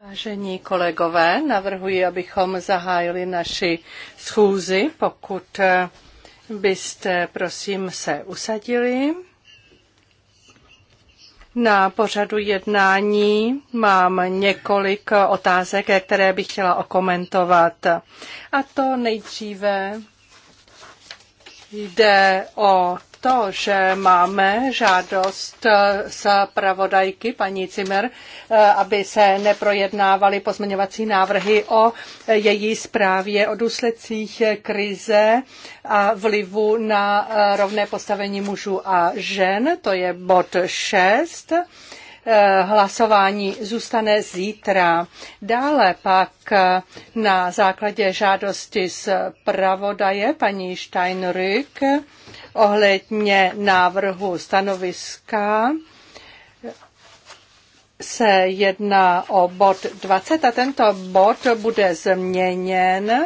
Vážení kolegové, navrhuji, abychom zahájili naši schůzi, pokud eh, byste, prosím, se usadili. Na pořadu jednání mám několik otázek, které bych chtěla okomentovat. A to nejdříve jde o to, že máme žádost eh, z pravodajky paní Cimer, eh, aby se neprojednávaly pozměňovací návrhy o její zprávě o důsledcích krize a vlivu na eh, rovné postavení mužů a žen. To je bod 6 hlasování zůstane zítra. Dále pak na základě žádosti z pravodaje paní Steinrück ohledně návrhu stanoviska se jedná o bod 20 a tento bod bude změněn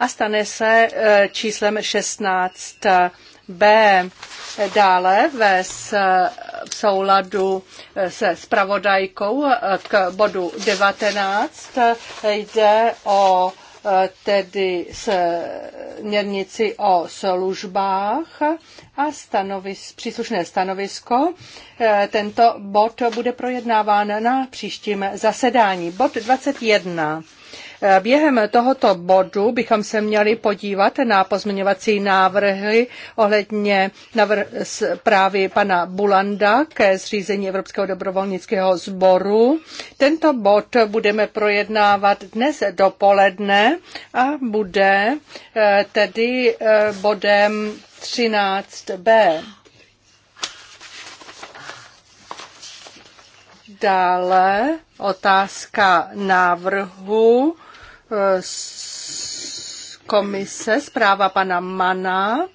a stane se e, číslem 16. B. Dále ve v souladu se spravodajkou k bodu 19 jde o tedy směrnici o službách a stanovis, příslušné stanovisko. E, tento bod bude projednáván na příštím zasedání. Bod 21. Během tohoto bodu bychom se měli podívat na pozměňovací návrhy ohledně navr- zprávy pana Bulanda ke zřízení Evropského dobrovolnického sboru. Tento bod budeme projednávat dnes dopoledne a bude eh, tedy eh, bodem 13b. Dále otázka návrhu Eh, komise, zpráva pana Mana,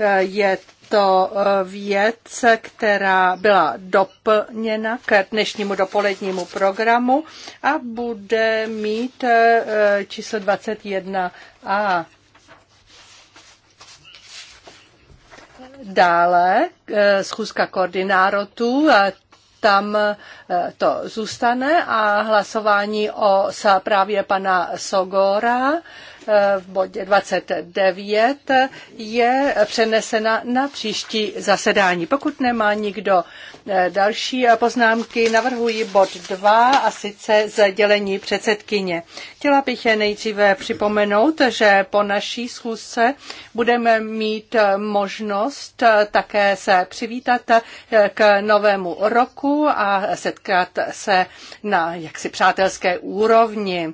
eh, je to eh, věc, která byla doplněna k dnešnímu dopolednímu programu a bude mít číslo 21a. Dále schůzka koordinátorů, tam eh, to zůstane a hlasování o právě pana Sogora eh, v bodě 29 je přenesena na příští zasedání. Pokud nemá nikdo Eh, další eh, poznámky navrhuji bod 2 a sice sdělení předsedkyně. Chtěla bych nejdříve připomenout, že po naší schůzce budeme mít eh, možnost také se přivítat k novému roku a setkat se na jaksi přátelské úrovni.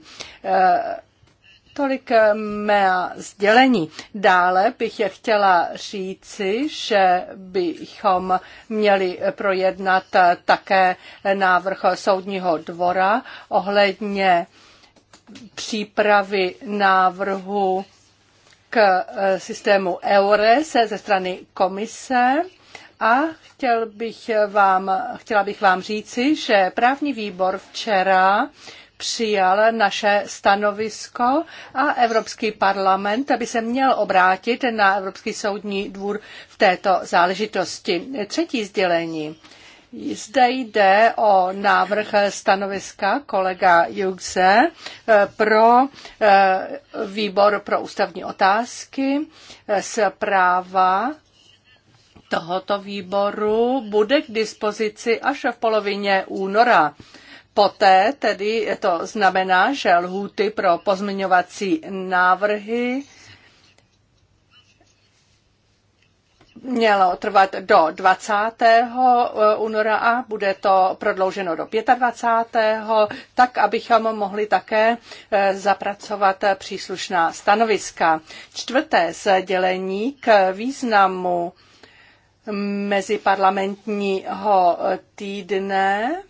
Tolik eh, mé sdělení. Dále bych je chtěla říci, že bychom měli projednat eh, také návrh soudního dvora ohledně přípravy návrhu k eh, systému EURES ze strany komise a chtěl bych vám, chtěla bych vám říci, že právní výbor včera přijal naše stanovisko a Evropský parlament by se měl obrátit na Evropský soudní dvůr v této záležitosti. Třetí sdělení. Zde jde o návrh stanoviska kolega Jukse eh, pro eh, výbor pro ústavní otázky. Eh, zpráva tohoto výboru bude k dispozici až v polovině února. Poté tedy to znamená, že lhůty pro pozměňovací návrhy mělo trvat do 20. Eh, února a bude to prodlouženo do 25. tak, abychom mohli také eh, zapracovat příslušná stanoviska. Čtvrté sdělení k významu meziparlamentního eh, týdne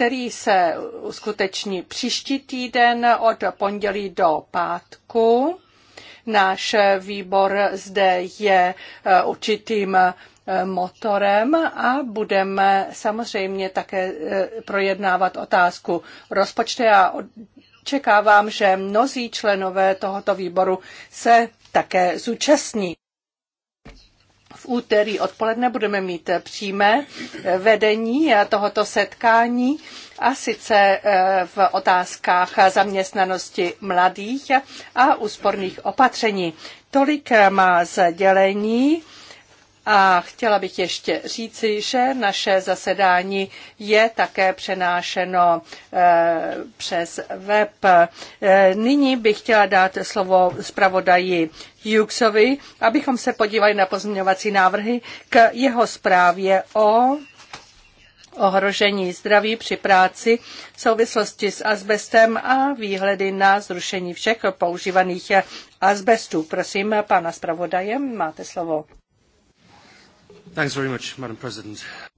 který se uskuteční příští týden od pondělí do pátku. Náš výbor zde je eh, určitým eh, motorem a budeme samozřejmě také eh, projednávat otázku rozpočtu Já očekávám, že mnozí členové tohoto výboru se také zúčastní. V úterý odpoledne budeme mít eh, přímé eh, vedení eh, tohoto setkání a sice v otázkách zaměstnanosti mladých a úsporných opatření. Tolik má sdělení. A chtěla bych ještě říci, že naše zasedání je také přenášeno eh, přes web. Eh, nyní bych chtěla dát slovo zpravodaji Juxovi, abychom se podívali na pozměňovací návrhy k jeho zprávě o ohrožení zdraví při práci v souvislosti s asbestem a výhledy na zrušení všech používaných asbestů. Prosím, pana zpravodaje, máte slovo.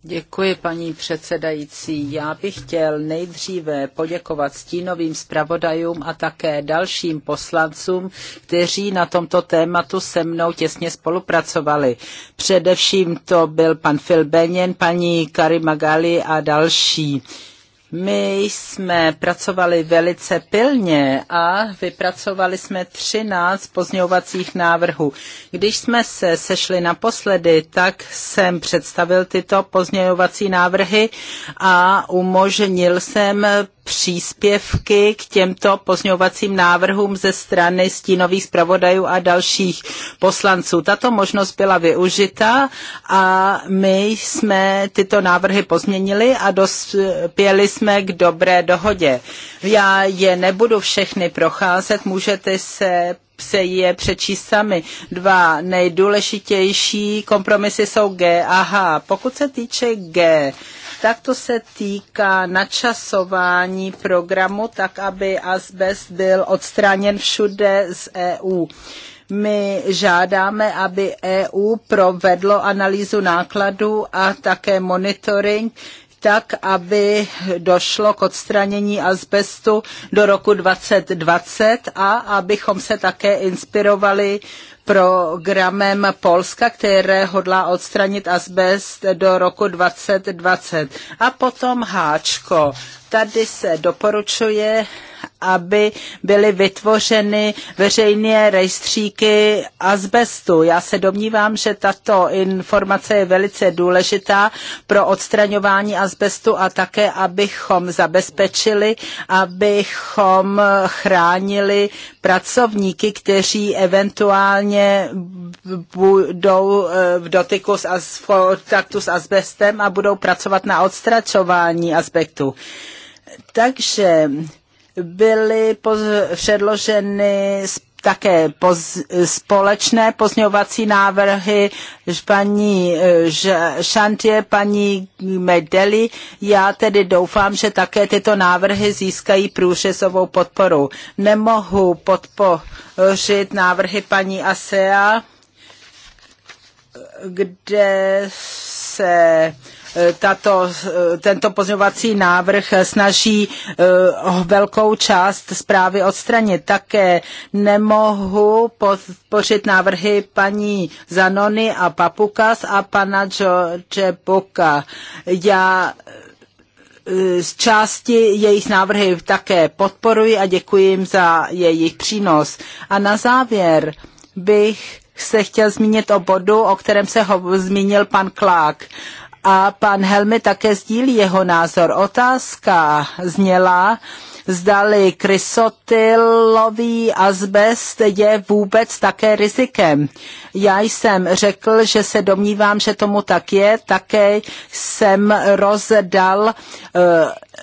Děkuji, paní předsedající. Já bych chtěl nejdříve poděkovat stínovým zpravodajům a také dalším poslancům, kteří na tomto tématu se mnou těsně spolupracovali. Především to byl pan Phil Benjen, paní Karimagali a další. Uh, my jsme pracovali velice pilně a vypracovali jsme 13 pozňovacích návrhů. Když jsme se sešli naposledy, tak jsem představil tyto pozňovací návrhy a umožnil jsem příspěvky k těmto pozňovacím návrhům ze strany stínových zpravodajů a dalších poslanců. Tato možnost byla využita a my jsme tyto návrhy pozměnili a dospěli jsme jsme k dobré dohodě. Já je nebudu všechny procházet, můžete se se je přečíst sami. Dva nejdůležitější kompromisy jsou G a H. Pokud se týče G, tak to se týká načasování programu, tak aby asbest byl odstraněn všude z EU. My žádáme, aby EU provedlo analýzu nákladů a také monitoring tak, aby došlo k odstranění azbestu do roku 2020 a abychom se také inspirovali programem Polska, které hodlá odstranit azbest do roku 2020. A potom háčko. Tady se doporučuje aby byly vytvořeny veřejné rejstříky azbestu. Já se domnívám, že tato informace je velice důležitá pro odstraňování azbestu a také, abychom zabezpečili, abychom chránili pracovníky, kteří eventuálně budou eh, v dotyku s, az, v s azbestem a budou pracovat na odstraňování azbestu. Takže byly předloženy také poz, společné pozňovací návrhy paní Šantě, eh, paní Medeli. Já tedy doufám, že také tyto návrhy získají průřezovou podporu. Nemohu podpořit návrhy paní ASEA, kde se tato, tento pozměňovací návrh snaží eh, velkou část zprávy odstranit. Také nemohu podpořit návrhy paní Zanony a Papukas a pana George Boka. Já eh, z části jejich návrhy také podporuji a děkuji jim za jejich přínos. A na závěr bych se chtěl zmínit o bodu, o kterém se ho zmínil pan Klák a pan Helmy také sdílí jeho názor. Otázka zněla, zdali krysotylový azbest je vůbec také rizikem. Já jsem řekl, že se domnívám, že tomu tak je. Také jsem rozdal uh,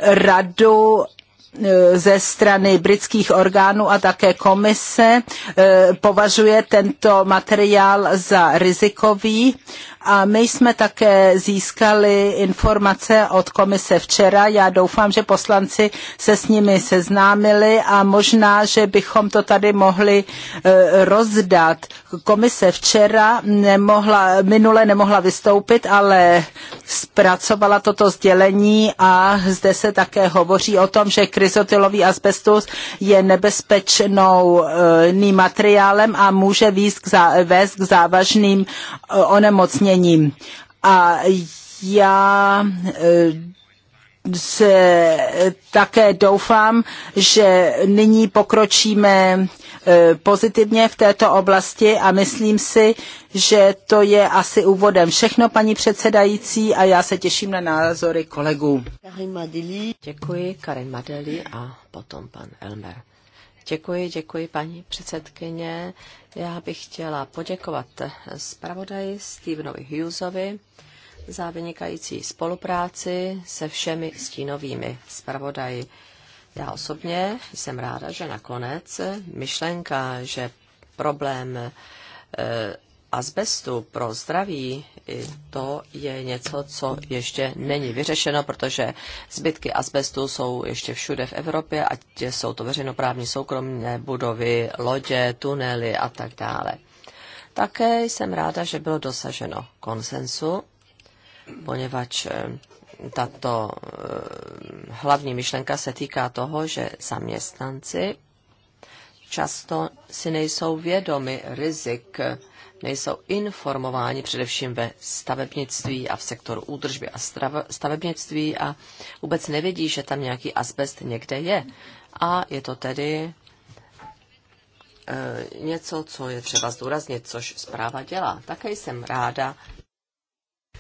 radu eh, ze strany britských orgánů a také komise eh, považuje tento materiál za rizikový a my jsme také získali informace od komise včera. Já doufám, že poslanci se s nimi seznámili a možná, že bychom to tady mohli e, rozdat. Komise včera nemohla, minule nemohla vystoupit, ale zpracovala toto sdělení a zde se také hovoří o tom, že kryzotylový asbestus je nebezpečnou e, materiálem a může vést k závažným e, onemocněním zraněním. A já e, se také doufám, že nyní pokročíme e, pozitivně v této oblasti a myslím si, že to je asi úvodem všechno, paní předsedající, a já se těším na názory kolegů. Děkuji, Karin Madeli a potom pan Elmer. Děkuji, děkuji paní předsedkyně. Já bych chtěla poděkovat zpravodaji Stevenovi Hughesovi za vynikající spolupráci se všemi stínovými zpravodaji. Já osobně jsem ráda, že nakonec myšlenka, že problém eh, azbestu pro zdraví, to je něco, co ještě není vyřešeno, protože zbytky azbestu jsou ještě všude v Evropě, ať jsou to veřejnoprávní soukromé budovy, lodě, tunely a tak dále. Také jsem ráda, že bylo dosaženo konsensu, poněvadž eh, tato eh, hlavní myšlenka se týká toho, že zaměstnanci často si nejsou vědomi rizik nejsou informováni především ve stavebnictví a v sektoru údržby a stavebnictví a vůbec nevědí, že tam nějaký asbest někde je. A je to tedy e, něco, co je třeba zdůraznit, což zpráva dělá. Také jsem ráda,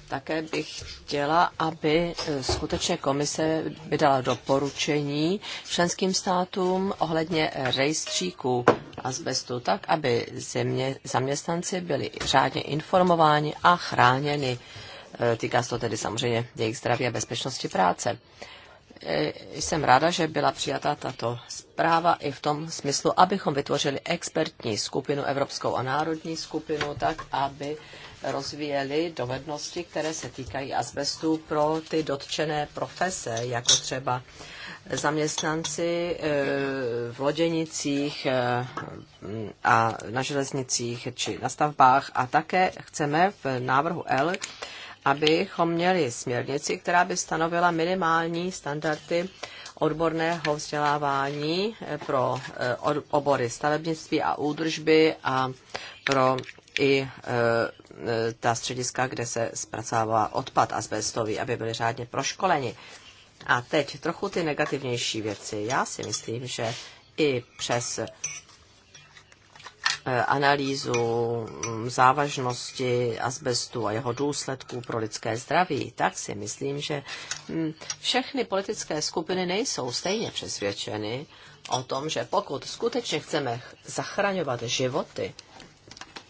také bych chtěla, aby e, skutečně komise vydala doporučení členským státům ohledně rejstříků azbestu tak, aby země, zaměstnanci byli řádně informováni a chráněni. E, týká se to tedy samozřejmě jejich zdraví a bezpečnosti práce. E, jsem ráda, že byla přijata tato zpráva i v tom smyslu, abychom vytvořili expertní skupinu, evropskou a národní skupinu, tak aby rozvíjeli dovednosti, které se týkají azbestu pro ty dotčené profese, jako třeba uh, zaměstnanci eh, v loděnicích eh, a na železnicích či na stavbách a také chceme v návrhu L, abychom měli směrnici, která by stanovila minimální standardy odborného vzdělávání eh, pro obory stavebnictví a údržby a pro i ta střediska, kde se zpracovává odpad asbestový, aby byli řádně proškoleni. A teď trochu ty negativnější věci. Já si myslím, že i přes eh, analýzu mm, závažnosti asbestu a jeho důsledků pro lidské zdraví, tak si myslím, že mm, všechny politické skupiny nejsou stejně přesvědčeny o tom, že pokud skutečně chceme zachraňovat životy,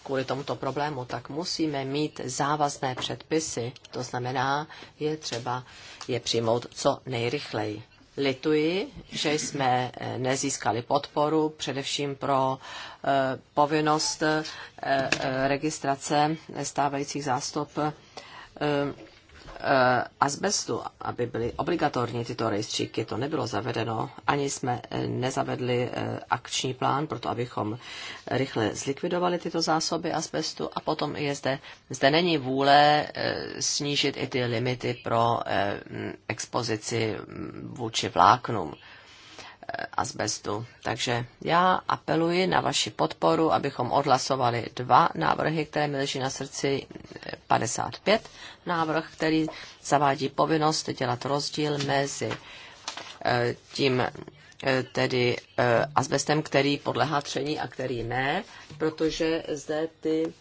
kvůli tomuto problému, tak musíme mít závazné předpisy. To znamená, je třeba je přijmout co nejrychleji. Lituji, že jsme eh, nezískali podporu, především pro eh, povinnost eh, registrace stávajících zástup Eh, asbestu, aby byly obligatorní tyto rejstříky, to nebylo zavedeno. Ani jsme eh, nezavedli eh, akční plán, proto abychom rychle zlikvidovali tyto zásoby asbestu a potom je zde, zde není vůle snížit i ty limity pro expozici vůči vláknům asbestu. Takže já apeluji na vaši podporu, abychom odhlasovali dva návrhy, které mi leží na srdci 55. Návrh, který zavádí povinnost dělat rozdíl mezi eh, tím eh, tedy eh, asbestem, který podlehá tření a který ne, protože zde ty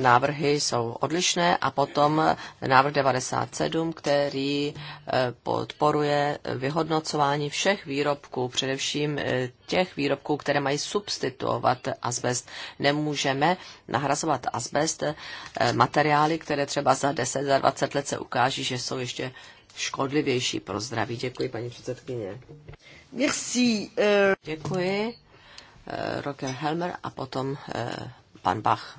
návrhy jsou odlišné a potom návrh 97, který eh, podporuje vyhodnocování všech výrobků, především eh, těch výrobků, které mají substituovat asbest. Nemůžeme nahrazovat asbest eh, materiály, které třeba za 10, za 20 let se ukáží, že jsou ještě škodlivější pro zdraví. Děkuji, paní předsedkyně. Merci. Děkuji. Roger Helmer a potom pan Bach.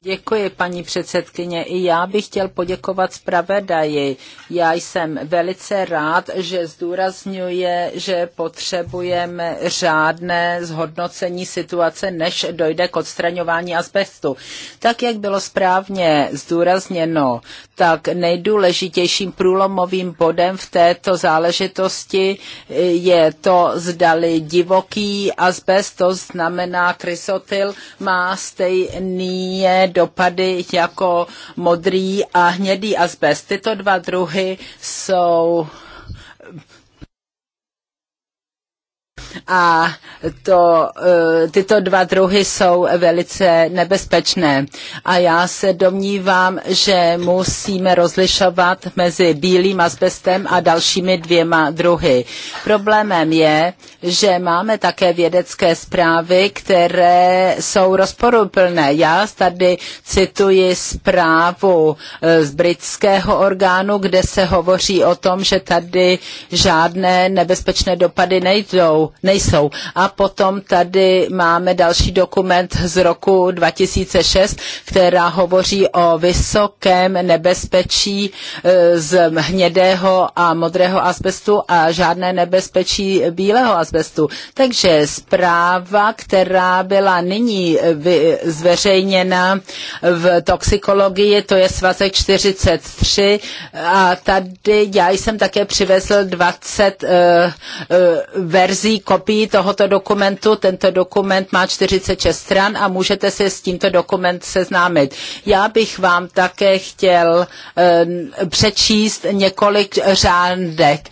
Děkuji, paní předsedkyně. I já bych chtěl poděkovat zpravedaji. Já jsem velice rád, že zdůrazňuje, že potřebujeme řádné zhodnocení situace, než dojde k odstraňování asbestu. Tak, jak bylo správně zdůrazněno, tak nejdůležitějším průlomovým bodem v této záležitosti je to, zdali divoký asbest, to znamená krysotyl, má stejné dopady jako modrý a hnědý asbest. Tyto dva druhy jsou A to, e, tyto dva druhy jsou velice nebezpečné. A já se domnívám, že musíme rozlišovat mezi bílým asbestem a dalšími dvěma druhy. Problémem je, že máme také vědecké zprávy, které jsou rozporuplné. Já tady cituji zprávu e, z britského orgánu, kde se hovoří o tom, že tady žádné nebezpečné dopady nejdou nejsou. A potom tady máme další dokument z roku 2006, která hovoří o vysokém nebezpečí e, z hnědého a modrého asbestu a žádné nebezpečí bílého asbestu. Takže zpráva, která byla nyní e, zveřejněna v toxikologii, to je svazek 43 a tady já jsem také přivezl 20 e, verzí, kopii tohoto dokumentu. Tento dokument má 46 stran a můžete se s tímto dokument seznámit. Já bych vám také chtěl přečíst několik řádek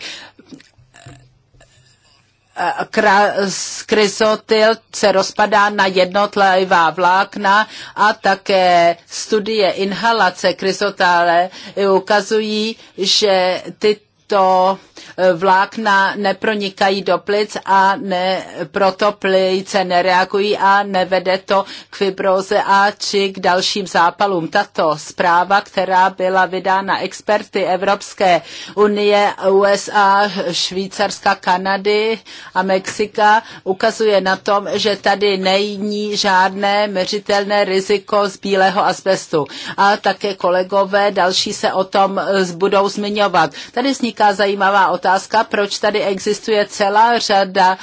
kryzotyl se rozpadá na jednotlivá vlákna a také studie inhalace kryzotále ukazují, že ty tyto eh, vlákna nepronikají do plic a ne, proto plice nereagují a nevede to k fibroze a či k dalším zápalům. Tato zpráva, která byla vydána experty Evropské unie, USA, Švýcarska, Kanady a Mexika, ukazuje na tom, že tady není žádné měřitelné riziko z bílého asbestu. A také kolegové další se o tom eh, budou zmiňovat. Tady vznik vzniká zajímavá otázka, proč tady existuje celá řada uh,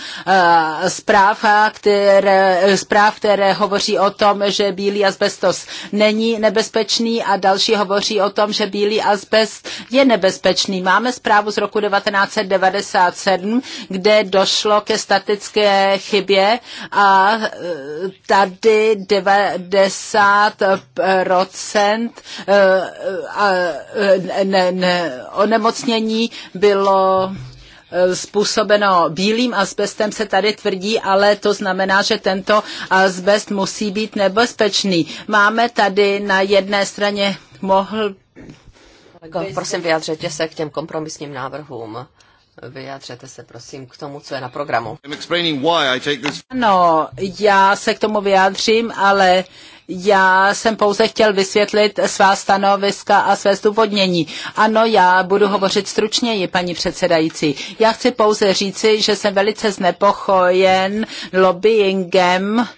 zpráv, které, zpráv, které hovoří o tom, že bílý asbestos není nebezpečný a další hovoří o tom, že bílý asbest je nebezpečný. Máme zprávu z roku 1997, kde došlo ke statické chybě a eh, tady 90% eh, onemocnění bylo eh, způsobeno bílým asbestem se tady tvrdí, ale to znamená, že tento asbest musí být nebezpečný. Máme tady na jedné straně mohl... Kolego, prosím vyjadřete se k těm kompromisním návrhům. Vyjadřete se prosím k tomu, co je na programu. Ano, já se k tomu vyjádřím, ale já jsem pouze chtěl vysvětlit svá stanoviska a své zdůvodnění. Ano, já budu hovořit stručněji, paní předsedající. Já chci pouze říci, že jsem velice znepokojen lobbyingem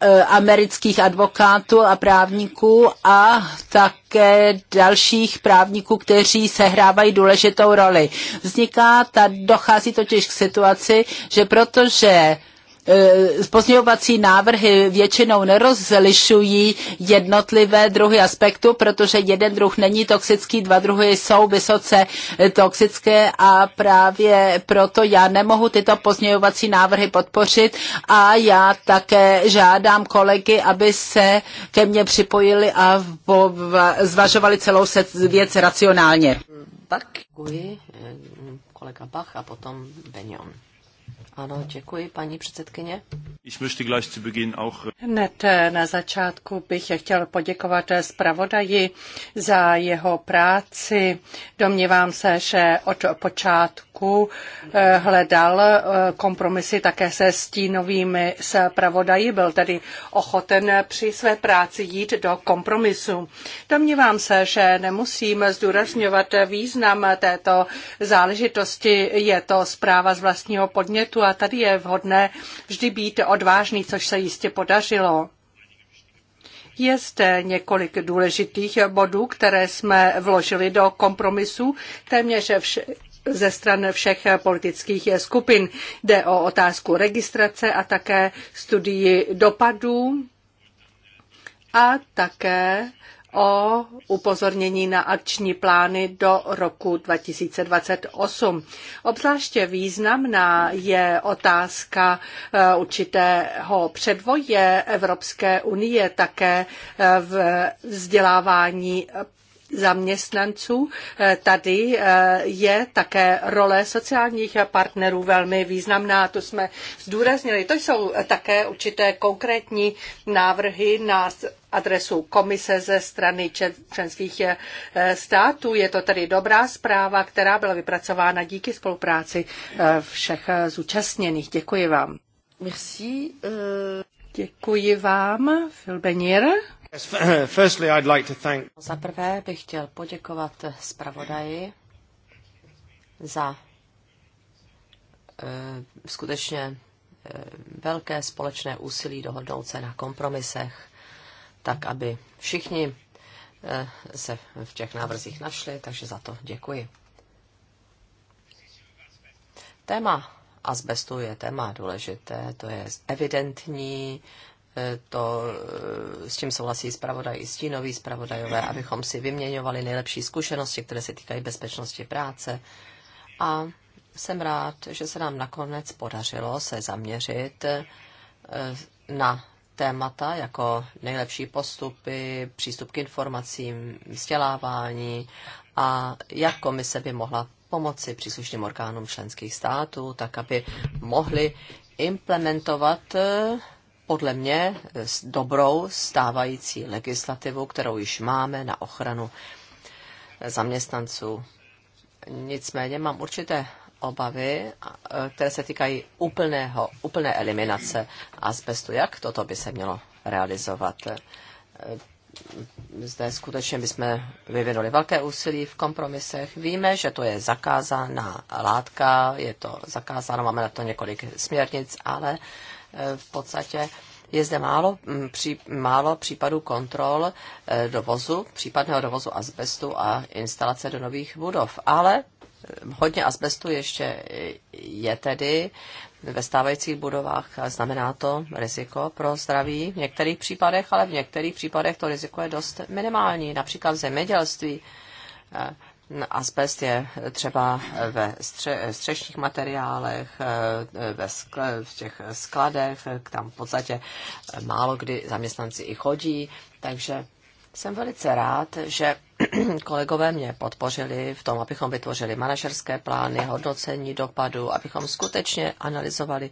eh, amerických advokátů a právníků a také dalších právníků, kteří sehrávají důležitou roli. Vzniká, ta, dochází totiž k situaci, že protože E, pozměňovací návrhy většinou nerozlišují jednotlivé druhy aspektu, protože jeden druh není toxický, dva druhy jsou vysoce toxické a právě proto já nemohu tyto pozměňovací návrhy podpořit a já také žádám kolegy, aby se ke mně připojili a zvažovali celou věc racionálně. Tak, děkuji, kolega Bach a potom Benjon. Ano, děkuji, paní předsedkyně. Ich möchte gleich zu Beginn auch... Äh, Hned äh, na začátku bych chtěl poděkovat äh, zpravodaji za jeho práci. Domnívám se, že od počátku roku eh, hledal eh, kompromisy také se stínovými zpravodaji, byl tedy ochoten při své práci jít do kompromisu. Domnívám se, že nemusím zdůrazňovat význam této záležitosti. Je to zpráva z vlastního podnětu a tady je vhodné vždy být odvážný, což se jistě podařilo. Je zde několik důležitých bodů, které jsme vložili do kompromisu. Téměř vše ze stran všech politických skupin. Jde o otázku registrace a také studii dopadů a také o upozornění na akční plány do roku 2028. Obzvláště významná je otázka eh, určitého předvoje Evropské unie také v vzdělávání zaměstnanců. Eh, tady eh, je také role sociálních partnerů velmi významná, to jsme zdůraznili. To jsou také určité konkrétní návrhy na adresu komise ze strany členských eh, států. Je to tedy dobrá zpráva, která byla vypracována díky spolupráci všech zúčastněných. Děkuji vám. Merci. Děkuji vám, Filbenier. Za prvé bych chtěl poděkovat zpravodaji za eh, skutečně eh, velké společné úsilí dohodnout se na kompromisech, tak aby všichni eh, se v těch návrzích našli, takže za to děkuji. Téma asbestu je téma důležité, to je evidentní, to eh, s čím souhlasí zpravodaj i stínoví zpravodajové, abychom si vyměňovali nejlepší zkušenosti, které se týkají bezpečnosti práce. A jsem rád, že se nám nakonec podařilo se zaměřit eh, na témata jako nejlepší postupy, přístup k informacím, vzdělávání a jak komise by mohla pomoci příslušným orgánům členských států, tak aby mohli implementovat eh, podle mě s dobrou stávající legislativu, kterou již máme na ochranu zaměstnanců. Nicméně mám určité obavy, které se týkají úplného, úplné eliminace asbestu. Jak toto by se mělo realizovat? Zde skutečně bychom vyvinuli velké úsilí v kompromisech. Víme, že to je zakázaná látka, je to zakázáno, máme na to několik směrnic, ale uh, v podstatě je zde málo, mm, pří, málo případů kontrol eh, dovozu, případného dovozu asbestu a instalace do nových budov. Ale eh, hodně asbestu ještě je tedy ve stávajících budovách. A znamená to riziko pro zdraví v některých případech, ale v některých případech to riziko je dost minimální. Například v zemědělství eh, Asbest je třeba ve stře- střešních materiálech, eh, ve skle- v těch skladech, tam v podstatě málo kdy zaměstnanci i chodí, takže jsem velice rád, že kolegové mě podpořili v tom, abychom vytvořili manažerské plány, hodnocení dopadu, abychom skutečně analyzovali,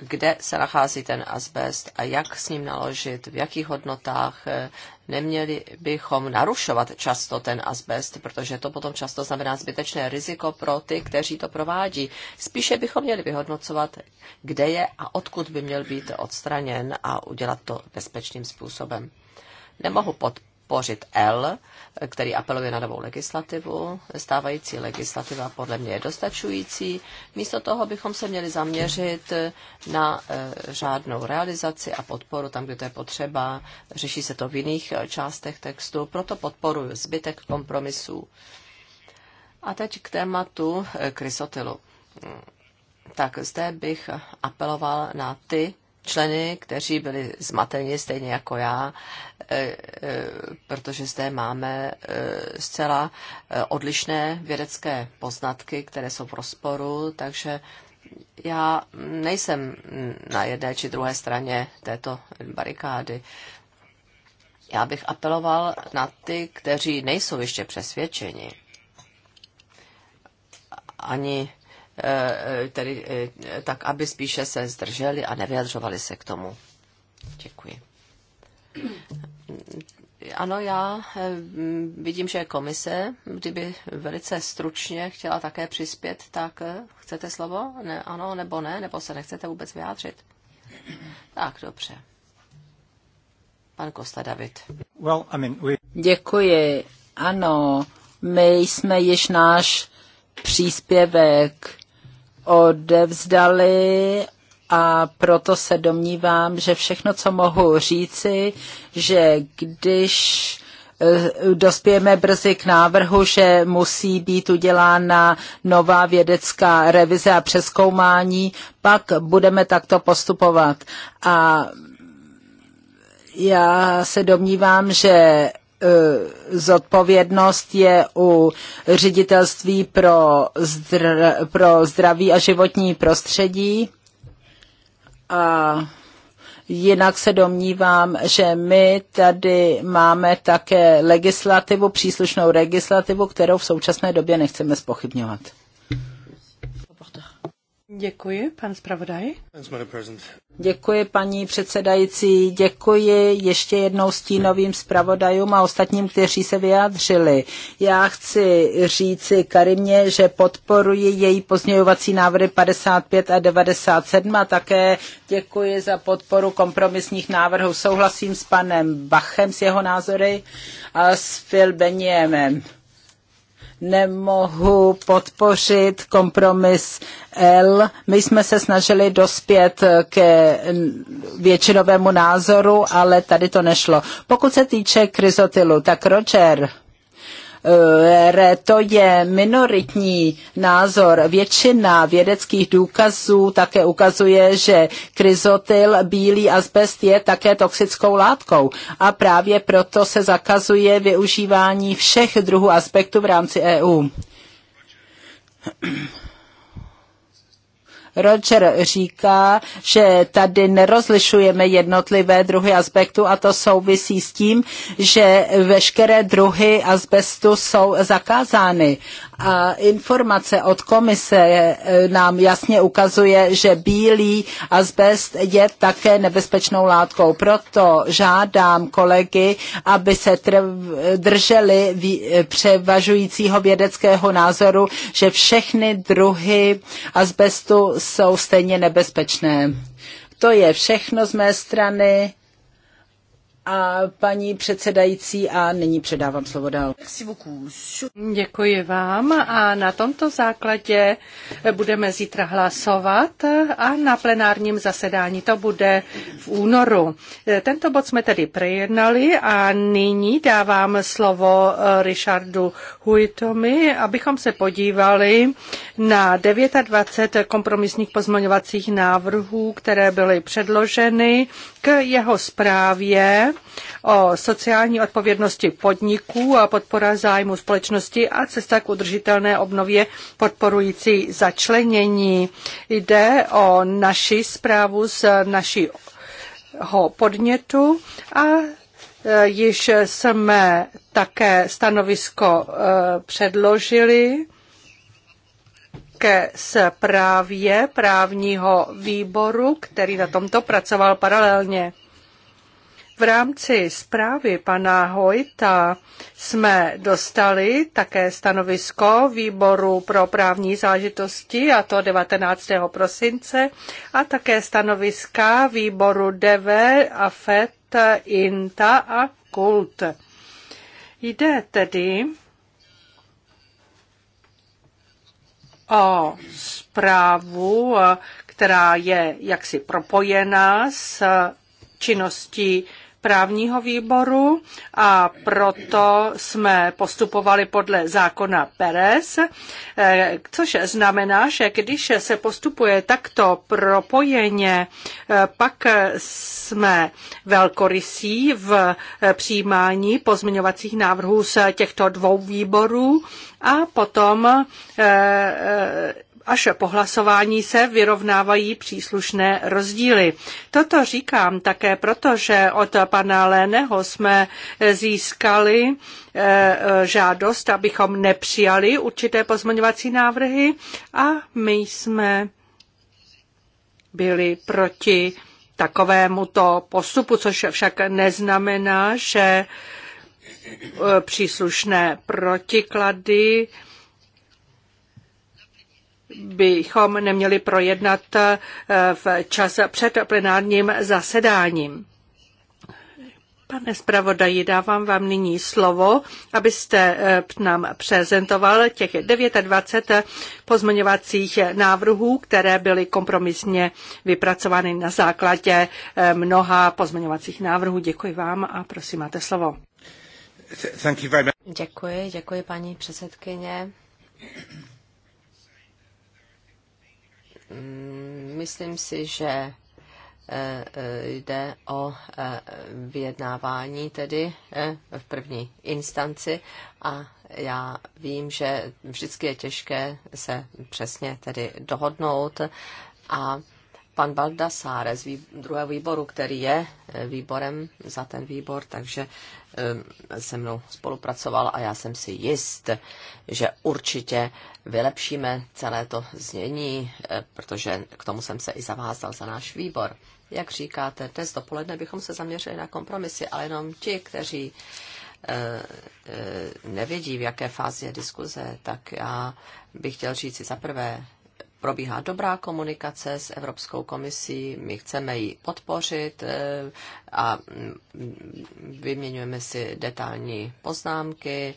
kde se nachází ten asbest a jak s ním naložit, v jakých hodnotách, eh, neměli bychom narušovat často ten asbest, protože to potom často znamená zbytečné riziko pro ty, kteří to provádí. Spíše bychom měli vyhodnocovat, kde je a odkud by měl být odstraněn a udělat to bezpečným způsobem. Nemohu pod, podpořit L, který apeluje na novou legislativu. Stávající legislativa podle mě je dostačující. Místo toho bychom se měli zaměřit na e, řádnou realizaci a podporu tam, kde to je potřeba. Řeší se to v jiných e, částech textu, proto podporuji zbytek kompromisů. A teď k tématu e, krysotilu. Tak zde bych apeloval na ty členy, kteří byli zmateni stejně jako já, e, e, protože zde máme e, zcela odlišné vědecké poznatky, které jsou v rozporu, takže já nejsem na jedné či druhé straně této barikády. Já bych apeloval na ty, kteří nejsou ještě přesvědčeni, ani Eh, tedy eh, tak, aby spíše se zdrželi a nevyjadřovali se k tomu. Děkuji. Ano, já eh, vidím, že komise, kdyby velice stručně chtěla také přispět, tak chcete slovo? Ne, ano, nebo ne, nebo se nechcete vůbec vyjádřit? Tak, dobře. Pan Kosta David. Well, I mean, we... Děkuji. Ano, my jsme již náš příspěvek odevzdali a proto se domnívám, že všechno, co mohu říci, že když eh, dospějeme brzy k návrhu, že musí být udělána nová vědecká revize a přeskoumání, pak budeme takto postupovat. A já se domnívám, že E, zodpovědnost je u ředitelství pro, zdr, pro zdraví a životní prostředí. A Jinak se domnívám, že my tady máme také legislativu, příslušnou legislativu, kterou v současné době nechceme spochybňovat. Děkuji, pan zpravodaj. Děkuji, paní předsedající. Děkuji ještě jednou stínovým zpravodajům a ostatním, kteří se vyjádřili. Já chci říci Karimě, že podporuji její pozměňovací návrhy 55 a 97 a také děkuji za podporu kompromisních návrhů. Souhlasím s panem Bachem, s jeho názory a s Phil nemohu podpořit kompromis L. My jsme se snažili dospět ke většinovému názoru, ale tady to nešlo. Pokud se týče kryzotilu, tak Roger to je minoritní názor. Většina vědeckých důkazů také ukazuje, že kryzotyl, bílý asbest je také toxickou látkou a právě proto se zakazuje využívání všech druhů aspektů v rámci EU. Roger říká, že tady nerozlišujeme jednotlivé druhy azbestu a to souvisí s tím, že veškeré druhy azbestu jsou zakázány. A informace od komise eh, nám jasně ukazuje, že bílý azbest je také nebezpečnou látkou. Proto žádám kolegy, aby se drželi eh, převažujícího vědeckého názoru, že všechny druhy azbestu jsou stejně nebezpečné. To je všechno z mé strany a paní předsedající a nyní předávám slovo dál. Děkuji vám a na tomto základě budeme zítra hlasovat a na plenárním zasedání to bude v únoru. Tento bod jsme tedy prejednali a nyní dávám slovo Richardu Huitomi, abychom se podívali na 29 kompromisních pozměňovacích návrhů, které byly předloženy k jeho zprávě o sociální odpovědnosti podniků a podpora zájmu společnosti a cesta k udržitelné obnově podporující začlenění. Jde o naši zprávu z našího podnětu a e, již jsme také stanovisko e, předložili také zprávě právního výboru, který na tomto pracoval paralelně. V rámci zprávy pana Hojta jsme dostali také stanovisko výboru pro právní záležitosti, a to 19. prosince, a také stanoviska výboru DV, FET, INTA a KULT. Jde tedy o zprávu, eh, která je jaksi propojená s eh, činností právního výboru a proto jsme postupovali podle zákona Perez, eh, což znamená, že když se postupuje takto propojeně, eh, pak jsme velkorysí v eh, přijímání pozměňovacích návrhů z těchto dvou výborů a potom až po hlasování se vyrovnávají příslušné rozdíly. Toto říkám také proto, že od pana Léneho jsme získali eh, žádost, abychom nepřijali určité pozměňovací návrhy a my jsme byli proti takovému to postupu, což však neznamená, že eh, příslušné protiklady bychom neměli projednat eh, v čas před plenárním zasedáním. Pane zpravodaji, dávám vám nyní slovo, abyste eh, nám prezentoval těch 29 eh, pozměňovacích návrhů, které byly kompromisně vypracovány na základě mnoha pozměňovacích návrhů. Děkuji vám a prosím, máte slovo. Děkuji, děkuji paní předsedkyně. Mm, myslím si, že eh, eh, jde o eh, vyjednávání tedy v první instanci a já vím, že vždycky je těžké se přesně tedy dohodnout a pan Baldassare z druhého výboru, který je výborem za ten výbor, takže se mnou spolupracoval a já jsem si jist, že určitě vylepšíme celé to znění, eh, protože k tomu jsem se i zavázal za náš výbor. Jak říkáte, dnes dopoledne bychom se zaměřili na kompromisy, ale jenom ti, kteří eh, eh, nevědí, v jaké fázi je diskuze, tak já bych chtěl říct si zaprvé, probíhá dobrá komunikace s Evropskou komisí, my chceme ji podpořit a mm, vyměňujeme si detailní poznámky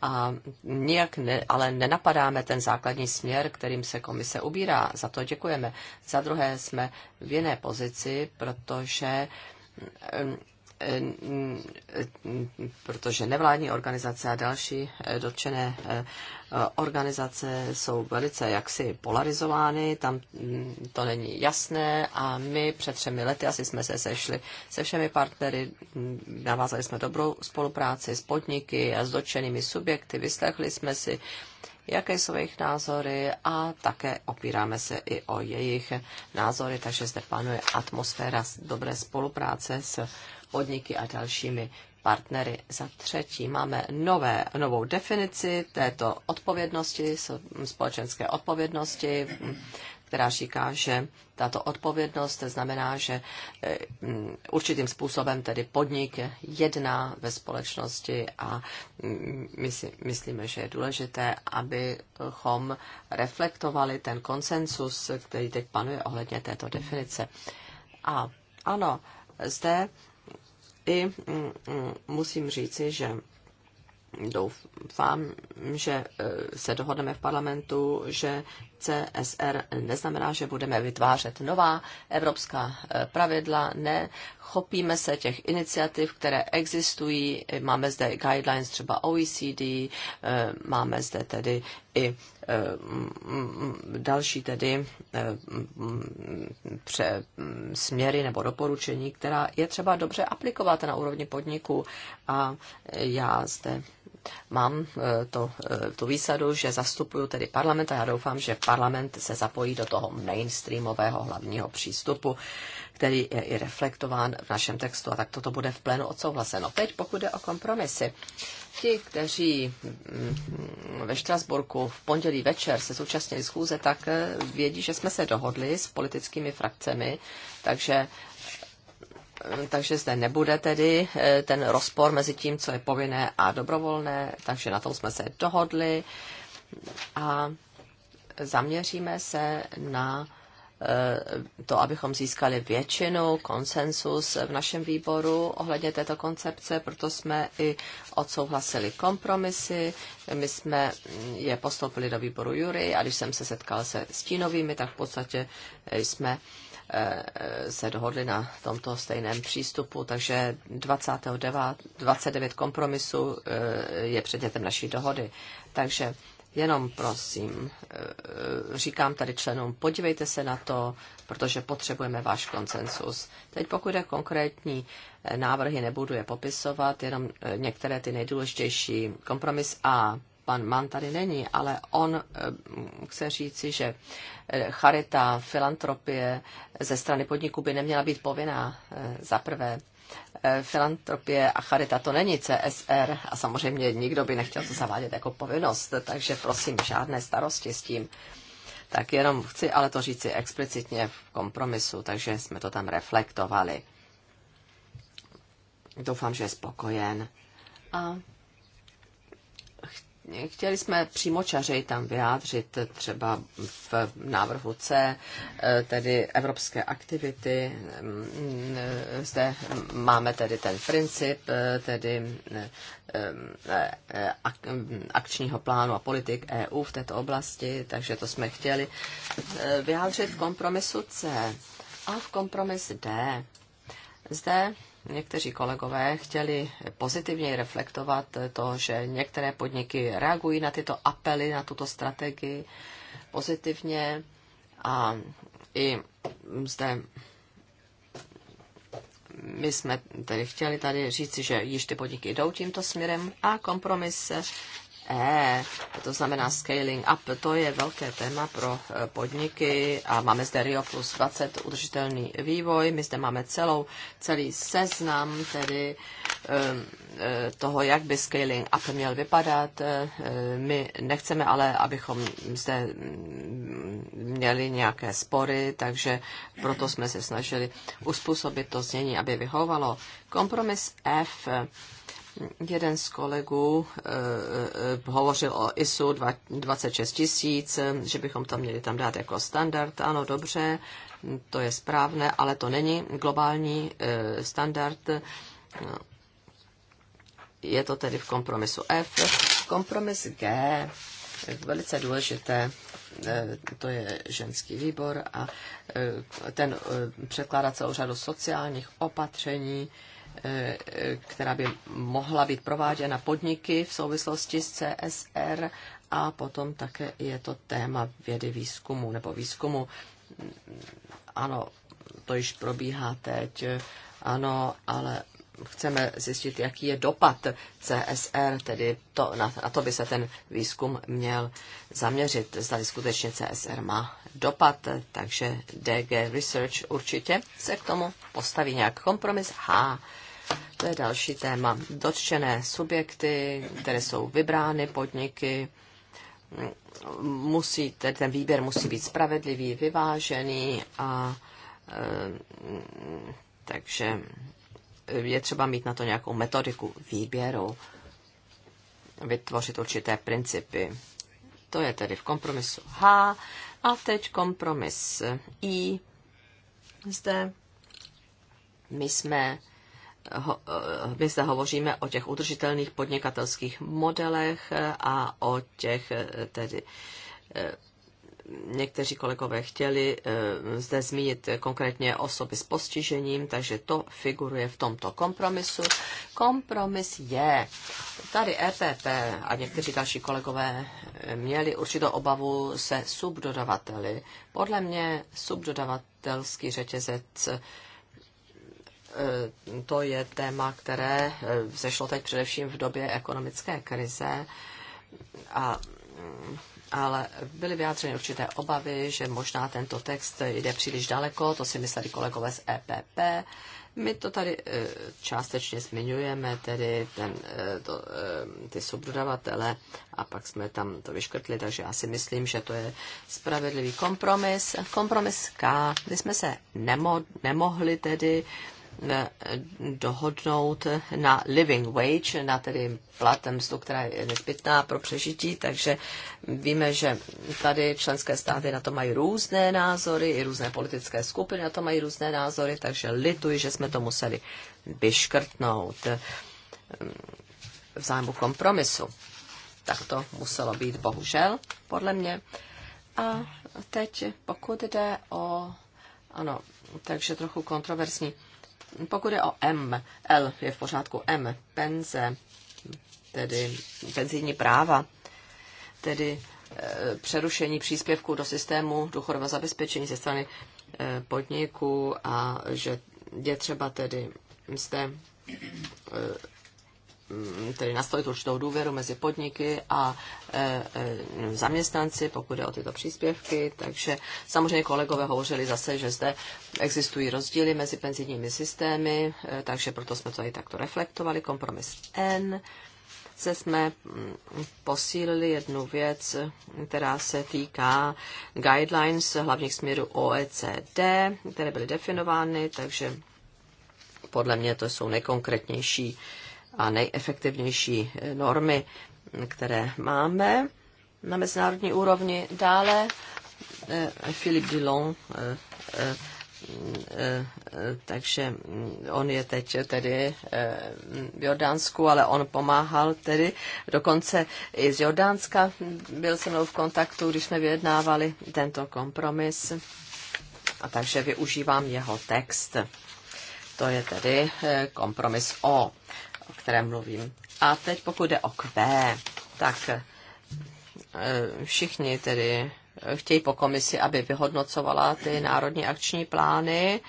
a nijak ne, ale nenapadáme ten základní směr, kterým se komise ubírá. Za to děkujeme. Za druhé jsme v jiné pozici, protože protože nevládní organizace a další eh, dotčené eh, organizace jsou velice jaksi polarizovány, tam mm, to není jasné a my před třemi lety asi jsme se sešli se všemi partnery, mm, navázali jsme dobrou spolupráci s podniky a s dotčenými subjekty, vyslechli jsme si jaké jsou jejich názory a také opíráme se i o jejich názory, takže zde panuje atmosféra dobré spolupráce s podniky a dalšími partnery. Za třetí máme nové, novou definici této odpovědnosti, společenské odpovědnosti, která říká, že tato odpovědnost znamená, že eh, určitým způsobem tedy podnik jedná ve společnosti a mm, my si myslíme, že je důležité, abychom reflektovali ten konsensus, který teď panuje ohledně této definice. A ano, zde i mm, mm, musím říci, že doufám, že e, se dohodneme v parlamentu, že CSR neznamená, že budeme vytvářet nová evropská e, pravidla, ne, chopíme se těch iniciativ, které existují, máme zde guidelines třeba OECD, e, máme zde tedy i e, další tedy e, pře, směry nebo doporučení, která je třeba dobře aplikovat na úrovni podniku. A já zde mám eh, to, eh, tu výsadu, že zastupuju tedy parlament a já doufám, že parlament se zapojí do toho mainstreamového hlavního přístupu, který je i reflektován v našem textu a tak toto bude v plénu odsouhlaseno. Teď pokud jde o kompromisy, ti, kteří mm, ve Štrasburku v pondělí večer se zúčastnili schůze, tak eh, vědí, že jsme se dohodli s politickými frakcemi, takže takže zde nebude tedy eh, ten rozpor mezi tím, co je povinné a dobrovolné, takže na tom jsme se dohodli a zaměříme se na eh, to, abychom získali většinu, konsensus v našem výboru ohledně této koncepce, proto jsme i odsouhlasili kompromisy, my jsme mm, je postoupili do výboru Jury a když jsem se setkal se stínovými, tak v podstatě jsme Eh, se dohodli na tomto stejném přístupu, takže 29, 29 kompromisů eh, je předmětem naší dohody. Takže jenom prosím, eh, říkám tady členům, podívejte se na to, protože potřebujeme váš koncensus. Teď pokud je konkrétní návrhy, nebudu je popisovat, jenom některé ty nejdůležitější. Kompromis A pan Mann tady není, ale on eh, chce říci, že eh, charita, filantropie ze strany podniku by neměla být povinná eh, za prvé. Filantropie a charita to není CSR a samozřejmě nikdo by nechtěl to zavádět jako povinnost, takže prosím, žádné starosti s tím. Tak jenom chci ale to říci explicitně v kompromisu, takže jsme to tam reflektovali. Doufám, že je spokojen. A Chtěli jsme čařej tam vyjádřit třeba v návrhu C, eh, tedy evropské aktivity. Mm, eh, zde máme tedy ten princip, eh, tedy mm, akčního plánu a politik EU v této oblasti, takže to jsme chtěli vyjádřit v kompromisu C a v kompromis D. Zde někteří kolegové chtěli pozitivně reflektovat to, že některé podniky reagují na tyto apely, na tuto strategii pozitivně a i zde my jsme tedy chtěli tady říci, že již ty podniky jdou tímto směrem a kompromis E, to znamená scaling up, to je velké téma pro e, podniky a máme zde Rio plus 20 udržitelný vývoj, my zde máme celou, celý seznam tedy e, toho, jak by scaling up měl vypadat. E, my nechceme ale, abychom zde mm, měli nějaké spory, takže proto jsme se snažili uspůsobit to znění, aby vyhovalo. Kompromis F Jeden z kolegů uh, hovořil o ISU 26 tisíc, že bychom to měli tam dát jako standard. Ano, dobře, to je správné, ale to není globální uh, standard. Je to tedy v kompromisu F. Kompromis G, velice důležité, to je ženský výbor a ten předkládá celou řadu sociálních opatření, která by mohla být prováděna podniky v souvislosti s CSR a potom také je to téma vědy výzkumu nebo výzkumu. Ano, to již probíhá teď, ano, ale chceme zjistit, jaký je dopad CSR, tedy to, na, na to by se ten výzkum měl zaměřit, zda skutečně CSR má dopad, takže DG Research určitě se k tomu postaví nějak kompromis. H. To je další téma. Dotčené subjekty, které jsou vybrány podniky, musí, tedy ten výběr musí být spravedlivý, vyvážený a e, takže je třeba mít na to nějakou metodiku výběru, vytvořit určité principy. To je tedy v kompromisu H. A teď kompromis I. Zde my jsme eh, my zde hovoříme o těch udržitelných podnikatelských modelech a o těch eh, tedy eh, někteří kolegové chtěli eh, zde zmínit konkrétně osoby s postižením, takže to figuruje v tomto kompromisu. Kompromis je, tady EPP a někteří další kolegové měli určitou obavu se subdodavateli. Podle mě subdodavatelský řetězec eh, to je téma, které eh, zešlo teď především v době ekonomické krize a mm, ale byly vyjádřeny určité obavy, že možná tento text jde příliš daleko, to si mysleli kolegové z EPP. My to tady eh, částečně zmiňujeme, tedy ten, eh, to, eh, ty subdodavatele, a pak jsme tam to vyškrtli, takže já si myslím, že to je spravedlivý kompromis. Kompromis K. My jsme se nemo, nemohli tedy dohodnout na living wage, na tedy platem mzdu, která je nezbytná pro přežití, takže víme, že tady členské státy na to mají různé názory, i různé politické skupiny na to mají různé názory, takže lituji, že jsme to museli vyškrtnout v zájmu kompromisu. Tak to muselo být bohužel, podle mě. A teď, pokud jde o, ano, takže trochu kontroverzní pokud je o M, L je v pořádku M, penze, tedy penzijní práva, tedy e, přerušení příspěvku do systému důchodového zabezpečení ze strany e, podniku a že je třeba tedy zde e, Mm, tedy nastavit určitou důvěru mezi podniky a e, e, zaměstnanci, pokud jde o tyto příspěvky. Takže samozřejmě kolegové hovořili zase, že zde existují rozdíly mezi penzijními systémy, e, takže proto jsme to i takto reflektovali. Kompromis N. Se jsme mm, posílili jednu věc, která se týká guidelines hlavních směrů OECD, které byly definovány, takže podle mě to jsou nejkonkrétnější uh, a nejefektivnější normy, které máme na mezinárodní úrovni. Dále Filip eh, Dillon, eh, eh, takže on je teď tedy v Jordánsku, ale on pomáhal tedy dokonce i z Jordánska. Byl se mnou v kontaktu, když jsme vyjednávali tento kompromis. A takže využívám jeho text. To je tedy kompromis O které mluvím. A teď pokud jde o Q, tak eh, všichni tedy eh, chtějí po komisi, aby vyhodnocovala ty národní akční plány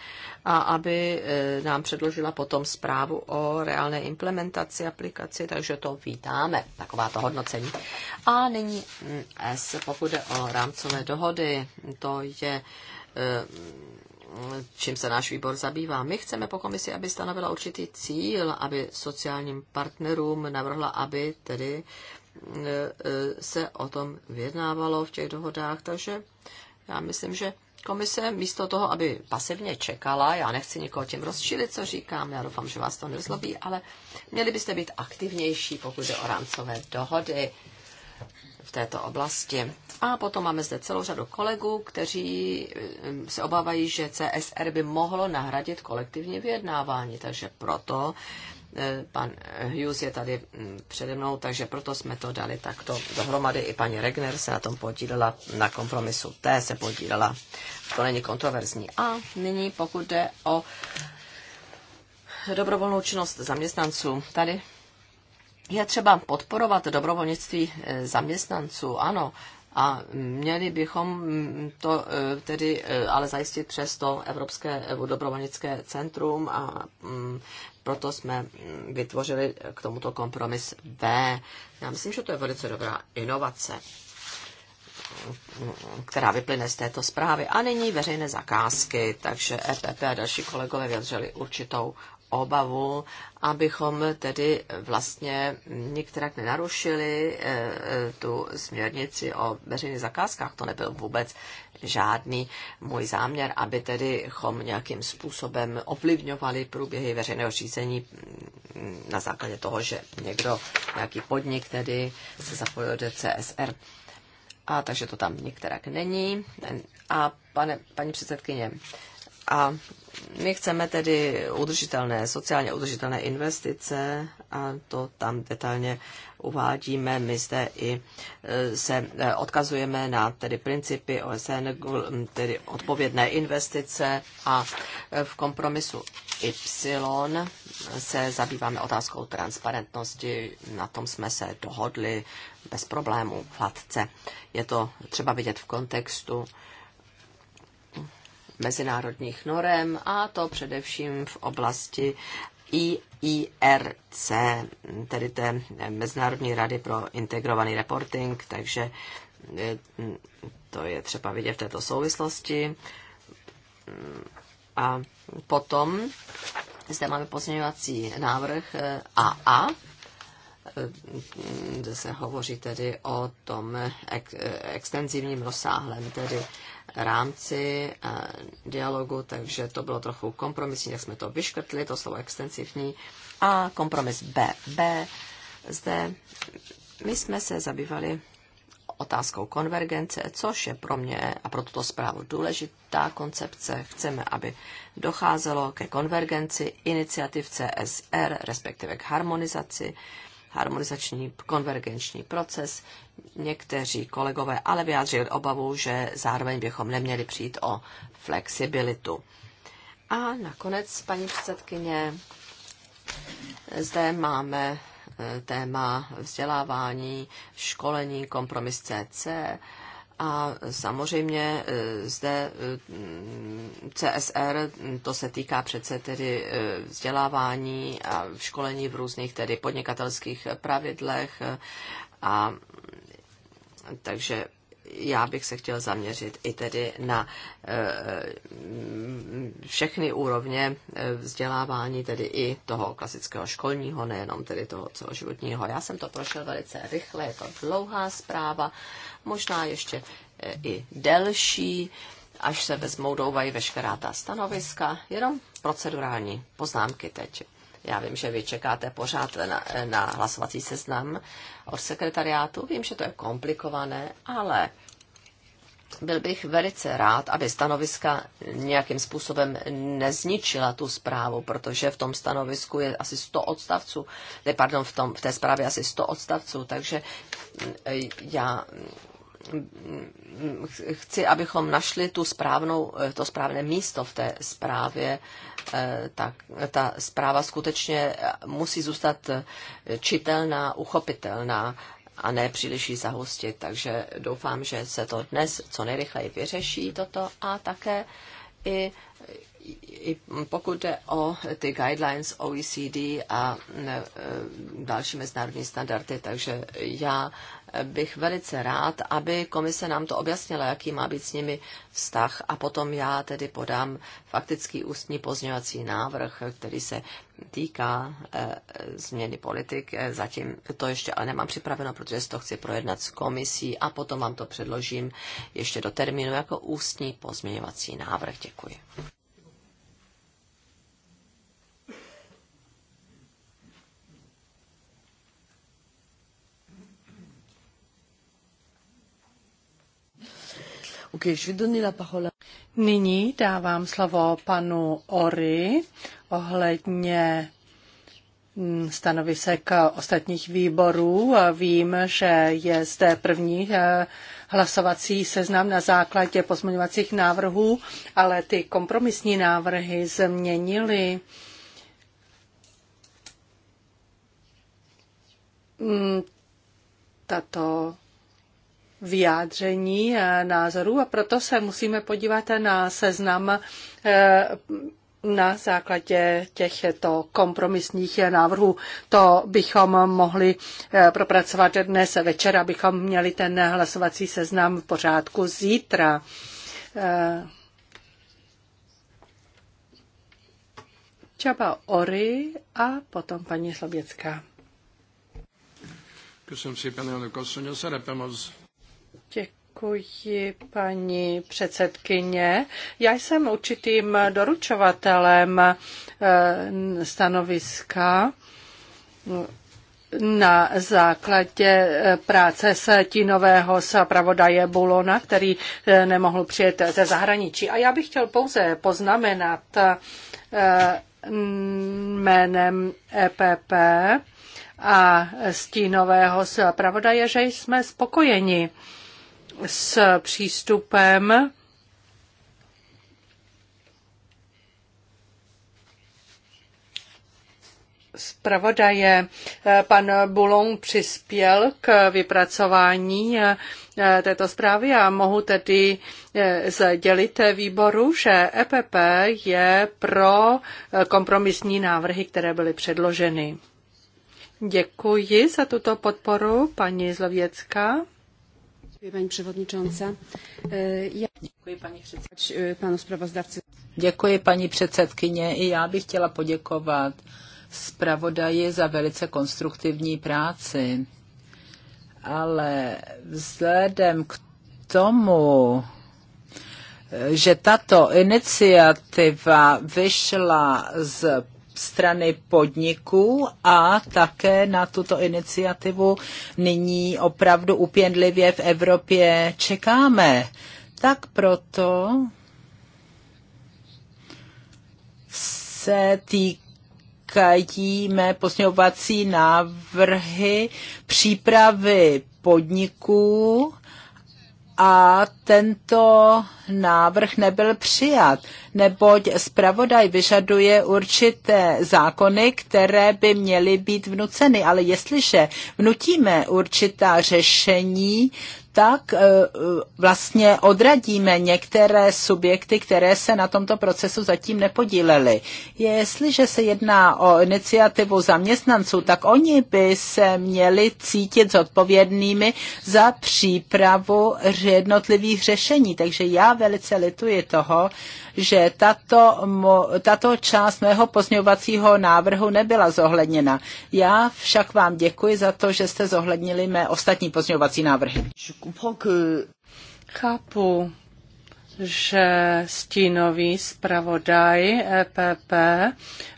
a aby eh, nám předložila potom zprávu o reálné implementaci aplikaci, takže to vítáme, takováto hodnocení. A nyní mm, S, pokud jde o rámcové dohody, to je čím se náš výbor zabývá. My chceme po komisi, aby stanovila určitý cíl, aby sociálním partnerům navrhla, aby tedy e, e, se o tom vyjednávalo v těch dohodách. Takže já myslím, že komise místo toho, aby pasivně čekala, já nechci nikoho tím rozčilit, co říkám, já doufám, že vás to nezlobí, ale měli byste být aktivnější, pokud je o rámcové dohody v této oblasti. A potom máme zde celou řadu kolegů, kteří se obávají, že CSR by mohlo nahradit kolektivní vyjednávání. Takže proto e, pan Hughes je tady mm, přede mnou, takže proto jsme to dali takto dohromady. I paní Regner se na tom podílela, na kompromisu T se podílela. To není kontroverzní. A nyní, pokud jde o dobrovolnou činnost zaměstnanců, tady je třeba podporovat dobrovolnictví e, zaměstnanců, ano, a měli bychom to e, tedy e, ale zajistit přes to Evropské e, dobrovolnické centrum a mm, proto jsme mm, vytvořili k tomuto kompromis B. Já myslím, že to je velice dobrá inovace, mm, která vyplyne z této zprávy. A nyní veřejné zakázky, takže EPP a další kolegové vyjadřili určitou obavu, abychom tedy vlastně některak nenarušili eh, eh, tu směrnici o veřejných zakázkách. To nebyl vůbec žádný můj záměr, aby tedy chom nějakým způsobem ovlivňovali průběhy veřejného řízení na základě toho, že někdo, nějaký podnik tedy se zapojil do CSR. A takže to tam některak není. A pane, paní předsedkyně, a my chceme tedy udržitelné, sociálně udržitelné investice a to tam detailně uvádíme. My zde i e, se e, odkazujeme na tedy principy OSN, tedy odpovědné investice a e, v kompromisu Y se zabýváme otázkou transparentnosti. Na tom jsme se dohodli bez problémů hladce. Je to třeba vidět v kontextu mezinárodních norem, a to především v oblasti IIRC, tedy té Mezinárodní rady pro integrovaný reporting, takže e, to je třeba vidět v této souvislosti. A potom zde máme pozměňovací návrh AA, e, e, kde se hovoří tedy o tom ek- extenzivním rozsáhlem, tedy rámci eh, dialogu, takže to bylo trochu kompromisní, jak jsme to vyškrtli, to slovo extensivní. A kompromis B, B, Zde my jsme se zabývali otázkou konvergence, což je pro mě a pro tuto zprávu důležitá koncepce. Chceme, aby docházelo ke konvergenci iniciativ CSR, respektive k harmonizaci harmonizační konvergenční proces. Někteří kolegové ale vyjádřili obavu, že zároveň bychom neměli přijít o flexibilitu. A nakonec, paní předsedkyně, zde máme eh, téma vzdělávání, školení, kompromis CC, a samozřejmě e, zde e, CSR, to se týká přece tedy e, vzdělávání a školení v různých tedy podnikatelských pravidlech a takže já bych se chtěl zaměřit i tedy na eh, všechny úrovně eh, vzdělávání, tedy i toho klasického školního, nejenom tedy toho celoživotního. Já jsem to prošel velice rychle, je to dlouhá zpráva, možná ještě eh, i delší, až se vezmou do veškerá ta stanoviska, jenom procedurální poznámky teď. Já vím, že vy čekáte pořád na, na hlasovací seznam od sekretariátu. Vím, že to je komplikované, ale byl bych velice rád, aby stanoviska nějakým způsobem nezničila tu zprávu, protože v tom stanovisku je asi 100 odstavců, ne, pardon, v, tom, v té zprávě asi 100 odstavců, takže mm, já chci, abychom našli tu správnou, to správné místo v té zprávě, eh, tak ta zpráva skutečně musí zůstat čitelná, uchopitelná a ne příliš ji zahustit. Takže doufám, že se to dnes co nejrychleji vyřeší toto a také i, i pokud jde o ty guidelines OECD a eh, další mezinárodní standardy, takže já bych velice rád, aby komise nám to objasnila, jaký má být s nimi vztah a potom já tedy podám faktický ústní pozňovací návrh, který se týká e, změny politik. Eh, zatím to ještě ale nemám připraveno, protože si to chci projednat s komisí a potom vám to předložím ještě do termínu jako ústní pozměňovací návrh. Děkuji. Okay, je vais donner la parole. Nyní dávám slovo panu Ory ohledně mm, stanovisek ostatních výborů. Vím, že je zde první eh, hlasovací seznam na základě pozměňovacích návrhů, ale ty kompromisní návrhy změnily mm, tato vyjádření eh, názorů a proto se musíme podívat na seznam eh, na základě těchto eh, kompromisních návrhů. To bychom mohli propracovat dnes večer, abychom měli ten hlasovací seznam v pořádku zítra. Čaba Ory a potom paní Sloběcká. Köszönöm szépen, elnök asszony. A szerepem az Děkuji, paní předsedkyně. Já jsem určitým doručovatelem eh, stanoviska na základě eh, práce stínového zpravodaje Bulona, který eh, nemohl přijet ze zahraničí. A já bych chtěl pouze poznamenat jménem EPP a stínového zpravodaje, že jsme spokojeni s přístupem zpravodaje. Pan Bulong přispěl k vypracování eh, této zprávy a mohu tedy eh, sdělit výboru, že EPP je pro kompromisní návrhy, které byly předloženy. Děkuji za tuto podporu, paní Zlověcka. Paní předsedkyně. E, předsedkyně. E, panu zpravodavci. Děkuji, paní předsedkyně. I já bych chtěla poděkovat zpravodaji za velice konstruktivní práci. Ale vzhledem k tomu, e, že tato iniciativa vyšla z strany podniků a také na tuto iniciativu nyní opravdu upěnlivě v Evropě čekáme. Tak proto se týkají mé posměvací návrhy přípravy podniků a tento návrh nebyl přijat, neboť zpravodaj vyžaduje určité zákony, které by měly být vnuceny. Ale jestliže vnutíme určitá řešení, tak eh, vlastně odradíme některé subjekty, které se na tomto procesu zatím nepodílely. Jestliže se jedná o iniciativu zaměstnanců, tak oni by se měli cítit zodpovědnými za přípravu jednotlivých řešení. Takže já velice lituji toho, že tato, tato část mého pozměňovacího návrhu nebyla zohledněna. Já však vám děkuji za to, že jste zohlednili mé ostatní pozměňovací návrhy. Chápu, že stínový zpravodaj EPP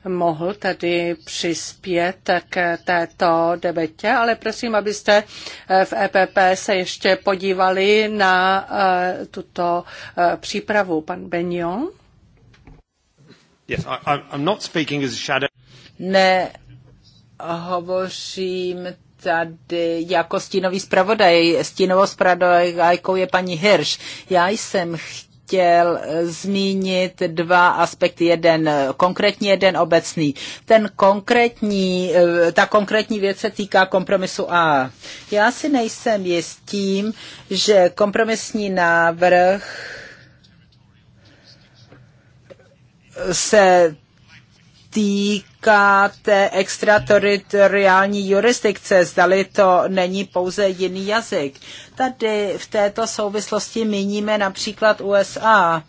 mohl tedy přispět k této debetě, ale prosím, abyste v EPP se ještě podívali na e, tuto e, přípravu. Pan Benjon? Yes, I, I'm not speaking as a shadow. Ne, hovořím tady jako stínový zpravodaj. Stínovou zpravodajkou je paní Hirš. Já jsem chtěl zmínit dva aspekty. Jeden konkrétní, jeden obecný. Ten konkrétní, eh, ta konkrétní věc se týká kompromisu A. Já si nejsem tím, že kompromisní návrh se týká týká té extrateritoriální jurisdikce, zdali to není pouze jiný jazyk. Tady v této souvislosti míníme například USA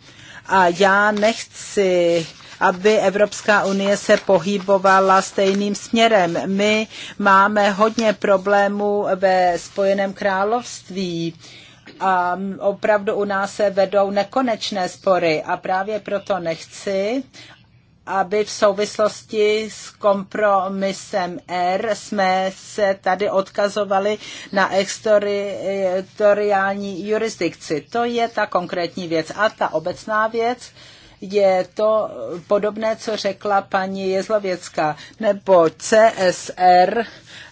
a já nechci aby Evropská unie se pohybovala stejným směrem. My máme hodně problémů ve Spojeném království a opravdu u nás se vedou nekonečné spory a právě proto nechci, aby v souvislosti s kompromisem R jsme se tady odkazovali na extoriální jurisdikci. To je ta konkrétní věc. A ta obecná věc je to podobné, co řekla paní Jezlověcka, nebo CSR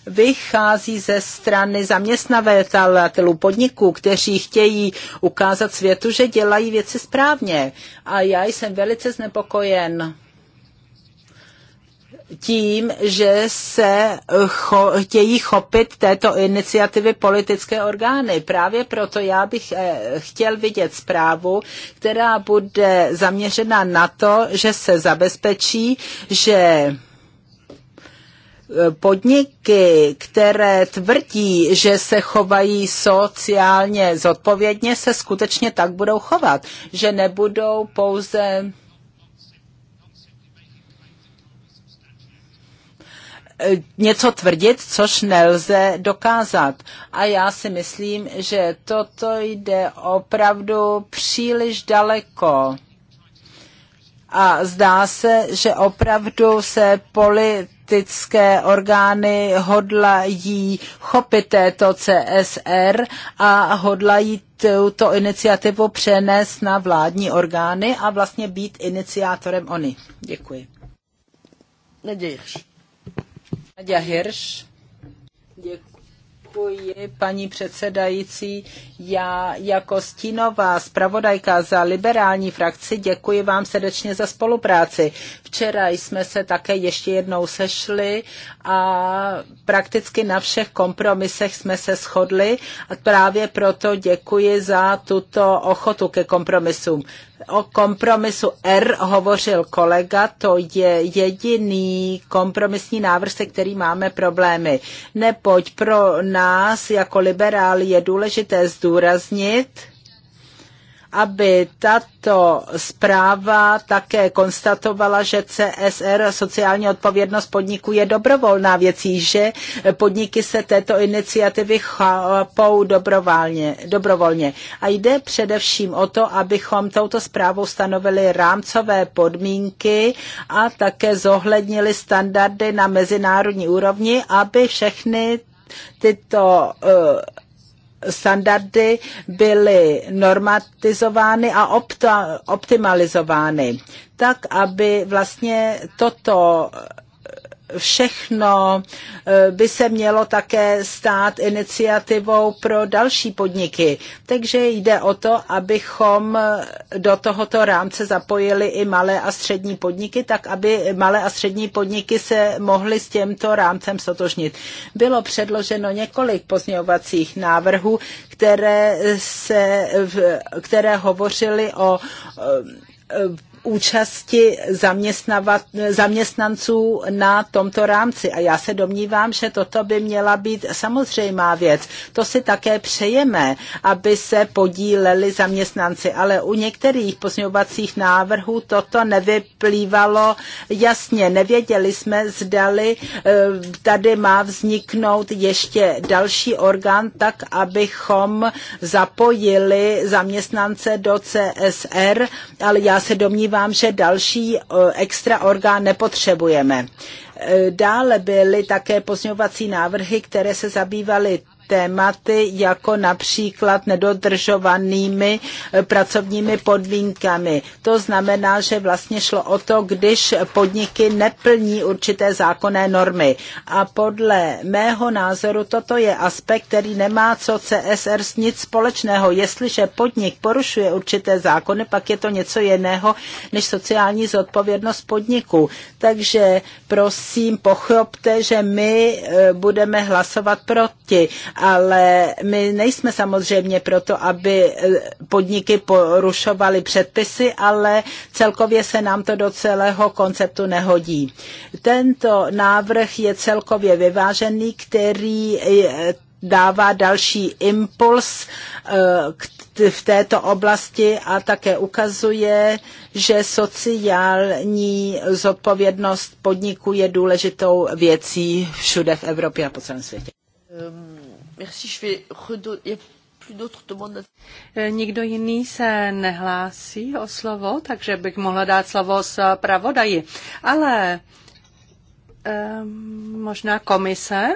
vychází ze strany zaměstnavatelů podniků, kteří chtějí ukázat světu, že dělají věci správně. A já jsem velice znepokojen tím, že se cho, chtějí chopit této iniciativy politické orgány. Právě proto já bych eh, chtěl vidět zprávu, která bude zaměřena na to, že se zabezpečí, že eh, podniky, které tvrdí, že se chovají sociálně zodpovědně, se skutečně tak budou chovat, že nebudou pouze E, něco tvrdit, což nelze dokázat. A já si myslím, že toto jde opravdu příliš daleko. A zdá se, že opravdu se politické orgány hodlají chopit této CSR a hodlají tuto iniciativu přenést na vládní orgány a vlastně být iniciátorem oni. Děkuji. Nedějíš. Nadia Hirš. Děkuji, paní předsedající. Já jako stínová zpravodajka za liberální frakci děkuji vám srdečně za spolupráci. Včera jsme se také ještě jednou sešli a prakticky na všech kompromisech jsme se shodli a právě proto děkuji za tuto ochotu ke kompromisům. O kompromisu R hovořil kolega, to je jediný kompromisní návrh, se který máme problémy. Neboť pro nás jako liberál je důležité zdůraznit, aby tato zpráva také konstatovala, že CSR, sociální odpovědnost podniků, je dobrovolná věcí, že podniky se této iniciativy chápou dobrovolně, dobrovolně. A jde především o to, abychom touto zprávou stanovili rámcové podmínky a také zohlednili standardy na mezinárodní úrovni, aby všechny tyto uh, standardy byly normatizovány a opta, optimalizovány, tak aby vlastně toto všechno eh, by se mělo také stát iniciativou pro další podniky. Takže jde o to, abychom do tohoto rámce zapojili i malé a střední podniky, tak aby malé a střední podniky se mohly s tímto rámcem sotožnit. Bylo předloženo několik pozměňovacích návrhů, které, se, které hovořily o eh, účasti zaměstnanců na tomto rámci. A já se domnívám, že toto by měla být samozřejmá věc. To si také přejeme, aby se podíleli zaměstnanci. Ale u některých pozměňovacích návrhů toto nevyplývalo jasně. Nevěděli jsme, zdali eh, tady má vzniknout ještě další orgán, tak abychom zapojili zaměstnance do CSR, ale já se domnívám, domnívám, že další eh, extra orgán nepotřebujeme. Eh, dále byly také pozňovací návrhy, které se zabývaly tématy, jako například nedodržovanými eh, pracovními podmínkami. To znamená, že vlastně šlo o to, když podniky neplní určité zákonné normy. A podle mého názoru toto je aspekt, který nemá co CSR s nic společného. Jestliže podnik porušuje určité zákony, pak je to něco jiného než sociální zodpovědnost podniku. Takže prosím, pochopte, že my eh, budeme hlasovat proti ale my nejsme samozřejmě proto, aby eh, podniky porušovaly předpisy, ale celkově se nám to do celého konceptu nehodí. Tento návrh je celkově vyvážený, který eh, dává další impuls eh, v této oblasti a také ukazuje, že sociální zodpovědnost podniků je důležitou věcí všude v Evropě a po celém světě. Um. Merci, je vais redonner eh, Nikdo jiný se nehlásí o slovo, takže bych mohla dát slovo s pravodaji. Ale um, možná komise?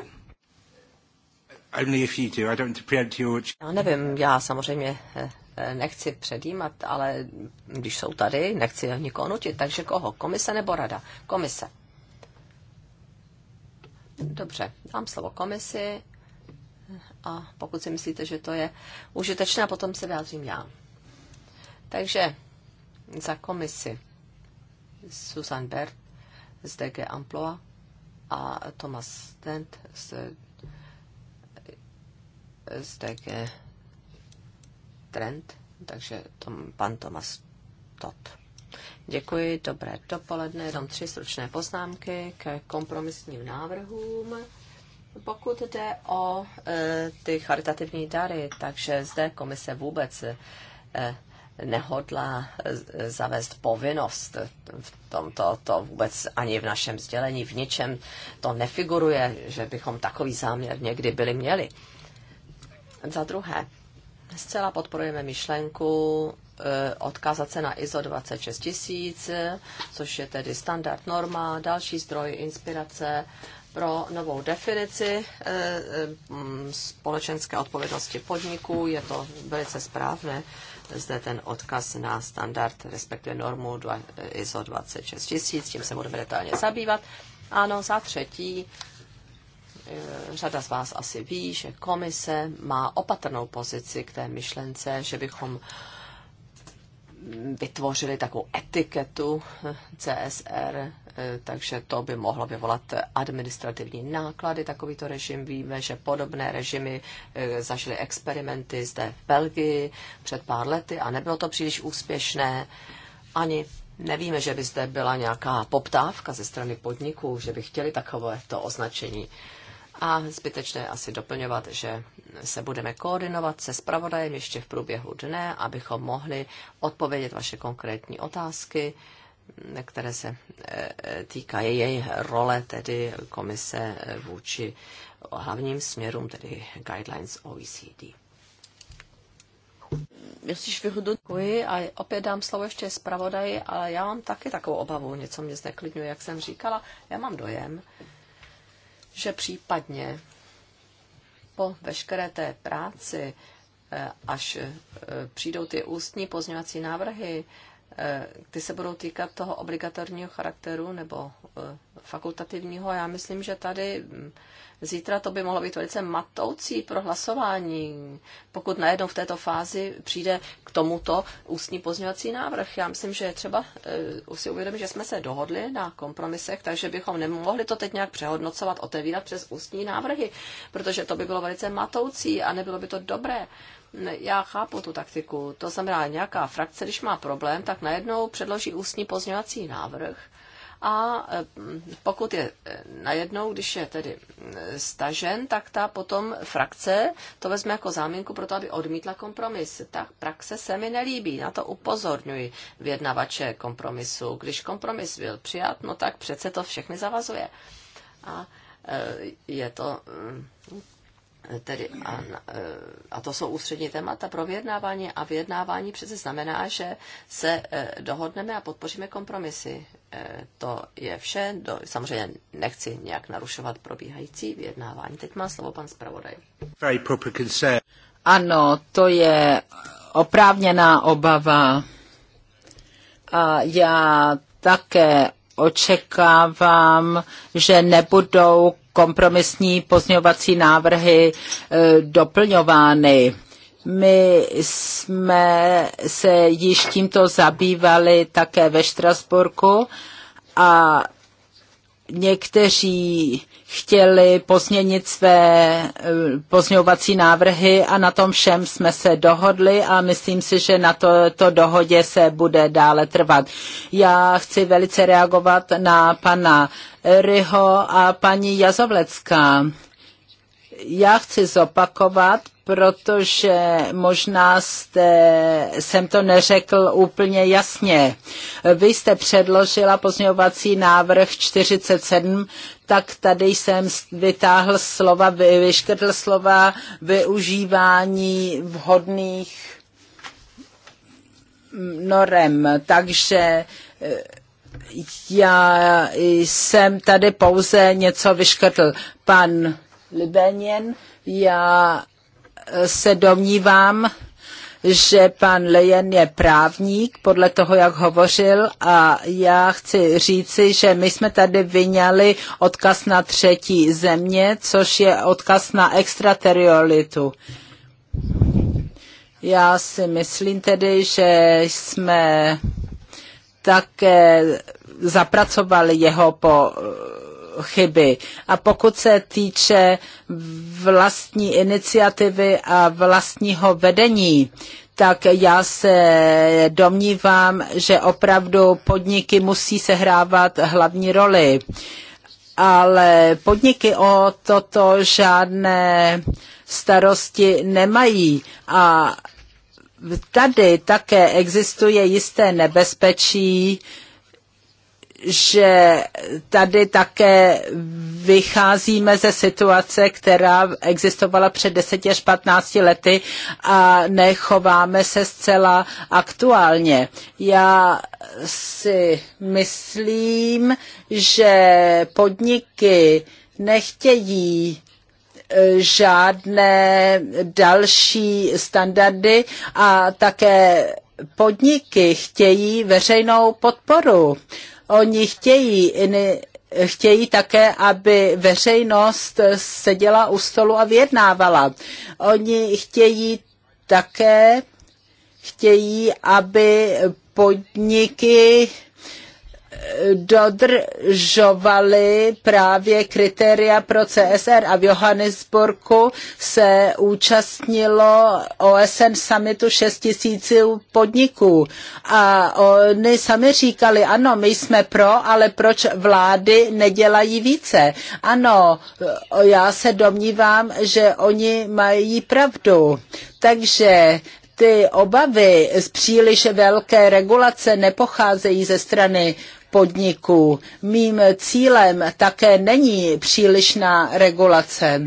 Já nevím, já samozřejmě eh, nechci předjímat, ale když jsou tady, nechci nikoho nutit. Takže koho? Komise nebo rada? Komise. Dobře, dám slovo komisi a pokud si myslíte, že to je užitečné, potom se vyjádřím já. Takže za komisi Susan Bert z DG Amploa a Thomas Stent z, z DG Trend, takže tom, pan Thomas Todd. Děkuji, dobré dopoledne, jenom tři stručné poznámky ke kompromisním návrhům pokud jde o e, ty charitativní dary, takže zde komise vůbec e, nehodlá e, zavést povinnost v tomto, to vůbec ani v našem sdělení, v ničem to nefiguruje, že bychom takový záměr někdy byli měli. Za druhé, zcela podporujeme myšlenku odkázat se na ISO 26000, což je tedy standard norma, další zdroj inspirace pro novou definici eh, eh, společenské odpovědnosti podniků. Je to velice správné. Zde ten odkaz na standard, respektive normu eh, ISO 26000, tím se budeme detailně zabývat. Ano, za třetí, řada z vás asi ví, že komise má opatrnou pozici k té myšlence, že bychom vytvořili takovou etiketu CSR, eh, takže to by mohlo vyvolat administrativní náklady. Takovýto režim víme, že podobné režimy eh, zažili experimenty zde v Belgii před pár lety a nebylo to příliš úspěšné. Ani nevíme, že by zde byla nějaká poptávka ze strany podniků, že by chtěli takovéto označení. A zbytečné asi doplňovat, že se budeme koordinovat se spravodajem ještě v průběhu dne, abychom mohli odpovědět vaše konkrétní otázky, které se eh, eh, týkají její role, tedy komise eh, vůči hlavním směrům, tedy guidelines OECD. Děkuji a opět dám slovo ještě zpravodaji, ale já mám taky takovou obavu, něco mě zneklidňuje, jak jsem říkala. Já mám dojem, že případně po veškeré té práci, eh, až eh, přijdou ty ústní pozměňovací návrhy, Eh, ty se budou týkat toho obligatorního charakteru nebo eh, fakultativního. Já myslím, že tady hm, zítra to by mohlo být velice matoucí pro hlasování, pokud najednou v této fázi přijde k tomuto ústní pozňovací návrh. Já myslím, že je třeba eh, si uvědomit, že jsme se dohodli na kompromisech, takže bychom nemohli to teď nějak přehodnocovat, otevírat přes ústní návrhy, protože to by bylo velice matoucí a nebylo by to dobré já chápu tu taktiku. To znamená, nějaká frakce, když má problém, tak najednou předloží ústní pozměňovací návrh. A e, pokud je e, najednou, když je tedy e, stažen, tak ta potom frakce to vezme jako záminku pro to, aby odmítla kompromis. Ta praxe se mi nelíbí, na to upozorňuji vědnavače kompromisu. Když kompromis byl přijat, no tak přece to všechny zavazuje. A je to mm, Tedy a, e, a to jsou ústřední témata pro vyjednávání a vyjednávání přece znamená, že se e, dohodneme a podpoříme kompromisy. E, to je vše. Do, samozřejmě nechci nějak narušovat probíhající vyjednávání. Teď má slovo pan zpravodaj. Ano, to je oprávněná obava. A já také očekávám, že nebudou kompromisní pozňovací návrhy e, doplňovány. My jsme se již tímto zabývali také ve Štrasburku a někteří chtěli pozměnit své eh, pozměňovací návrhy a na tom všem jsme se dohodli a myslím si, že na to, to dohodě se bude dále trvat. Já chci velice reagovat na pana Ryho a paní Jazovlecka já chci zopakovat, protože možná jste, jsem to neřekl úplně jasně. Vy jste předložila pozměňovací návrh 47, tak tady jsem vytáhl slova, vyškrtl slova využívání vhodných norem. Takže eh, já jsem tady pouze něco vyškrtl. Pan Libenien. Já eh, se domnívám, že pan Lejen je právník, podle toho, jak hovořil, a já chci říci, že my jsme tady vyňali odkaz na třetí země, což je odkaz na extraterioritu. Já si myslím tedy, že jsme také zapracovali jeho po chyby. A pokud se týče vlastní iniciativy a vlastního vedení, tak já se domnívám, že opravdu podniky musí sehrávat hlavní roli. Ale podniky o toto žádné starosti nemají a tady také existuje jisté nebezpečí, že tady také vycházíme ze situace, která existovala před 10 až 15 lety a nechováme se zcela aktuálně. Já si myslím, že podniky nechtějí e, žádné další standardy a také podniky chtějí veřejnou podporu Oni chtějí, chtějí také, aby veřejnost seděla u stolu a vyjednávala. Oni chtějí také, chtějí, aby podniky dodržovali právě kritéria pro CSR a v Johannesburgu se účastnilo OSN summitu 6 tisíců podniků a oni sami říkali, ano, my jsme pro, ale proč vlády nedělají více? Ano, já se domnívám, že oni mají pravdu. Takže ty obavy z příliš velké regulace nepocházejí ze strany podniků. Mým cílem také není přílišná regulace.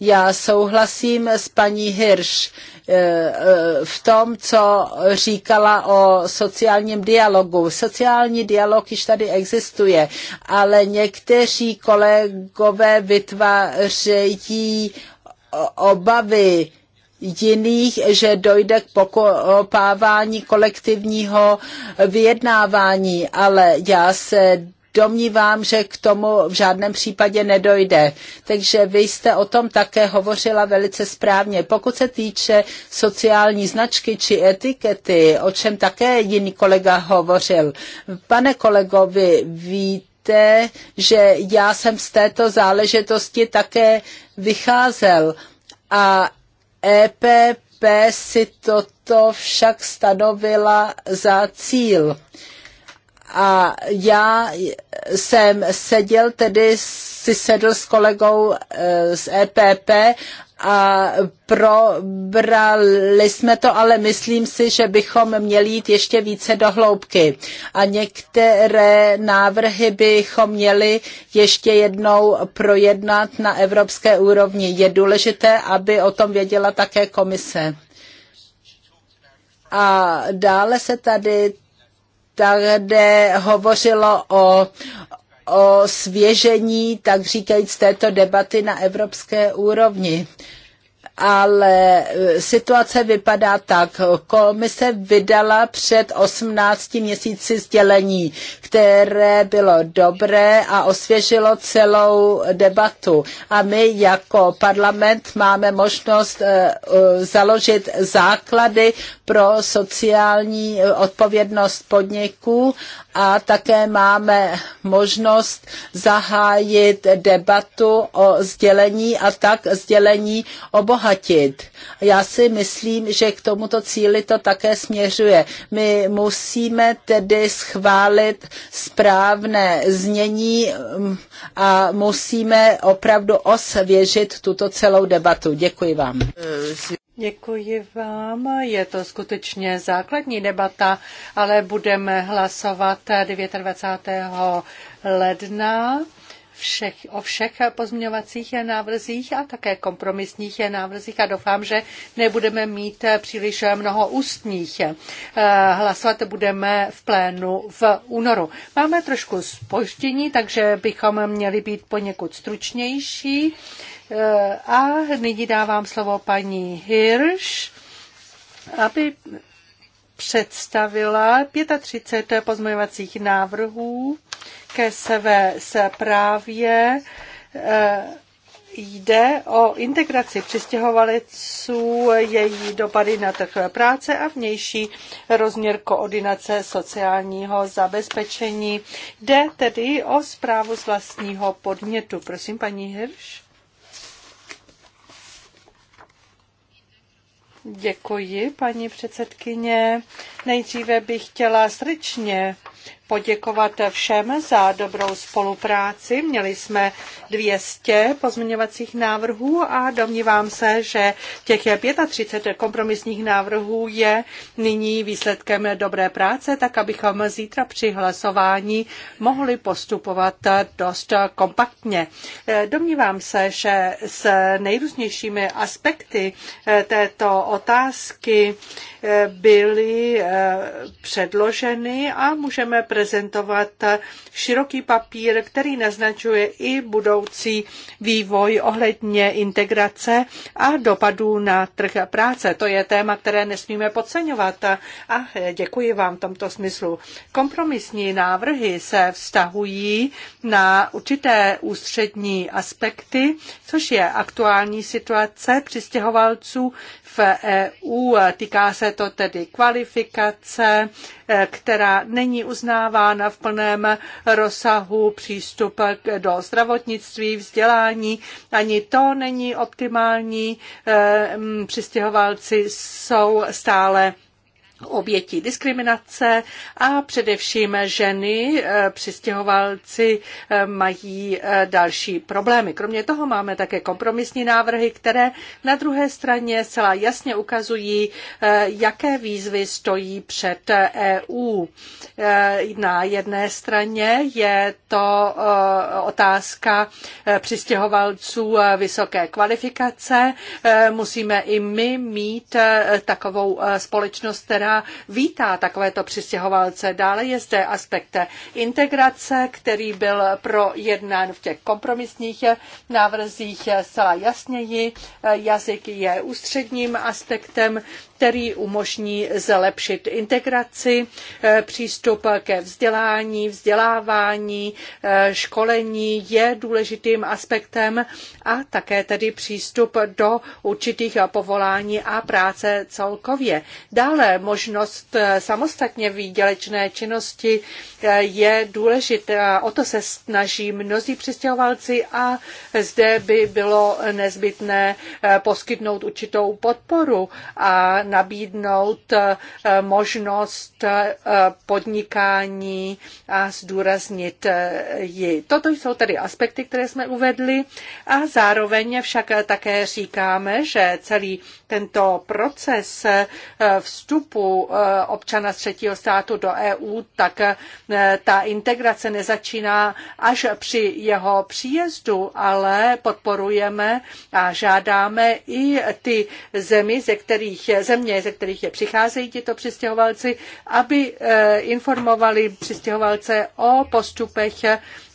Já souhlasím s paní Hirsch eh, eh, v tom, co říkala o sociálním dialogu. Sociální dialog již tady existuje, ale někteří kolegové vytvářejí obavy, jiných, že dojde k pokopávání kolektivního vyjednávání, ale já se domnívám, že k tomu v žádném případě nedojde. Takže vy jste o tom také hovořila velice správně. Pokud se týče sociální značky či etikety, o čem také jiný kolega hovořil, pane kolegovi, víte, že já jsem z této záležitosti také vycházel a EPP si toto však stanovila za cíl. A já jsem seděl, tedy si sedl s kolegou eh, z EPP a probrali jsme to, ale myslím si, že bychom měli jít ještě více do hloubky. A některé návrhy bychom měli ještě jednou projednat na evropské úrovni. Je důležité, aby o tom věděla také komise. A dále se tady tady hovořilo o o svěžení tak říkajíc, této debaty na evropské úrovni ale e, situace vypadá tak. Komise vydala před 18 měsíci sdělení, které bylo dobré a osvěžilo celou debatu. A my jako parlament máme možnost e, e, založit základy pro sociální odpovědnost podniků a také máme možnost zahájit debatu o sdělení a tak sdělení obohatit obohatit. Já si myslím, že k tomuto cíli to také směřuje. My musíme tedy schválit správné znění mm, a musíme opravdu osvěžit tuto celou debatu. Děkuji vám. Děkuji vám. Je to skutečně základní debata, ale budeme hlasovat 29. ledna všech, o všech pozměňovacích návrzích a také kompromisních návrzích a doufám, že nebudeme mít příliš mnoho ústních. Eh, hlasovat budeme v plénu v únoru. Máme trošku spoždění, takže bychom měli být poněkud stručnější. Eh, a nyní dávám slovo paní Hirsch, aby představila 35 pozměňovacích návrhů ke své zprávě eh, jde o integraci přistěhovaleců, její dopady na trh práce a vnější rozměr koordinace sociálního zabezpečení. Jde tedy o zprávu z vlastního podmětu. Prosím, paní Hirš. Děkuji, paní předsedkyně. Nejdříve bych chtěla srdečně poděkovat všem za dobrou spolupráci. Měli jsme 200 pozměňovacích návrhů a domnívám se, že těch 35 kompromisních návrhů je nyní výsledkem dobré práce, tak abychom zítra při hlasování mohli postupovat dost kompaktně. Domnívám se, že s nejrůznějšími aspekty této otázky byly eh, předloženy a můžeme prezentovat široký papír, který naznačuje i budoucí vývoj ohledně integrace a dopadů na trh práce. To je téma, které nesmíme podceňovat a eh, děkuji vám v tomto smyslu. Kompromisní návrhy se vztahují na určité ústřední aspekty, což je aktuální situace přistěhovalců v EU. Týká se to tedy kvalifikace, eh, která není uznávána v plném rozsahu přístup do zdravotnictví, vzdělání. Ani to není optimální. Eh, přistěhovalci jsou stále obětí diskriminace a především ženy, eh, přistěhovalci eh, mají eh, další problémy. Kromě toho máme také kompromisní návrhy, které na druhé straně celá jasně ukazují, jaké výzvy stojí před EU. E na jedné straně je to otázka přistěhovalců vysoké kvalifikace. Musíme i my mít takovou společnost, která která vítá takovéto přistěhovalce. Dále je zde aspekt integrace, který byl projednán v těch kompromisních návrzích zcela jasněji. Jazyk je ústředním aspektem který umožní zlepšit integraci, eh, přístup ke vzdělání, vzdělávání, eh, školení je důležitým aspektem a také tedy přístup do určitých povolání a práce celkově. Dále možnost eh, samostatně výdělečné činnosti je důležitá. O to se snaží mnozí přistěhovalci a zde by bylo nezbytné poskytnout určitou podporu a nabídnout eh, možnost eh, podnikání a zdůraznit eh, ji. Toto jsou tedy aspekty, které jsme uvedli a zároveň však také říkáme, že celý tento proces eh, vstupu eh, občana z třetího státu do EU, tak eh, ta integrace nezačíná až při jeho příjezdu, ale podporujeme a žádáme i ty zemi, ze kterých, země, ze kterých je přicházejí tito přistěhovalci, aby informovali přistěhovalce o postupech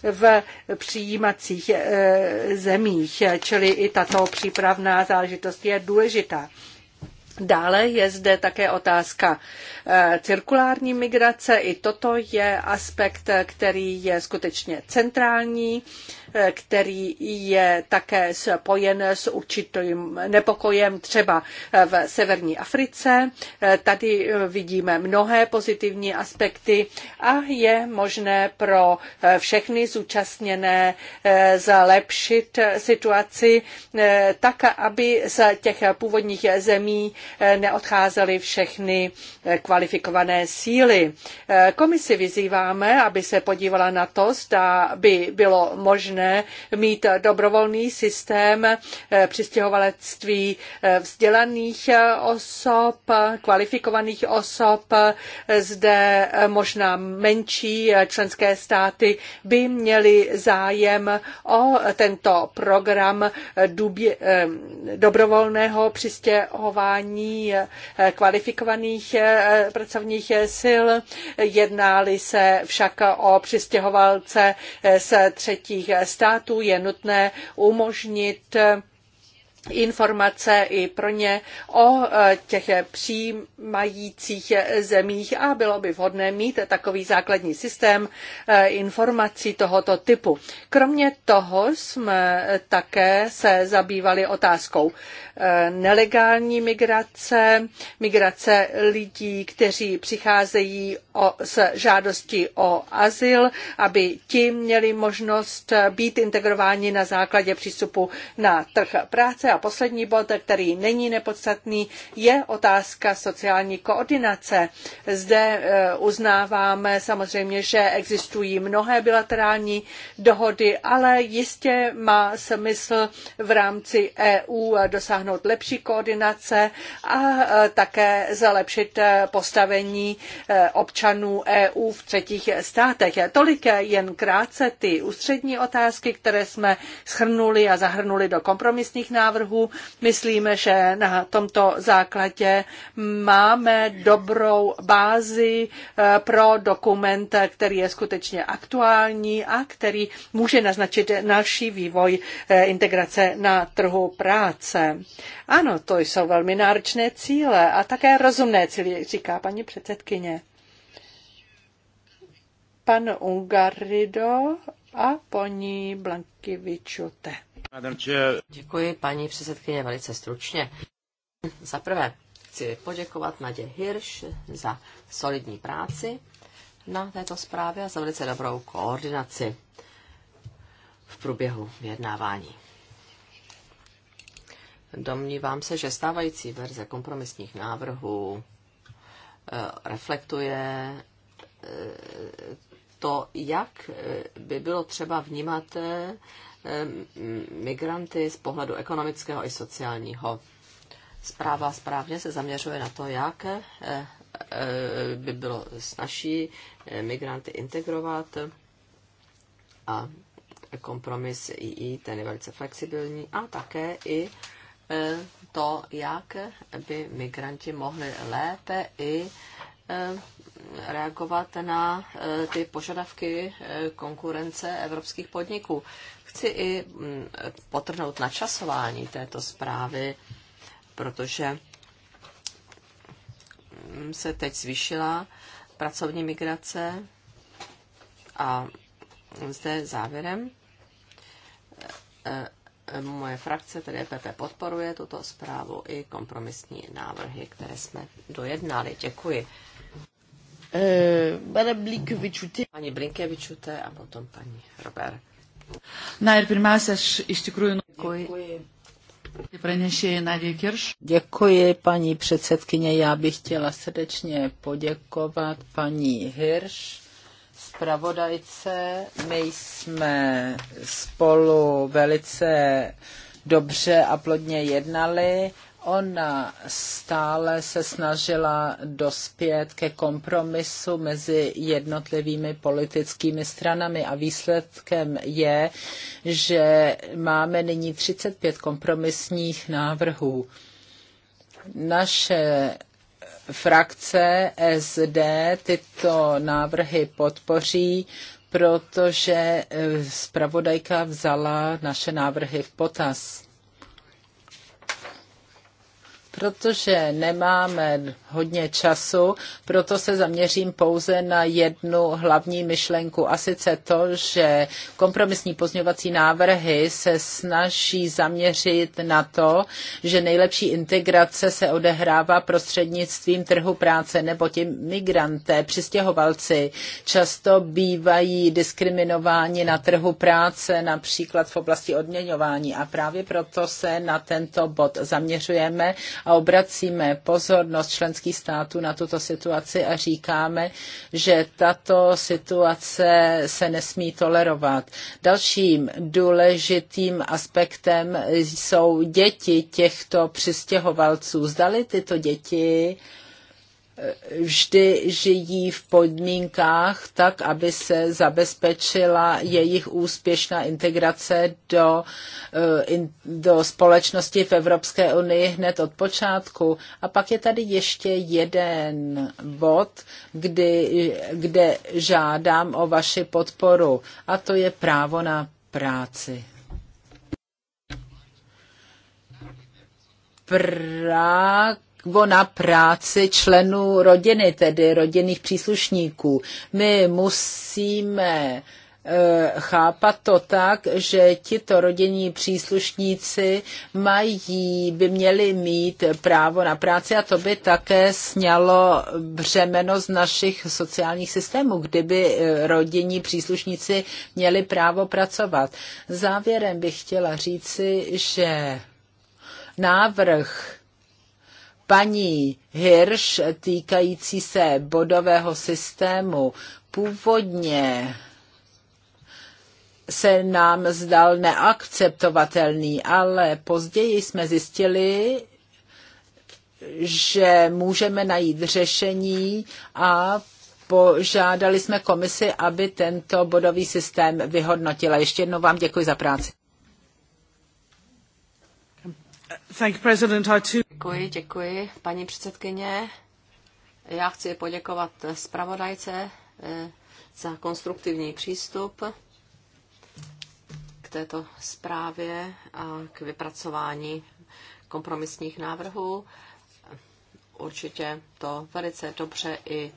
v přijímacích eh, zemích, čili i tato přípravná záležitost je důležitá. Dále je zde také otázka eh, cirkulární migrace. I toto je aspekt, který je skutečně centrální který je také spojen s určitým nepokojem třeba v severní Africe. Tady vidíme mnohé pozitivní aspekty a je možné pro všechny zúčastněné eh, zlepšit situaci eh, tak, aby z těch původních zemí eh, neodcházely všechny kvalifikované síly. Komisi vyzýváme, aby se podívala na to, zda by bylo možné možné mít dobrovolný systém eh, přistěhovalectví eh, vzdělaných eh, osob, kvalifikovaných osob. Zde možná menší členské státy by měly zájem o tento program dubě, dobrovolného přistěhování kvalifikovaných pracovních sil. Jednáli se však o přistěhovalce z třetích států je nutné umožnit informace i pro ně o e, těch přijímajících zemích a bylo by vhodné mít takový základní systém e, informací tohoto typu. Kromě toho jsme také se zabývali otázkou e, nelegální migrace, migrace lidí, kteří přicházejí o, s žádostí o azyl, aby ti měli možnost být integrováni na základě přístupu na trh práce a poslední bod, který není nepodstatný, je otázka sociální koordinace. Zde e, uznáváme samozřejmě, že existují mnohé bilaterální dohody, ale jistě má smysl v rámci EU dosáhnout lepší koordinace a e, také zlepšit e, postavení občanů EU v třetích státech. Tolik jen krátce ty ústřední otázky, které jsme schrnuli a zahrnuli do kompromisních návrhů návrhu. Myslíme, že na tomto základě máme dobrou bázi eh, pro dokument, který je skutečně aktuální a který může naznačit další vývoj eh, integrace na trhu práce. Ano, to jsou velmi náročné cíle a také rozumné cíle, jak říká paní předsedkyně. Pan Ungarido a paní Blankivičute. Děkuji, paní předsedkyně, velice stručně. Za prvé chci poděkovat Nadě Hirš za solidní práci na této zprávě a za velice dobrou koordinaci v průběhu vyjednávání. Domnívám se, že stávající verze kompromisních návrhů eh, reflektuje eh, to, jak eh, by bylo třeba vnímat migranty z pohledu ekonomického i sociálního. Zpráva správně se zaměřuje na to, jak eh, eh, by bylo snažší eh, migranty integrovat a kompromis II, ten je velice flexibilní a také i to, jak by migranti mohli lépe i reagovat na eh, ty požadavky eh, konkurence evropských podniků. Chci i mm, potrhnout načasování této zprávy, protože mm, se teď zvýšila pracovní migrace a zde závěrem eh, moje frakce, tedy PP, e podporuje tuto zprávu i kompromisní návrhy, které jsme dojednali. Děkuji. Euh, Blinkevičiūtė. Pani Blinkevičiūtė a potom paní Robert. Na ir pirmiausia, aš iš tikrųjų děkuji. Kirš. Děkuji, paní předsedkyně. Já bych chtěla srdečně poděkovat paní Hirš, zpravodajce. My jsme spolu velice dobře a plodně jednali. Ona stále se snažila dospět ke kompromisu mezi jednotlivými politickými stranami a výsledkem je, že máme nyní 35 kompromisních návrhů. Naše frakce SD tyto návrhy podpoří, protože eh, zpravodajka vzala naše návrhy v potaz. Protože nemáme hodně času, proto se zaměřím pouze na jednu hlavní myšlenku a sice to, že kompromisní pozňovací návrhy se snaží zaměřit na to, že nejlepší integrace se odehrává prostřednictvím trhu práce, nebo ti migranté, přistěhovalci často bývají diskriminováni na trhu práce, například v oblasti odměňování a právě proto se na tento bod zaměřujeme a obracíme pozornost členských států na tuto situaci a říkáme, že tato situace se nesmí tolerovat. Dalším důležitým aspektem jsou děti těchto přistěhovalců. Zdali tyto děti vždy žijí v podmínkách tak, aby se zabezpečila jejich úspěšná integrace do, eh, do společnosti v Evropské unii hned od počátku. A pak je tady ještě jeden bod, kdy, kde žádám o vaši podporu, a to je právo na práci. Prak právo na práci členů rodiny, tedy rodinných příslušníků. My musíme eh, chápat to tak, že tito rodinní příslušníci mají, by měli mít právo na práci a to by také snělo břemeno z našich sociálních systémů, kdyby eh, rodinní příslušníci měli právo pracovat. Závěrem bych chtěla říci, že návrh paní Hirsch týkající se bodového systému původně se nám zdal neakceptovatelný, ale později jsme zjistili, že můžeme najít řešení a požádali jsme komisi, aby tento bodový systém vyhodnotila. Ještě jednou vám děkuji za práci. Thank you, President. I too... Děkuji, děkuji, paní předsedkyně. Já chci poděkovat zpravodajce eh, za konstruktivní přístup k této zprávě a k vypracování kompromisních návrhů. Určitě to velice dobře i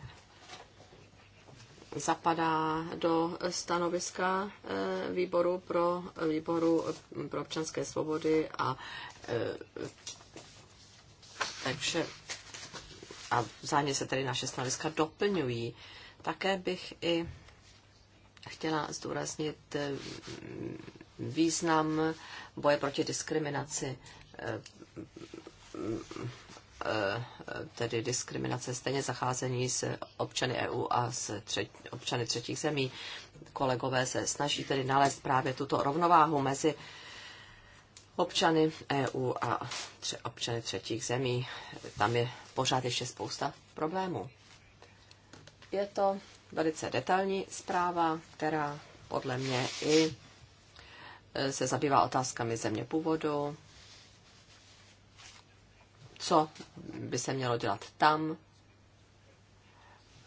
zapadá do stanoviska eh, výboru pro, výboru pro občanské svobody a eh, takže a vzájemně se tedy naše stanoviska doplňují. Také bych i chtěla zdůraznit eh, význam boje proti diskriminaci, eh, eh, tedy diskriminace stejně zacházení s občany EU a s třetí, občany třetích zemí. Kolegové se snaží tedy nalézt právě tuto rovnováhu mezi občany EU a tře- občany třetích zemí. Tam je pořád ještě spousta problémů. Je to velice detailní zpráva, která podle mě i e, se zabývá otázkami země původu, co by se mělo dělat tam,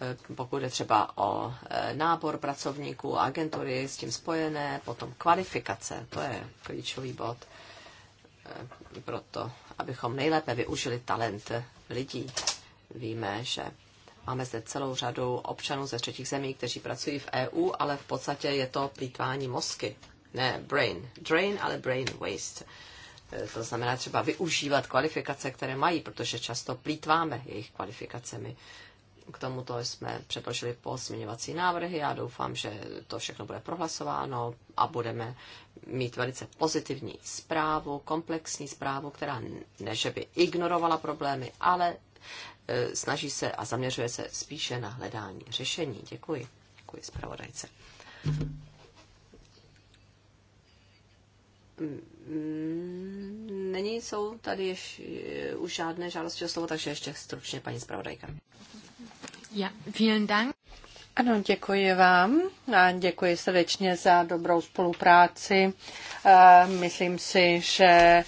e, pokud je třeba o e, nábor pracovníků, agentury s tím spojené, potom kvalifikace, to je klíčový bod. Eh, proto, abychom nejlépe využili talent lidí. Víme, že máme zde celou řadu občanů ze třetích zemí, kteří pracují v EU, ale v podstatě je to plýtvání mozky. Ne brain drain, ale brain waste. Eh, to znamená třeba využívat kvalifikace, které mají, protože často plítváme jejich kvalifikacemi. K tomuto jsme předložili pozměňovací návrhy. a doufám, že to všechno bude prohlasováno a budeme mít velice pozitivní zprávu, komplexní zprávu, která ne, že by ignorovala problémy, ale e, snaží se a zaměřuje se spíše na hledání řešení. Děkuji. Děkuji zpravodajce. Není, jsou tady ještě, už žádné žádosti o slovo, takže ještě stručně paní zpravodajka. Ja, vielen Dank. Ano, děkuji vám a děkuji srdečně za dobrou spolupráci. Myslím si, že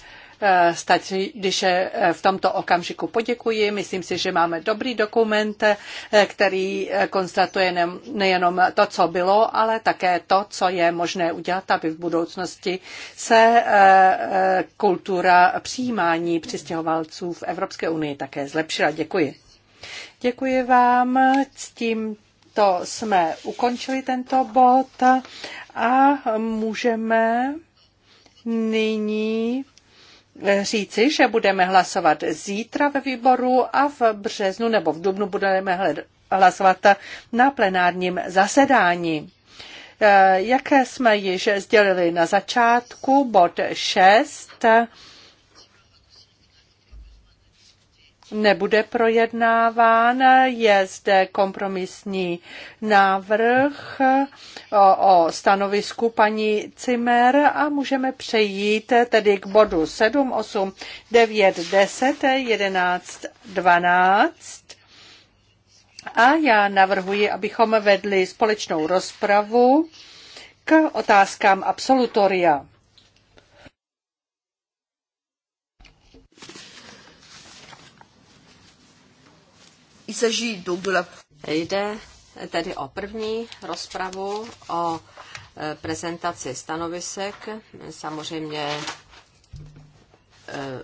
stačí, když e, v tomto okamžiku poděkuji. Myslím si, že máme dobrý dokument, e, který e, konstatuje nejenom to, co bylo, ale také to, co je možné udělat, aby v budoucnosti se kultura přijímání přistěhovalců v Evropské unii také zlepšila. Děkuji. Děkuji vám. S tímto jsme ukončili tento bod a můžeme nyní říci, že budeme hlasovat zítra ve výboru a v březnu nebo v dubnu budeme hlasovat na plenárním zasedání. E, jaké jsme již sdělili na začátku, bod 6 nebude projednáván. Je zde kompromisní návrh o, o stanovisku paní Cimer a můžeme přejít tedy k bodu 7, 8, 9, 10, 11, 12. A já navrhuji, abychom vedli společnou rozpravu k otázkám absolutoria. Jde tedy o první rozpravu o e, prezentaci stanovisek. Samozřejmě e,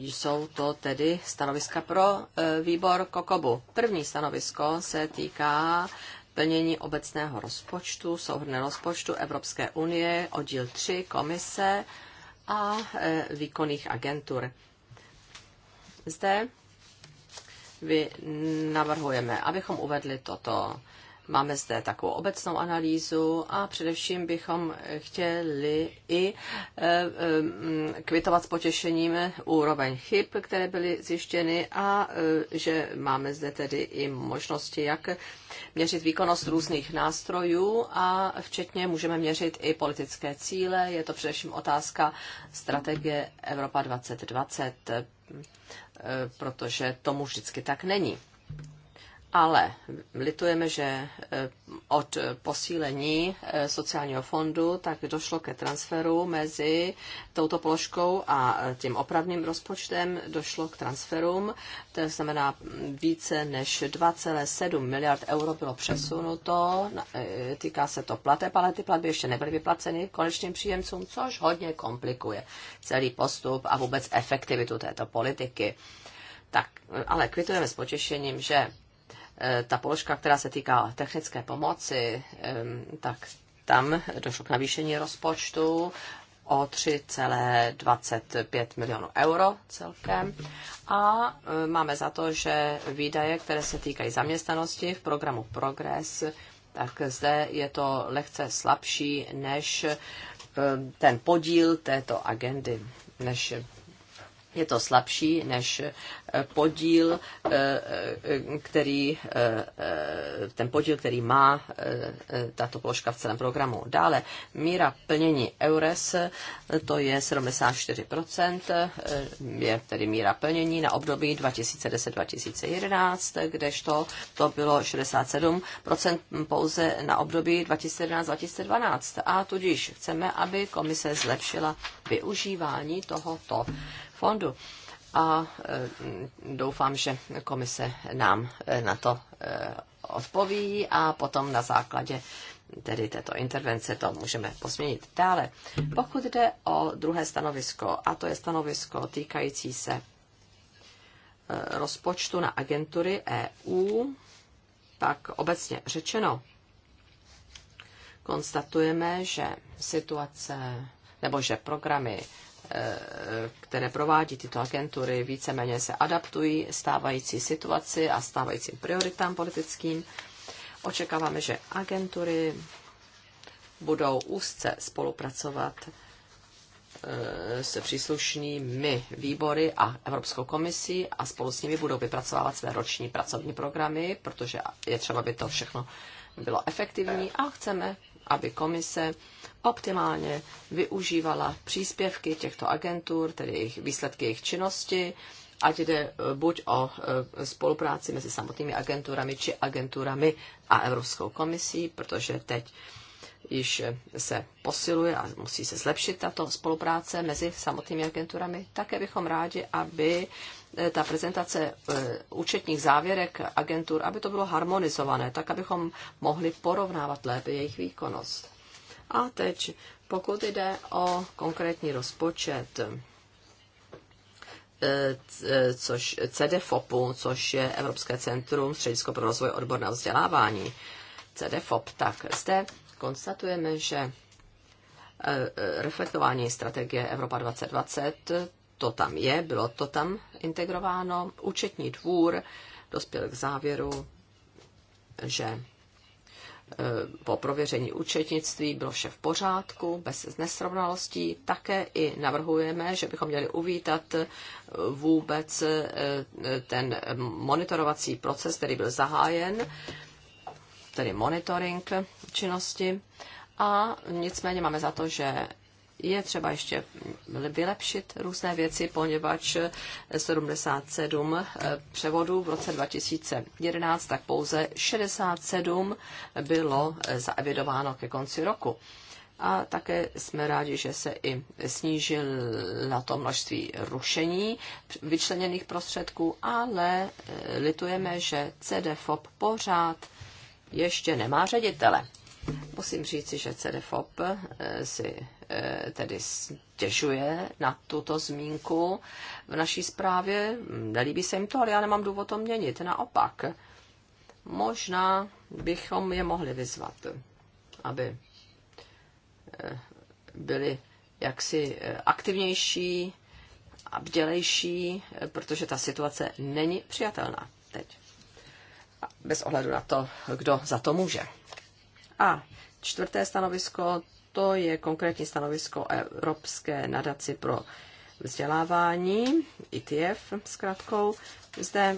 jsou to tedy stanoviska pro e, výbor Kokobu. První stanovisko se týká plnění obecného rozpočtu, souhrné rozpočtu Evropské unie, oddíl 3, komise a výkonných agentur. Zde my navrhujeme, abychom uvedli toto. Máme zde takovou obecnou analýzu a především bychom chtěli i eh, eh, kvitovat s potěšením úroveň chyb, které byly zjištěny a eh, že máme zde tedy i možnosti, jak měřit výkonnost různých nástrojů a včetně můžeme měřit i politické cíle. Je to především otázka strategie Evropa 2020 Eh, protože tomu vždycky tak není ale litujeme, že eh, od posílení eh, sociálního fondu tak došlo ke transferu mezi touto položkou a eh, tím opravným rozpočtem došlo k transferům, to znamená mm, více než 2,7 miliard euro bylo přesunuto, týká se to plateb, ale ty platby ještě nebyly vyplaceny konečným příjemcům, což hodně komplikuje celý postup a vůbec efektivitu této politiky. Tak, ale kvitujeme s potěšením, že Eh, ta položka, která se týká technické pomoci, tak tam došlo k navýšení rozpočtu o 3,25 milionů euro celkem. A eh, máme za to, že výdaje, které se týkají zaměstnanosti v programu Progress, tak zde je to lehce slabší než eh, ten podíl této agendy, než je to slabší než podíl, eh, eh, který, eh, ten podíl, který má tato položka v celém programu. Dále míra plnění EURES, to je 74%, je tedy míra plnění na období 2010-2011, kdežto to bylo 67% pouze na období 2011-2012. A tudíž chceme, aby komise zlepšila využívání tohoto fondu a eh, doufám, že komise nám eh, na to eh, odpoví a potom na základě tedy této intervence to můžeme posměnit. Dále, pokud jde o druhé stanovisko, a to je stanovisko týkající se rozpočtu na agentury EU, tak obecně řečeno konstatujeme, že situace nebo že programy které provádí tyto agentury, víceméně se adaptují stávající situaci a stávajícím prioritám politickým. Očekáváme, že agentury budou úzce spolupracovat eh, s příslušnými výbory a Evropskou komisí a spolu s nimi budou vypracovávat své roční pracovní programy, protože je třeba, aby to všechno bylo efektivní a chceme aby komise optimálně využívala příspěvky těchto agentur, tedy jejich výsledky jejich činnosti, ať jde eh, buď o eh, spolupráci mezi samotnými agenturami či agenturami a Evropskou komisí, protože teď již se posiluje a musí se zlepšit tato spolupráce mezi samotnými agenturami. Také bychom rádi, aby Eh, ta prezentace eh, účetních závěrek agentur, aby to bylo harmonizované, tak abychom mohli porovnávat lépe jejich výkonnost. A teď, pokud jde o konkrétní rozpočet, eh, což CDFOPu, což je Evropské centrum Středisko pro rozvoj odborného vzdělávání, CDFOP, tak zde konstatujeme, že reflektování strategie Evropa 2020, to tam je, bylo to tam integrováno. Účetní dvůr dospěl k závěru, že e, po prověření účetnictví bylo vše v pořádku, bez nesrovnalostí. Také i navrhujeme, že bychom měli uvítat e, vůbec e, ten monitorovací proces, který byl zahájen, tedy monitoring činnosti. A nicméně máme za to, že je třeba ještě vylepšit různé věci, poněvadž 77 eh, převodů v roce 2011, tak pouze 67 bylo eh, zaevidováno ke konci roku. A také jsme rádi, že se i snížil na to množství rušení vyčleněných prostředků, ale eh, litujeme, že CDFOP pořád ještě nemá ředitele. Musím říci, že CDFOP si Eh, tedy stěžuje na tuto zmínku v naší zprávě. Nelíbí se jim to, ale já nemám důvod to měnit. Naopak, možná bychom je mohli vyzvat, aby eh, byli jaksi eh, aktivnější a bdělejší, protože ta situace není přijatelná teď. Bez ohledu na to, kdo za to může. A čtvrté stanovisko, to je konkrétní stanovisko Evropské nadaci pro vzdělávání, (ETF) s kratkou. Zde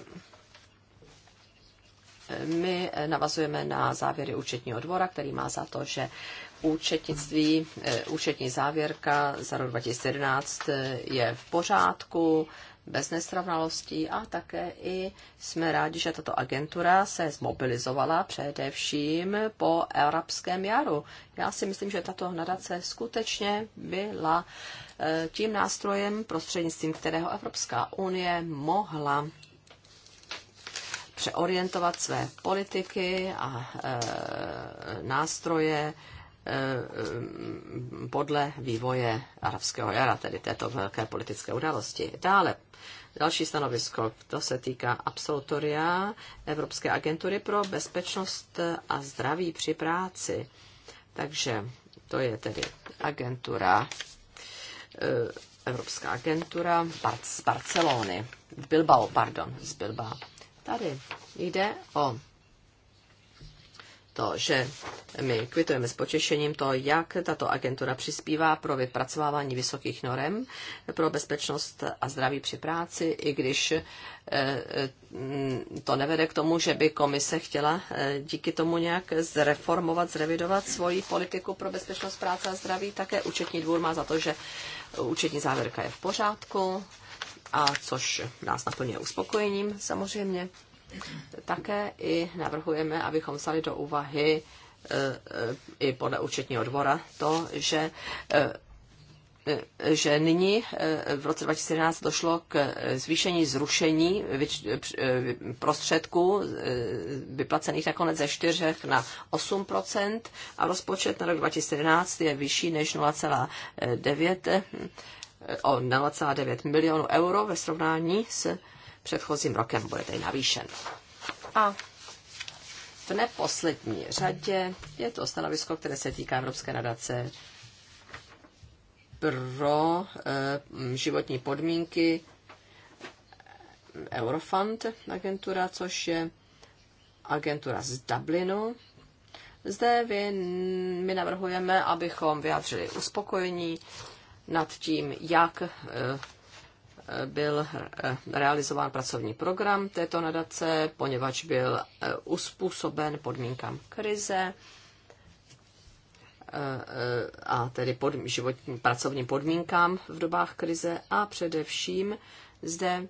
eh, my navazujeme na závěry účetního dvora, který má za to, že účetnictví, eh, účetní závěrka za rok 2011 eh, je v pořádku bez nesrovnalostí a také i jsme rádi, že tato agentura se zmobilizovala především po arabském jaru. Já si myslím, že tato nadace skutečně byla eh, tím nástrojem, prostřednictvím kterého Evropská unie mohla přeorientovat své politiky a e, nástroje Eh, podle vývoje arabského jara, tedy této velké politické události. Dále, další stanovisko, to se týká absolutoria Evropské agentury pro bezpečnost a zdraví při práci. Takže to je tedy agentura, eh, Evropská agentura z Barcelony, Bilbao, pardon, z Bilbao. Tady jde o to, že my kvitujeme s potěšením to, jak tato agentura přispívá pro vypracovávání vysokých norem pro bezpečnost a zdraví při práci, i když eh, eh, to nevede k tomu, že by komise chtěla eh, díky tomu nějak zreformovat, zrevidovat svoji politiku pro bezpečnost práce a zdraví. Také účetní dvůr má za to, že účetní závěrka je v pořádku, a což nás naplňuje uspokojením samozřejmě. Také i navrhujeme, abychom vzali do úvahy e, e, i podle účetního dvora to, že e, že nyní v roce 2017 došlo k zvýšení zrušení prostředků vyplacených nakonec ze 4 na 8 a rozpočet na rok 2017 je vyšší než 0,9 o 0,9 milionů euro ve srovnání s předchozím rokem, bude tedy navýšen. A v neposlední řadě je to stanovisko, které se týká Evropské nadace pro eh, životní podmínky Eurofund agentura, což je agentura z Dublinu. Zde vy, my navrhujeme, abychom vyjádřili uspokojení nad tím, jak eh, byl eh, realizován pracovní program této nadace, poněvadž byl eh, uspůsoben podmínkám krize eh, a tedy pod, životním pracovním podmínkám v dobách krize a především zde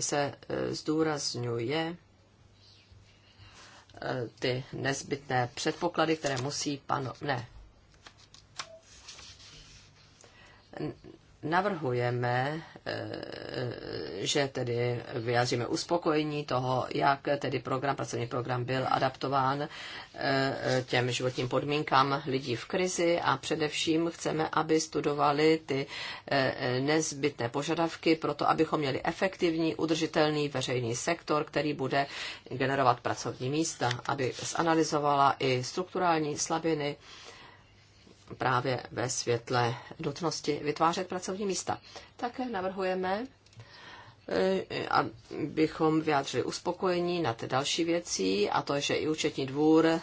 se zdůrazňuje ty nezbytné předpoklady, které musí pan. ne, navrhujeme, eh, že tedy vyjádříme uspokojení toho, jak tedy program, pracovní program byl adaptován eh, těm životním podmínkám lidí v krizi a především chceme, aby studovali ty eh, nezbytné požadavky pro to, abychom měli efektivní, udržitelný veřejný sektor, který bude generovat pracovní místa, aby zanalizovala i strukturální slabiny, právě ve světle nutnosti vytvářet pracovní místa. Také navrhujeme, eh, abychom vyjádřili uspokojení nad další věcí a to, že i účetní dvůr eh,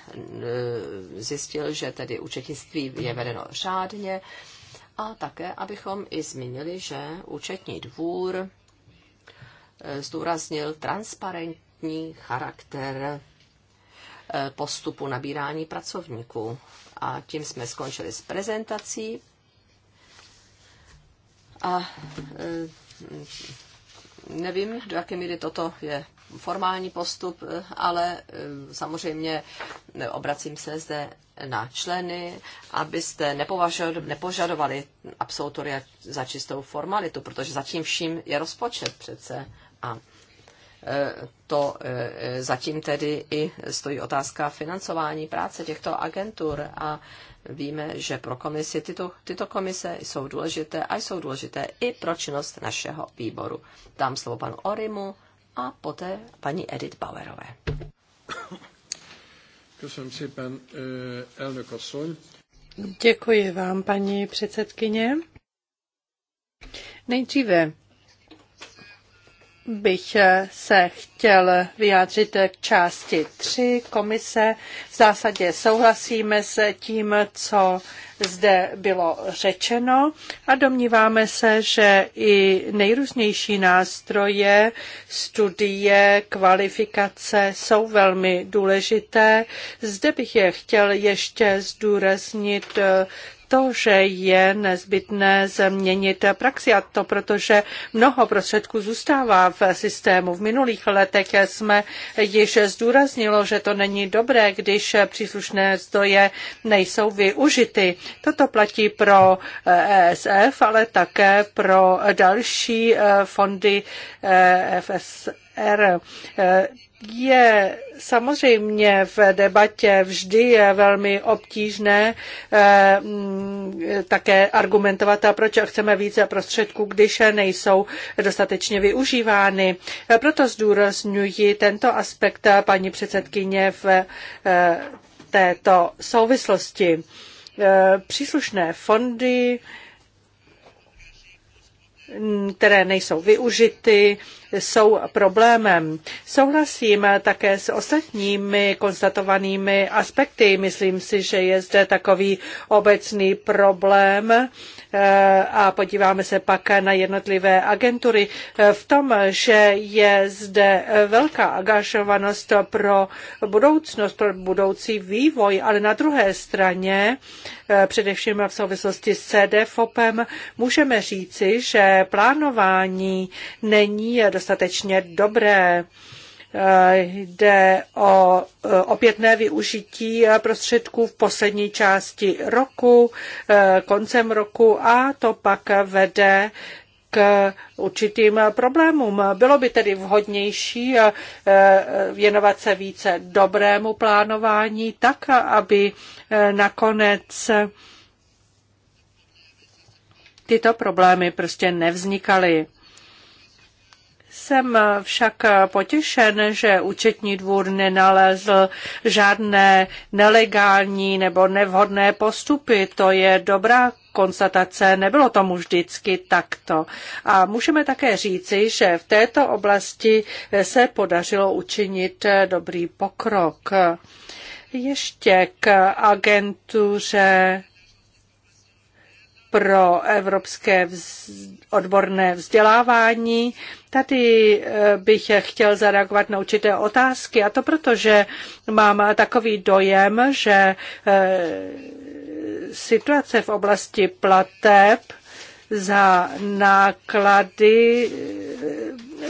zjistil, že tedy účetnictví je vedeno řádně a také, abychom i zmínili, že účetní dvůr eh, zdůraznil transparentní charakter postupu nabírání pracovníků a tím jsme skončili s prezentací. A e, nevím, do jaké míry toto je formální postup, e, ale e, samozřejmě obracím se zde na členy, abyste nepožadovali absolutoria za čistou formalitu, protože zatím vším je rozpočet přece. A to e, zatím tedy i stojí otázka financování práce těchto agentur a víme, že pro komisi tyto, tyto komise jsou důležité a jsou důležité i pro činnost našeho výboru. Dám slovo panu Orimu a poté paní Edith Bauerové. E, Děkuji vám, paní předsedkyně. Nejdříve bych eh, se chtěl vyjádřit k části 3 komise. V zásadě souhlasíme s tím, co zde bylo řečeno a domníváme se, že i nejrůznější nástroje, studie, kvalifikace jsou velmi důležité. Zde bych je chtěl ještě zdůraznit eh, to, že je nezbytné změnit praxi a to, protože mnoho prostředků zůstává v systému. V minulých letech jsme již zdůraznilo, že to není dobré, když příslušné zdroje nejsou využity. Toto platí pro ESF, ale také pro další e, fondy e, FSR je samozřejmě v debatě vždy je velmi obtížné eh, mm, také argumentovat, a proč chceme více prostředků, když nejsou dostatečně využívány. Eh, proto zdůrazňuji tento aspekt eh, paní předsedkyně v této souvislosti. Příslušné fondy které nejsou využity, jsou problémem. Souhlasím také s ostatními konstatovanými aspekty. Myslím si, že je zde takový obecný problém Eh, a podíváme se pak na jednotlivé agentury eh, v tom, že je zde velká agašovanost pro budoucnost, pro budoucí vývoj, ale na druhé straně, eh, především v souvislosti s CDFOPem, můžeme říci, že plánování není dostatečně dobré. Jde o e, opětné využití prostředků v poslední části roku, e, koncem roku a to pak vede k určitým problémům. Bylo by tedy vhodnější e, věnovat se více dobrému plánování, tak aby nakonec tyto problémy prostě nevznikaly. Jsem však potěšen, že účetní dvůr nenalezl žádné nelegální nebo nevhodné postupy. To je dobrá konstatace, nebylo tomu vždycky takto. A můžeme také říci, že v této oblasti se podařilo učinit dobrý pokrok. Ještě k agentuře pro evropské odborné vzdělávání. Tady eh, bych chtěl zareagovat na určité otázky a to proto, že mám takový dojem, že eh, situace v oblasti plateb za náklady eh,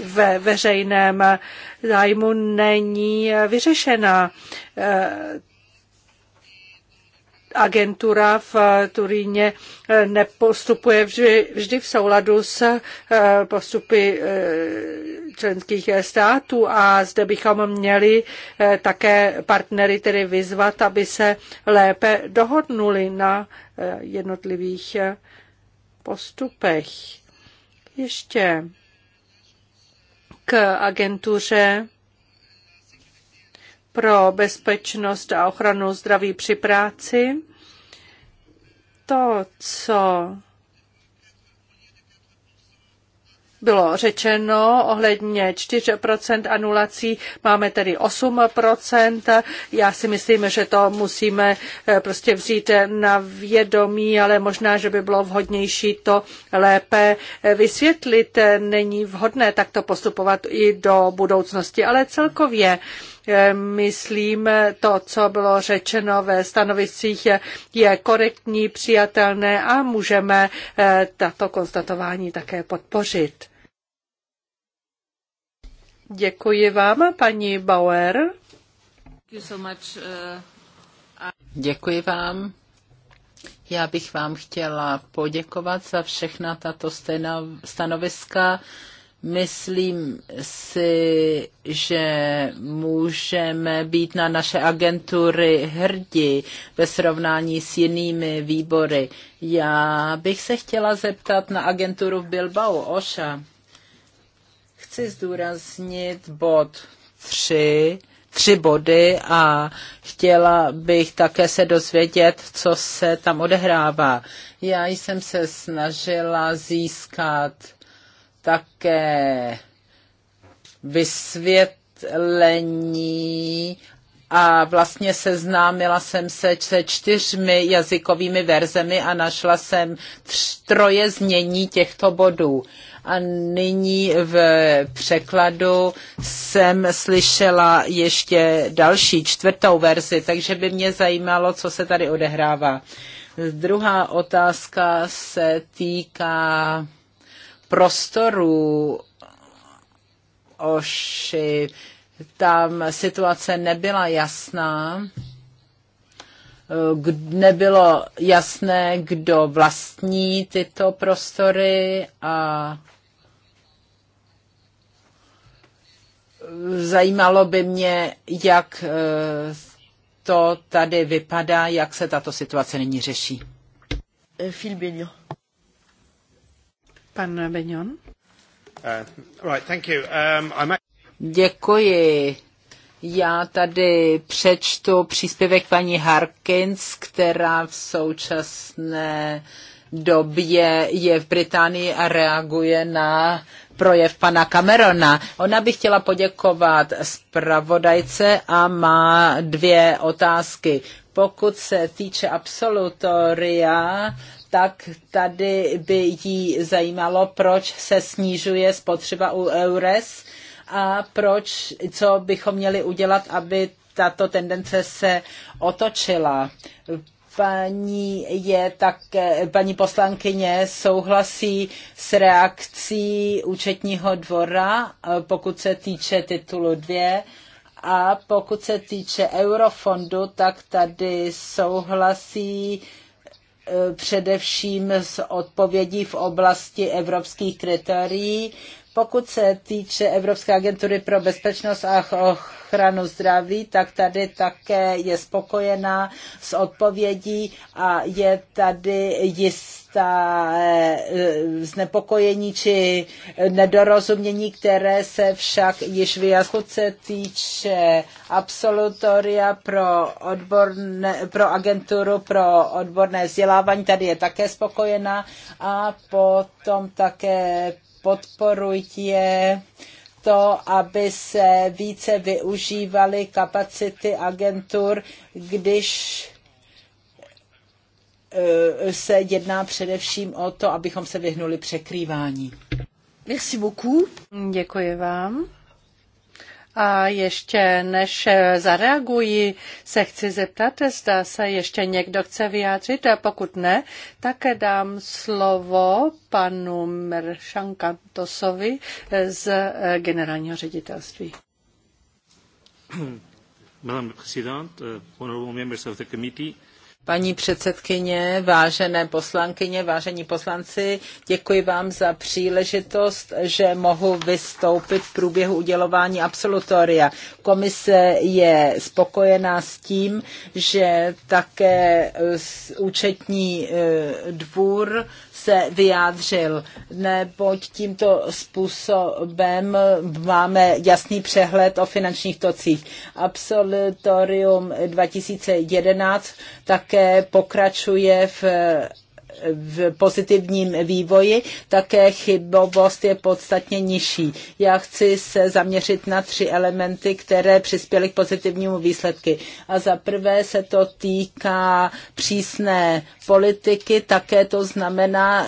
ve veřejném zájmu není vyřešena agentura v Turíně eh, nepostupuje vždy v souladu s eh, postupy eh, členských států a zde bychom měli také partnery tedy vyzvat, aby se lépe dohodnuli na jednotlivých postupech. Ještě k agentuře pro bezpečnost a ochranu zdraví při práci. To, co bylo řečeno ohledně 4% anulací, máme tedy 8%. Já si myslím, že to musíme eh, prostě vzít na vědomí, ale možná, že by bylo vhodnější to lépe eh, vysvětlit. Není vhodné takto postupovat i do budoucnosti, ale celkově Eh, myslím, to, co bylo řečeno ve stanovicích, je korektní, přijatelné a můžeme eh, tato konstatování také podpořit. Děkuji vám, paní Bauer. Eh, Děkuji vám. Já bych vám chtěla poděkovat za všechna tato stanoviska. Myslím si, že můžeme být na naše agentury hrdí ve srovnání s jinými výbory. Já bych se chtěla zeptat na agenturu v Bilbao, OŠA. Chci zdůraznit bod tři, tři body a chtěla bych také se dozvědět, co se tam odehrává. Já jsem se snažila získat také vysvětlení a vlastně seznámila jsem se se čtyřmi jazykovými verzemi a našla jsem troje znění těchto bodů. A nyní v překladu jsem slyšela ještě další, čtvrtou verzi, takže by mě zajímalo, co se tady odehrává. Druhá otázka se týká prostorů Oši, tam situace nebyla jasná, nebylo jasné, kdo vlastní tyto prostory a zajímalo by mě, jak eh, to tady vypadá, jak se tato situace nyní řeší. Eh, Phil Bélion. Pan Benjon. Uh, right, thank you. Um, Děkuji. Já tady přečtu příspěvek paní Harkins, která v současné době je v Británii a reaguje na projev pana Camerona. Ona by chtěla poděkovat zpravodajce a má dvě otázky. Pokud se týče absolutoria, tak tady by jí zajímalo, proč se snižuje spotřeba u EURES a proč, co bychom měli udělat, aby tato tendence se otočila. Paní, je tak, paní poslankyně souhlasí s reakcí účetního dvora, pokud se týče titulu 2. A pokud se týče eurofondu, tak tady souhlasí uh, především s odpovědí v oblasti evropských kritérií pokud se týče Evropské agentury pro bezpečnost a ochranu zdraví, tak tady také je spokojená s odpovědí a je tady jistá eh, znepokojení či nedorozumění, které se však již vyjasnilo. se týče absolutoria pro, odborné, pro agenturu pro odborné vzdělávání, tady je také spokojená a potom také podporuje to, aby se více využívaly kapacity agentur, když eh, se jedná především o to, abychom se vyhnuli překrývání. Merci beaucoup. Děkuji vám. A ještě než zareaguji, se chci zeptat, zda se ještě někdo chce vyjádřit. A pokud ne, tak dám slovo panu Meršankantosovi z generálního ředitelství. Madame Présidente, honorable members of the committee, Paní předsedkyně, vážené poslankyně, vážení poslanci, děkuji vám za příležitost, že mohu vystoupit v průběhu udělování absolutoria. Komise je spokojená s tím, že také účetní eh, dvůr se vyjádřil, neboť tímto způsobem máme jasný přehled o finančních tocích. Absolutorium 2011 také pokračuje v v pozitivním vývoji, také chybovost je podstatně nižší. Já chci se zaměřit na tři elementy, které přispěly k pozitivnímu výsledky. A za prvé se to týká přísné politiky, také to znamená,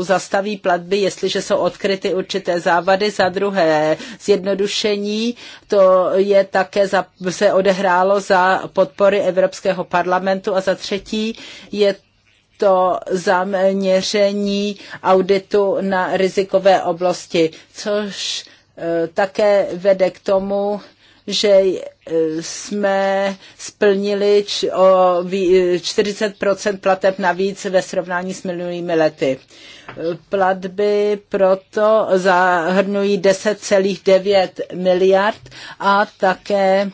zastaví platby, jestliže jsou odkryty určité závady. Za druhé zjednodušení, to je také za, se odehrálo za podpory Evropského parlamentu a za třetí je to zaměření auditu na rizikové oblasti, což eh, také vede k tomu, že eh, jsme splnili 40 plateb navíc ve srovnání s minulými lety. Platby proto zahrnují 10,9 miliard a také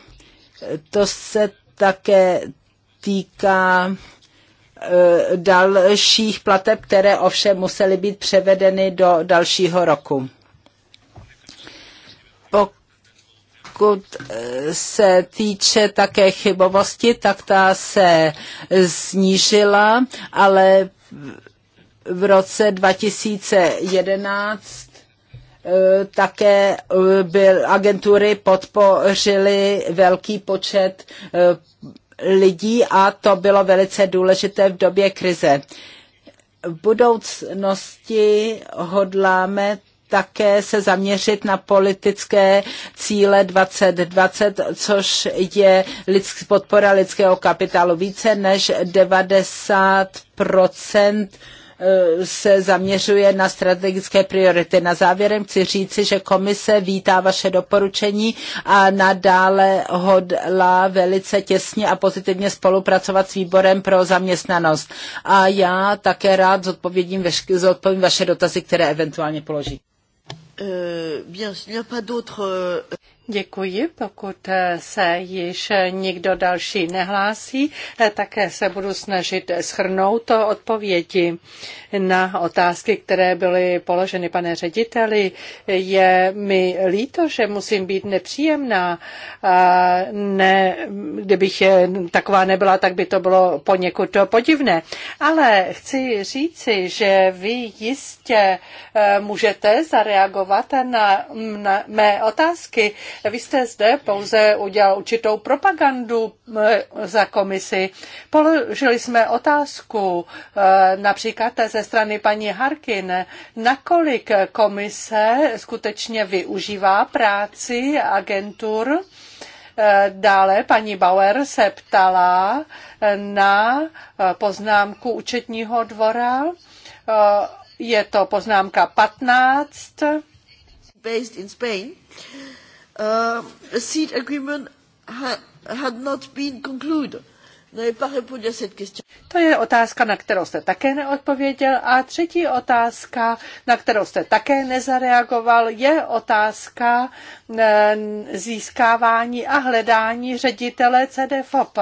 to se také týká Eh, dalších plateb, které ovšem musely být převedeny do dalšího roku. Pokud eh, se týče také chybovosti, tak ta se snížila, ale v roce 2011 eh, také byl, agentury podpořily velký počet lidí a to bylo velice důležité v době krize. V budoucnosti hodláme také se zaměřit na politické cíle 2020, což je lidsk, podpora lidského kapitálu. Více než 90 Eh, se zaměřuje na strategické priority. Na závěrem chci říci, že komise vítá vaše doporučení a nadále hodlá velice těsně a pozitivně spolupracovat s výborem pro zaměstnanost. A já také rád zodpovědím zodpovím vaše dotazy, které eventuálně položí. Eh, Děkuji. Pokud se již nikdo další nehlásí, také se budu snažit schrnout odpovědi na otázky, které byly položeny pane řediteli. Je mi líto, že musím být nepříjemná. Ne, kdybych taková nebyla, tak by to bylo poněkud podivné. Ale chci říci, že vy jistě eh, můžete zareagovat na mé otázky, vy jste zde pouze udělal určitou propagandu eh, za komisi. Položili jsme otázku eh, například ze strany paní Harkin, nakolik komise skutečně využívá práci agentur eh, Dále paní Bauer se ptala na poznámku účetního dvora. Je to poznámka 15. Based in Spain a uh, seat agreement had not been concluded. No, to je otázka, na kterou jste také neodpověděl. A třetí otázka, na kterou jste také nezareagoval, je otázka získávání a hledání ředitele CDFOP.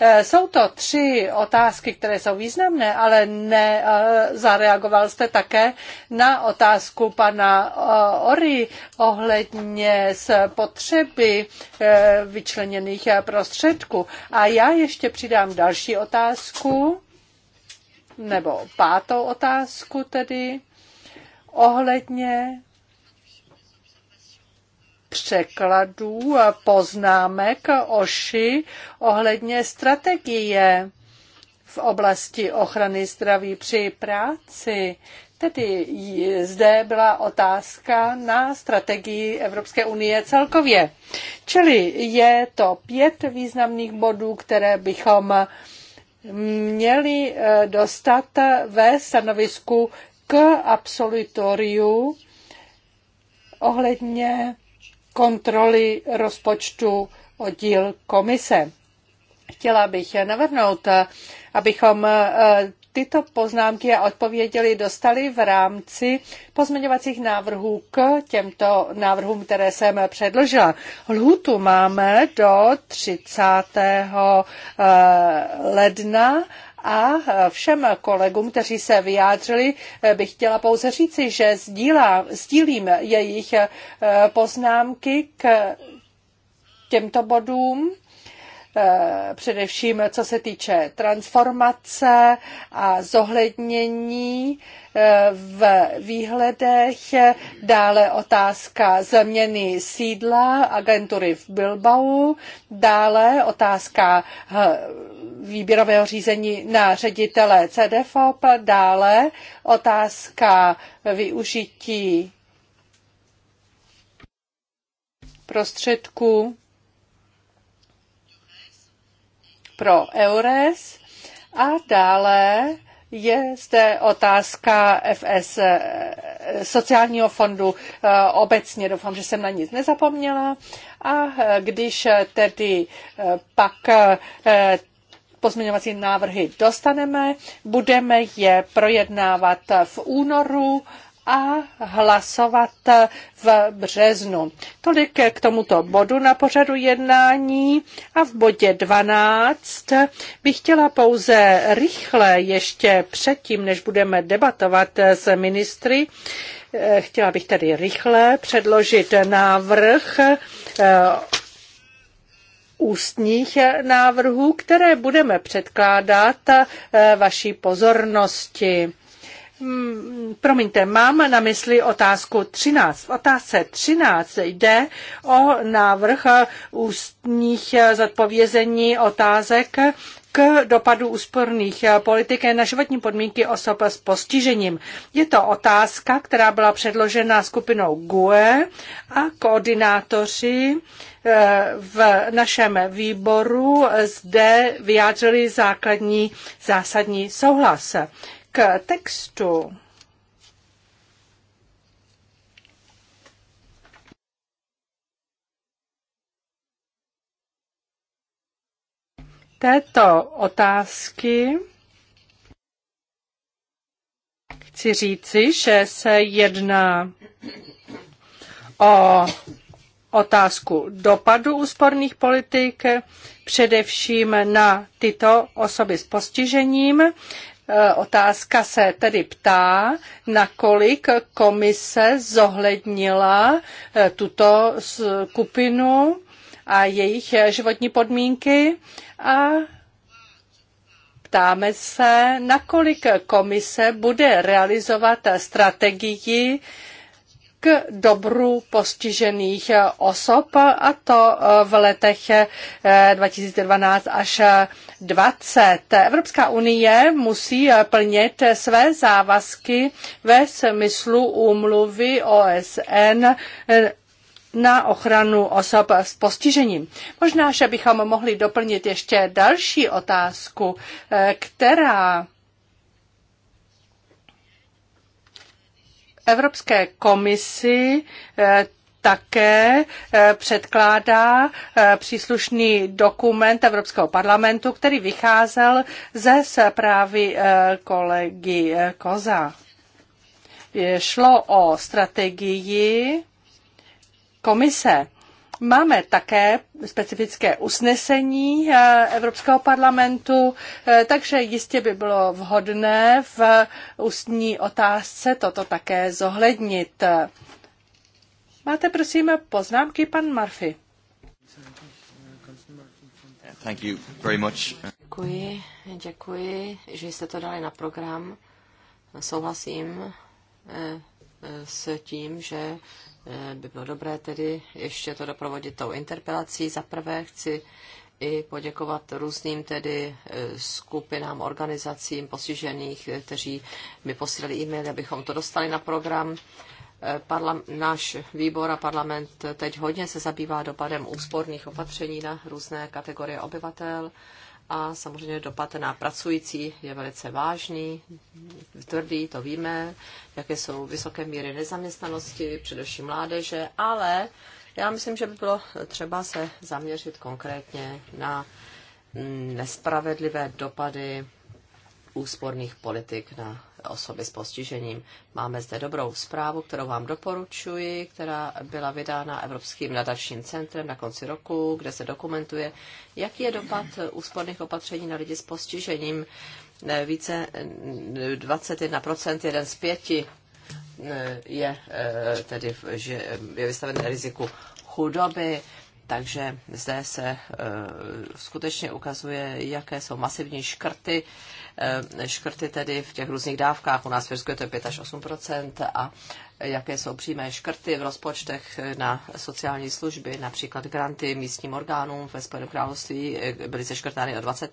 E, jsou to tři otázky, které jsou významné, ale ne e, zareagoval jste také na otázku pana e, Ory ohledně spotřeby vyčleněných prostředků. A já ještě přidám další otázku, nebo pátou otázku tedy, ohledně překladů poznámek OŠI ohledně strategie v oblasti ochrany zdraví při práci. Tedy zde byla otázka na strategii Evropské unie celkově. Čili je to pět významných bodů, které bychom měli eh, dostat ve stanovisku k absolutoriu ohledně kontroly rozpočtu oddíl komise. Chtěla bych navrhnout, abychom eh, tyto poznámky a odpověděli dostali v rámci pozměňovacích návrhů k těmto návrhům, které jsem předložila. Lhutu máme do 30. Eh, ledna a všem kolegům, kteří se vyjádřili, bych chtěla pouze říci, že sdílá, sdílím jejich eh, poznámky k těmto bodům Eh, především co se týče transformace a zohlednění eh, v výhledech, dále otázka změny sídla agentury v Bilbao, dále otázka eh, výběrového řízení na ředitele CDFOP, dále otázka využití prostředků pro EURES a dále je zde otázka FS eh, sociálního fondu eh, obecně. Doufám, že jsem na nic nezapomněla. A eh, když tedy pak pozměňovací návrhy dostaneme, budeme je projednávat v únoru a hlasovat v březnu. Tolik k tomuto bodu na pořadu jednání a v bodě 12 bych chtěla pouze rychle ještě předtím, než budeme debatovat s ministry, eh, chtěla bych tedy rychle předložit návrh eh, ústních návrhů, které budeme předkládat eh, vaší pozornosti. Mm, promiňte, mám na mysli otázku 13. V otázce 13 jde o návrh ústních zodpovězení otázek k dopadu úsporných politik na životní podmínky osob s postižením. Je to otázka, která byla předložena skupinou GUE a koordinátoři eh, v našem výboru zde vyjádřili základní zásadní souhlas. K textu této otázky chci říci, že se jedná o otázku dopadu úsporných politik, především na tyto osoby s postižením. E, otázka se tedy ptá, nakolik komise zohlednila e, tuto skupinu a jejich životní podmínky a ptáme se, nakolik komise bude realizovat strategii k dobru postižených osob a to e, v letech 2012 e, až 2020. Evropská unie musí e, plnit své závazky ve smyslu úmluvy OSN na ochranu osob s postižením. Možná, že bychom mohli doplnit ještě další otázku, která Evropské komisi eh, také eh, předkládá eh, příslušný dokument Evropského parlamentu, který vycházel ze zprávy kolegy Koza. Šlo o strategii komise Máme také specifické usnesení eh, Evropského parlamentu, eh, takže jistě by bylo vhodné v ústní otázce toto také zohlednit. Máte prosím poznámky, pan Murphy. Thank you very much. Děkuji, děkuji, že jste to dali na program. Souhlasím eh, s tím, že Eh, by bylo dobré tedy ještě to doprovodit tou interpelací. Za prvé chci i poděkovat různým tedy eh, skupinám, organizacím postižených, eh, kteří mi posílali e-maily, abychom to dostali na program. Parla- náš výbor a parlament teď hodně se zabývá dopadem úsporných opatření na různé kategorie obyvatel a samozřejmě dopad na pracující je velice vážný, tvrdý, to víme, jaké jsou vysoké míry nezaměstnanosti, především mládeže, ale já myslím, že by bylo třeba se zaměřit konkrétně na nespravedlivé dopady úsporných politik na osoby s postižením. Máme zde dobrou zprávu, kterou vám doporučuji, která byla vydána Evropským nadačním centrem na konci roku, kde se dokumentuje, jaký je dopad úsporných opatření na lidi s postižením. Více 21%, jeden z pěti je eh, tedy že je vystaven riziku chudoby takže zde se e, skutečně ukazuje, jaké jsou masivní škrty, e, škrty tedy v těch různých dávkách. U nás v Jirsku je to 5 až 8 a jaké jsou přímé škrty v rozpočtech na sociální služby, například granty místním orgánům ve Spojeném království e, byly seškrtány o 20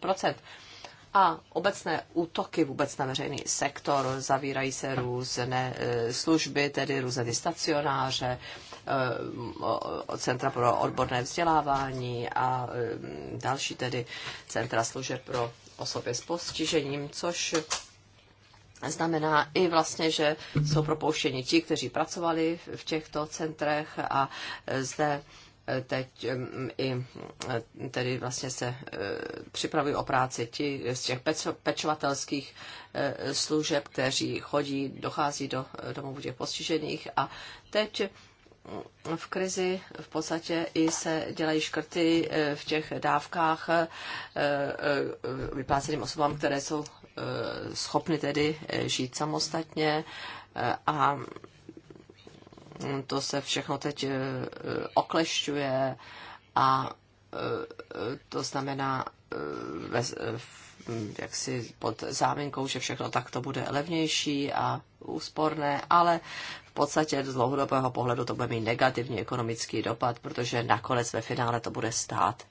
a obecné útoky vůbec na veřejný sektor, zavírají se různé e, služby, tedy různé ty stacionáře, e, centra pro odborné vzdělávání a e, další tedy centra služeb pro osoby s postižením, což znamená i vlastně, že jsou propouštěni ti, kteří pracovali v těchto centrech a zde teď mm, i mm, tedy vlastně se e, připravují o práci ti z těch pečovatelských e, služeb, kteří chodí, dochází do e, domovů těch postižených a teď mm, v krizi v podstatě i se dělají škrty v těch dávkách vypláceným osobám, které jsou schopny tedy žít samostatně a to se všechno teď eh, eh, oklešťuje a eh, to znamená jaksi pod záminkou, že všechno takto bude levnější a úsporné, ale v podstatě z dlouhodobého pohledu to bude mít negativní ekonomický dopad, protože nakonec ve finále to bude stát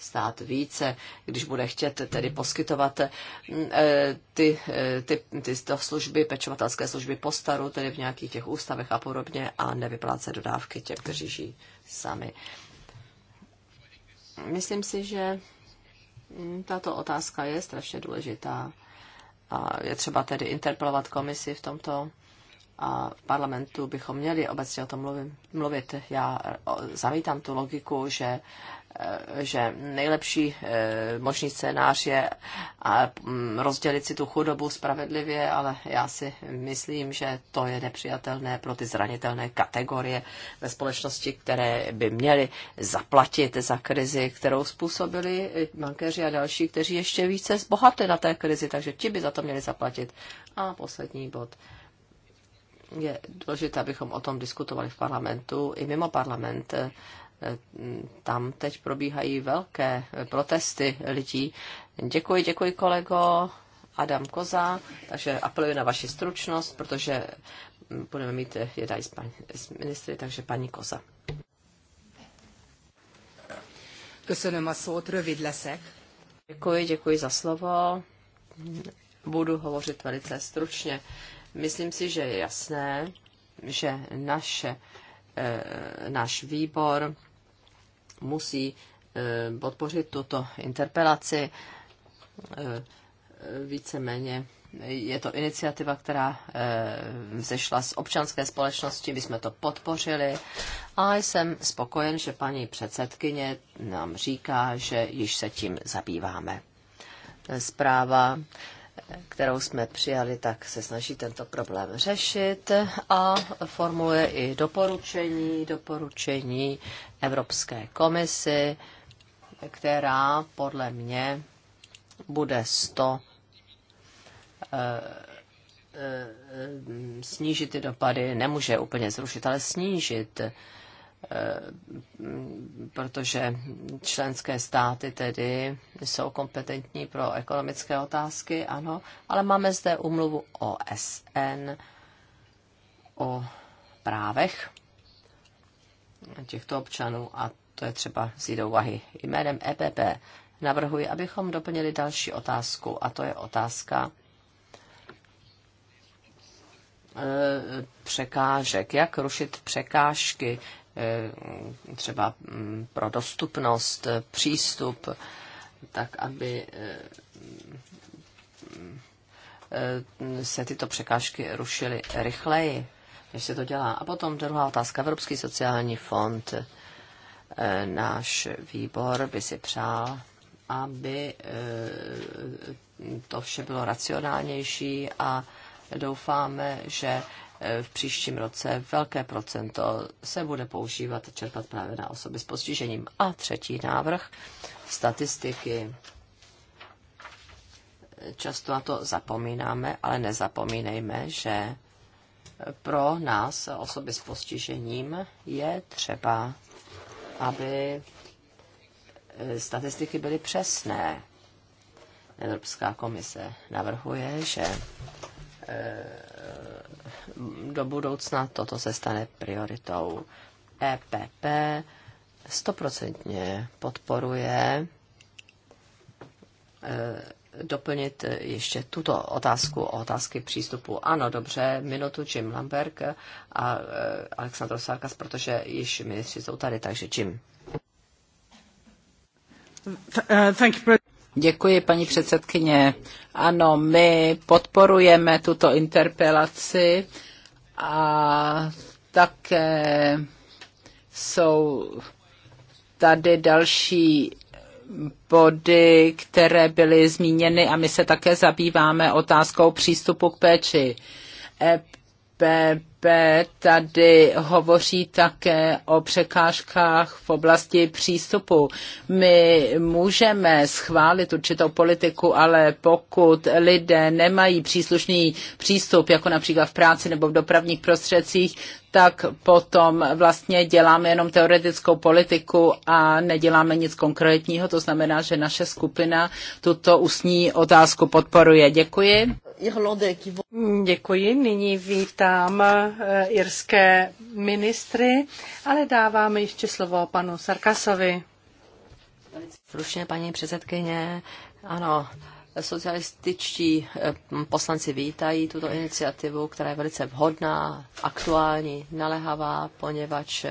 stát více, když bude chtět tedy poskytovat mm, eh, eh, ty, ty, ty ty služby, pečovatelské služby postaru, tedy v nějakých těch ústavech a podobně a nevyplácet dodávky těm, kteří žijí sami. Myslím si, že mm, tato otázka je strašně důležitá a je třeba tedy interpelovat komisi v tomto a v parlamentu bychom měli obecně o tom mluvit. Já eh, zamítám tu logiku, že Eh, že nejlepší eh, možný scénář je mm, rozdělit si tu chudobu spravedlivě, ale já si myslím, že to je nepřijatelné pro ty zranitelné kategorie ve společnosti, které by měly zaplatit za krizi, kterou způsobili eh, bankéři a další, kteří ještě více zbohatli na té krizi, takže ti by za to měli zaplatit. A poslední bod je důležité, abychom o tom diskutovali v parlamentu i mimo parlament, tam teď probíhají velké protesty lidí. Děkuji, děkuji kolego Adam Koza, takže apeluji na vaši stručnost, protože budeme mít z, paní, z ministry, takže paní Koza. Děkuji, děkuji za slovo. Budu hovořit velice stručně. Myslím si, že je jasné, že naše, e, náš výbor musí eh, podpořit tuto interpelaci. Eh, eh, víceméně je to iniciativa, která vzešla z občanské společnosti, my jsme to podpořili a jsem spokojen, že paní předsedkyně nám říká, že již se tím zabýváme. Zpráva kterou jsme přijali, tak se snaží tento problém řešit a formuluje i doporučení, doporučení Evropské komisi, která podle mě bude 100 eh, eh, snížit ty dopady, nemůže úplně zrušit, ale snížit Eh, protože členské státy tedy jsou kompetentní pro ekonomické otázky, ano, ale máme zde umluvu OSN o právech těchto občanů a to je třeba vzít do úvahy. Jménem EPP navrhuji, abychom doplnili další otázku a to je otázka eh, překážek, jak rušit překážky Eh, třeba mm, pro dostupnost, eh, přístup, tak aby eh, mm, se tyto překážky rušily rychleji, než se to dělá. A potom druhá otázka. Evropský sociální fond. Náš výbor by si přál, aby to vše bylo racionálnější a doufáme, že eh, v příštím roce velké procento se bude používat a čerpat právě na osoby s postižením. A třetí návrh, statistiky. Často na to zapomínáme, ale nezapomínejme, že pro nás, osoby s postižením, je třeba, aby eh, statistiky byly přesné. Evropská komise navrhuje, že Eh, do budoucna toto se stane prioritou. EPP stoprocentně podporuje eh, doplnit ještě tuto otázku o otázky přístupu. Ano, dobře, minutu Jim Lamberg a eh, Aleksandr Sarkas, protože již ministři jsou tady, takže Jim. Thank you. Děkuji, paní předsedkyně. Ano, my podporujeme tuto interpelaci a také jsou tady další body, které byly zmíněny a my se také zabýváme otázkou přístupu k péči. E, P.P. tady hovoří také o překážkách v oblasti přístupu. My můžeme schválit určitou politiku, ale pokud lidé nemají příslušný přístup, jako například v práci nebo v dopravních prostředcích, tak potom vlastně děláme jenom teoretickou politiku a neděláme nic konkrétního. To znamená, že naše skupina tuto ústní otázku podporuje. Děkuji. Děkuji. Nyní vítám eh, irské ministry, ale dáváme ještě slovo panu Sarkasovi. Stručně, paní předsedkyně, ano, socialističtí eh, poslanci vítají tuto iniciativu, která je velice vhodná, aktuální, nalehavá, poněvadž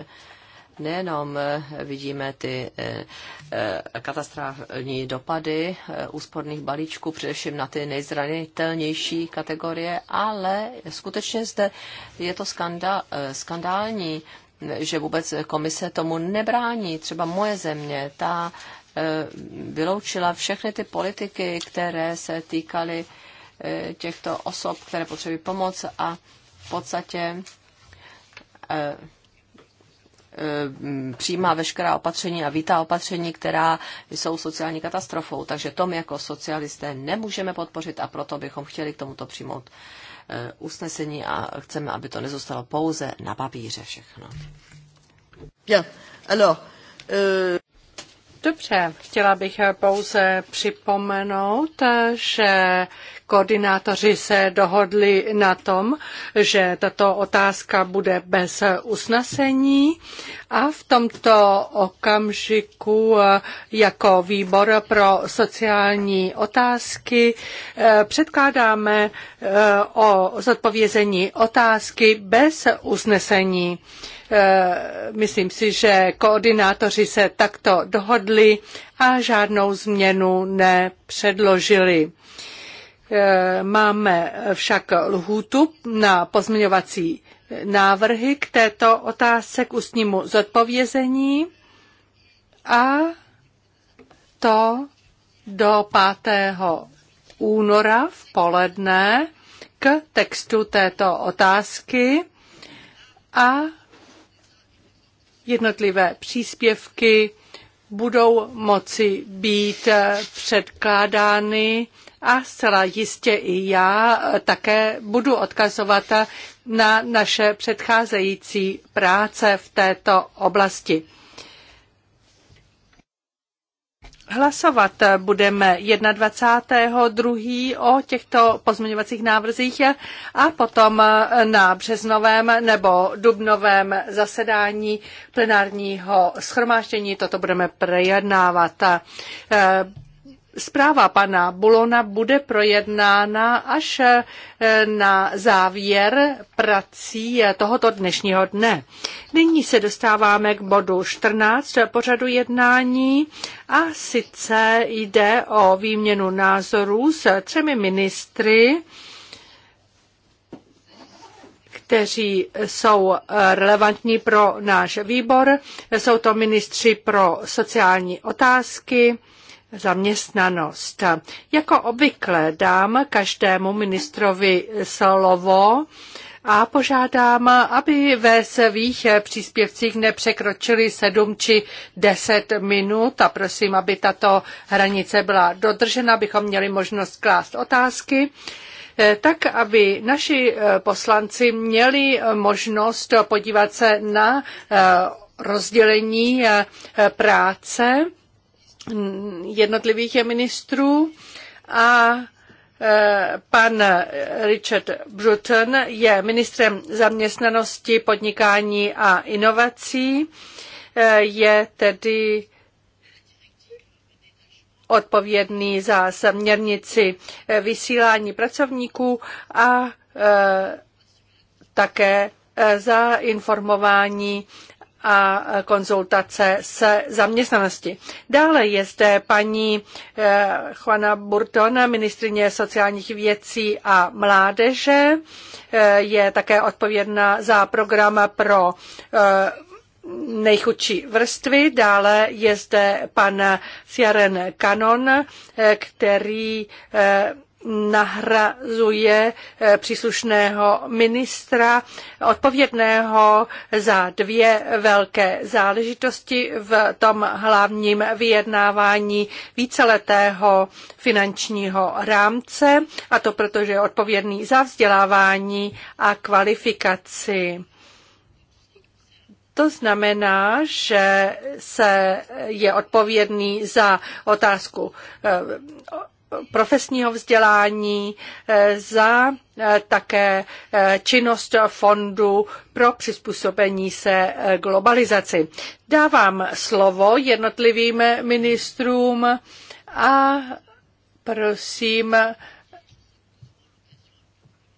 nejenom eh, vidíme ty eh, eh, katastrální dopady úsporných balíčků, především na ty nejzranitelnější kategorie, ale skutečně zde je to skandál, skandální, že vůbec komise tomu nebrání. Třeba moje země, ta vyloučila všechny ty politiky, které se týkaly těchto osob, které potřebují pomoc a v podstatě Eh, přijímá veškerá opatření a vítá opatření, která jsou sociální katastrofou. Takže to my jako socialisté nemůžeme podpořit a proto bychom chtěli k tomuto přijmout eh, usnesení a chceme, aby to nezůstalo pouze na papíře všechno. Bien. Alors, euh... Dobře, chtěla bych pouze připomenout, že Koordinátoři se dohodli na tom, že tato otázka bude bez usnesení a v tomto okamžiku jako výbor pro sociální otázky eh, předkládáme eh, o zodpovězení otázky bez usnesení eh, myslím si, že koordinátoři se takto dohodli a žádnou změnu nepředložili. Eh, máme však lhůtu na pozměňovací návrhy k této otázce k ústnímu zodpovězení a to do 5. února v poledne k textu této otázky a jednotlivé příspěvky budou moci být eh, předkládány a zcela jistě i já také budu odkazovat na naše předcházející práce v této oblasti. Hlasovat budeme 21.2. o těchto pozměňovacích návrzích a potom na březnovém nebo dubnovém zasedání plenárního schromáždění toto budeme prejednávat. Zpráva pana Bulona bude projednána až eh, na závěr prací eh, tohoto dnešního dne. Nyní se dostáváme k bodu 14 pořadu jednání a sice jde o výměnu názorů s třemi ministry, kteří jsou eh, relevantní pro náš výbor. Jsou to ministři pro sociální otázky, zaměstnanost. Jako obvykle dám každému ministrovi slovo a požádám, aby ve svých příspěvcích nepřekročili 7 či 10 minut a prosím, aby tato hranice byla dodržena, abychom měli možnost klást otázky tak aby naši poslanci měli možnost podívat se na rozdělení práce jednotlivých ministrů a e, pan Richard Bruton je ministrem zaměstnanosti, podnikání a inovací. E, je tedy odpovědný za směrnici vysílání pracovníků a e, také za informování a konzultace se zaměstnanosti. Dále je zde paní eh, Juana Burton, ministrině sociálních věcí a mládeže. Eh, je také odpovědná za program pro eh, nejchudší vrstvy. Dále je zde pan Siaren Kanon, který nahrazuje eh, příslušného ministra odpovědného za dvě velké záležitosti v tom hlavním vyjednávání víceletého finančního rámce, a to protože je odpovědný za vzdělávání a kvalifikaci. To znamená, že se je odpovědný za otázku eh, profesního vzdělání, eh, za eh, také eh, činnost fondu pro přizpůsobení se globalizaci. Dávám slovo jednotlivým ministrům a prosím,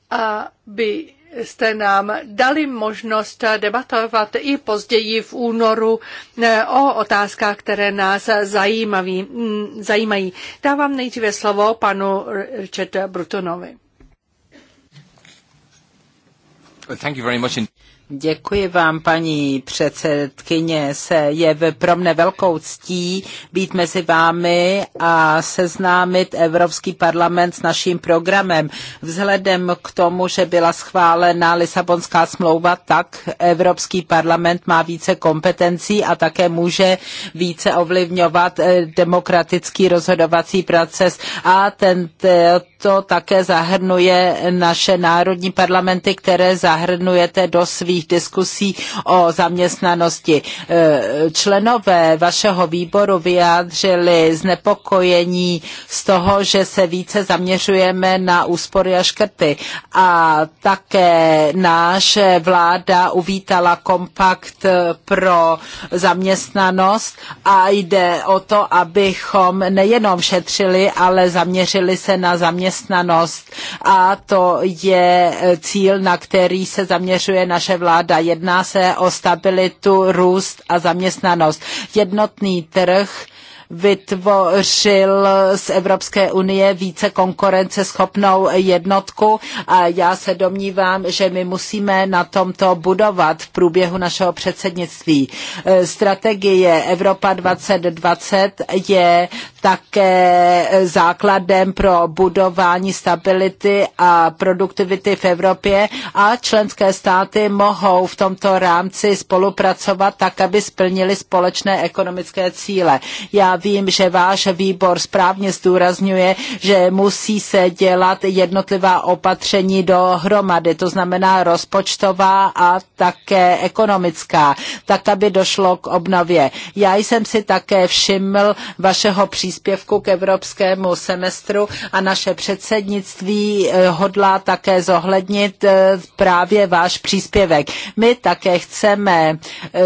aby jste nám dali možnost debatovat i později v únoru eh, o otázkách, které nás zajímaví, mm, zajímají. Dávám nejdříve slovo panu Richard Brutonovi. Thank you very much. Děkuji vám, paní předsedkyně. Se je pro mne velkou ctí být mezi vámi a seznámit Evropský parlament s naším programem. Vzhledem k tomu, že byla schválena Lisabonská smlouva, tak Evropský parlament má více kompetencí a také může více ovlivňovat eh, demokratický rozhodovací proces a ten, to také zahrnuje naše národní parlamenty, které zahrnujete do svých budoucích diskusí o zaměstnanosti. E, členové vašeho výboru vyjádřili znepokojení z toho, že se více zaměřujeme na úspory a škrty. A také náš vláda uvítala kompakt pro zaměstnanost a jde o to, abychom nejenom šetřili, ale zaměřili se na zaměstnanost. A to je cíl, na který se zaměřuje naše vláda vláda. Jedná se o stabilitu, růst a zaměstnanost. Jednotný trh vytvořil z Evropské unie více konkurenceschopnou jednotku a já se domnívám, že my musíme na tomto budovat v průběhu našeho předsednictví. Strategie Evropa 2020 je také základem pro budování stability a produktivity v Evropě a členské státy mohou v tomto rámci spolupracovat tak, aby splnili společné ekonomické cíle. Já vím, že váš výbor správně zdůrazňuje, že musí se dělat jednotlivá opatření dohromady, to znamená rozpočtová a také ekonomická, tak, aby došlo k obnově. Já jsem si také všiml vašeho příspěvku příspěvku k evropskému semestru a naše předsednictví eh, hodlá také zohlednit eh, právě váš příspěvek. My také chceme eh,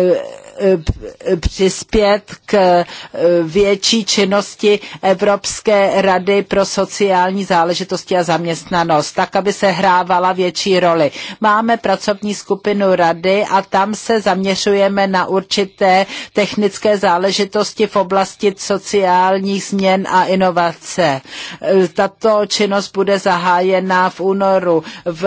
Eh, přispět k eh, větší činnosti Evropské rady pro sociální záležitosti a zaměstnanost, tak, aby se hrávala větší roli. Máme pracovní skupinu rady a tam se zaměřujeme na určité technické záležitosti v oblasti sociálních změn a inovace. Eh, tato činnost bude zahájena v únoru. V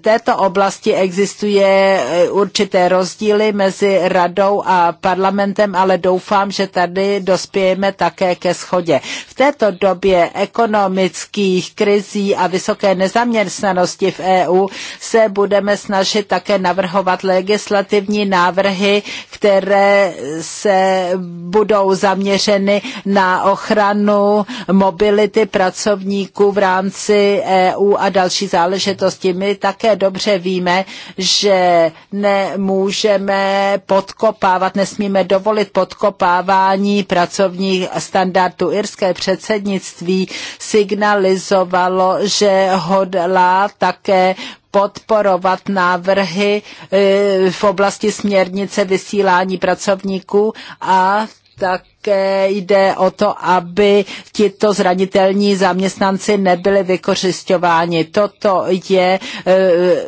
této oblasti existuje určité rozdíly mezi radou a parlamentem, ale doufám, že tady dospějeme také ke schodě. V této době ekonomických krizí a vysoké nezaměstnanosti v EU se budeme snažit také navrhovat legislativní návrhy, které se budou zaměřeny na ochranu mobility pracovníků v rámci EU a další záležitosti. My také dobře víme, že nemůžeme podkopat podkopávat, nesmíme dovolit podkopávání pracovních standardů. Irské předsednictví signalizovalo, že hodlá také podporovat návrhy eh, v oblasti směrnice vysílání pracovníků a tak také jde o to, aby tito zranitelní zaměstnanci nebyli vykořišťováni. Toto je e,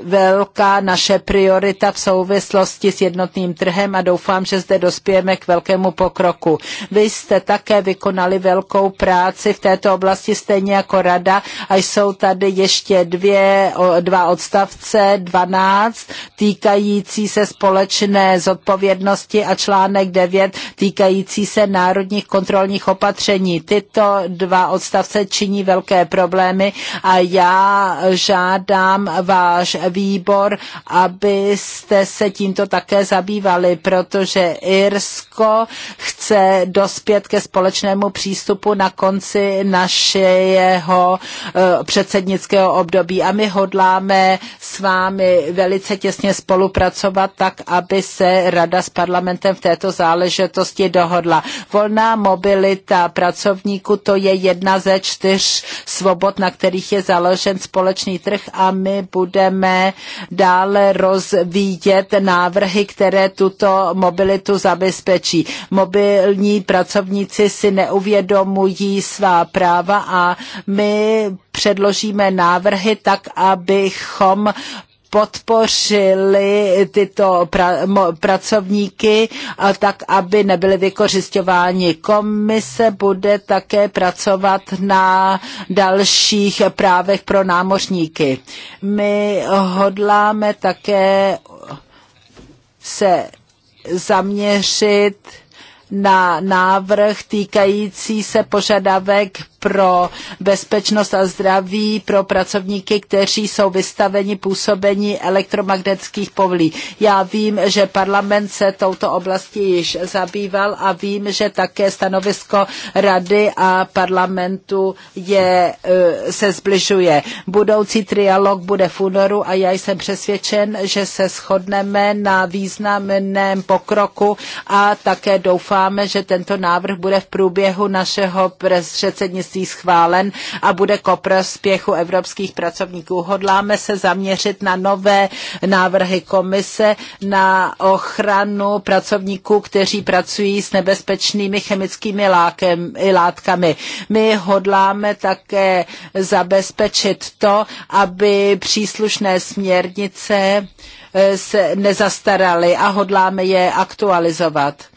velká naše priorita v souvislosti s jednotným trhem a doufám, že zde dospějeme k velkému pokroku. Vy jste také vykonali velkou práci v této oblasti, stejně jako rada a jsou tady ještě dvě, dva odstavce, 12 týkající se společné zodpovědnosti a článek 9 týkající se na národních kontrolních opatření. Tyto dva odstavce činí velké problémy a já žádám váš výbor, abyste se tímto také zabývali, protože Irsko chce dospět ke společnému přístupu na konci našeho eh, předsednického období a my hodláme s vámi velice těsně spolupracovat tak, aby se Rada s parlamentem v této záležitosti dohodla. Volná mobilita pracovníků to je jedna ze čtyř svobod, na kterých je založen společný trh a my budeme dále rozvíjet návrhy, které tuto mobilitu zabezpečí. Mobilní pracovníci si neuvědomují svá práva a my předložíme návrhy tak, abychom podpořili tyto pra, mo, pracovníky a tak, aby nebyly vykořišťováni. Komise bude také pracovat na dalších právech pro námořníky. My hodláme také se zaměřit na návrh týkající se požadavek pro bezpečnost a zdraví pro pracovníky, kteří jsou vystaveni působení elektromagnetických povlí. Já vím, že parlament se touto oblastí již zabýval a vím, že také stanovisko rady a parlamentu je, e, se zbližuje. Budoucí trialog bude v únoru a já jsem přesvědčen, že se shodneme na významném pokroku a také doufáme, že tento návrh bude v průběhu našeho předsednictví komisí schválen a bude ko prospěchu evropských pracovníků. Hodláme se zaměřit na nové návrhy komise na ochranu pracovníků, kteří pracují s nebezpečnými chemickými lákem, látkami. My hodláme také zabezpečit to, aby příslušné směrnice eh, se nezastaraly a hodláme je aktualizovat.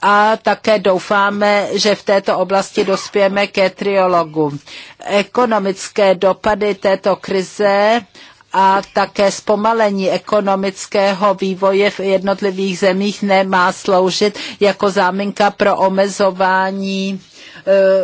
a také doufáme, že v této oblasti dospějeme ke triologu. Ekonomické dopady této krize a také zpomalení ekonomického vývoje v jednotlivých zemích nemá sloužit jako záminka pro omezování e,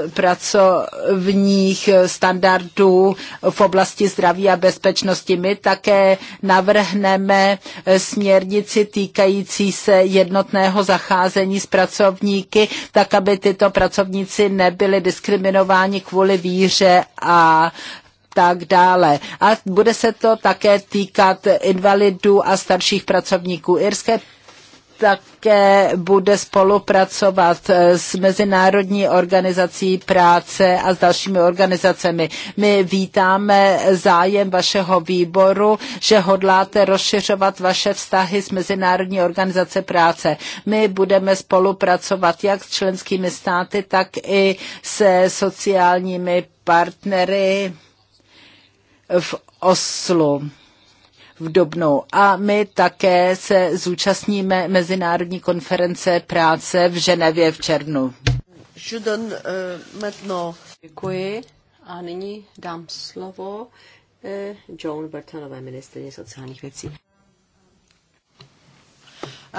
pracovních standardů v oblasti zdraví a bezpečnosti. My také navrhneme směrnici týkající se jednotného zacházení s pracovníky, tak aby tyto pracovníci nebyli diskriminováni kvůli víře a tak dále. A bude se to také týkat invalidů a starších pracovníků. Irské také bude spolupracovat s Mezinárodní organizací práce a s dalšími organizacemi. My vítáme zájem vašeho výboru, že hodláte rozšiřovat vaše vztahy s Mezinárodní organizace práce. My budeme spolupracovat jak s členskými státy, tak i se sociálními partnery v Oslu v Dobnu. A my také se zúčastníme Mezinárodní konference práce v Ženevě v červnu. Eh, metno. Děkuji. A nyní dám slovo eh, Joan Bertanové, ministrině sociálních věcí.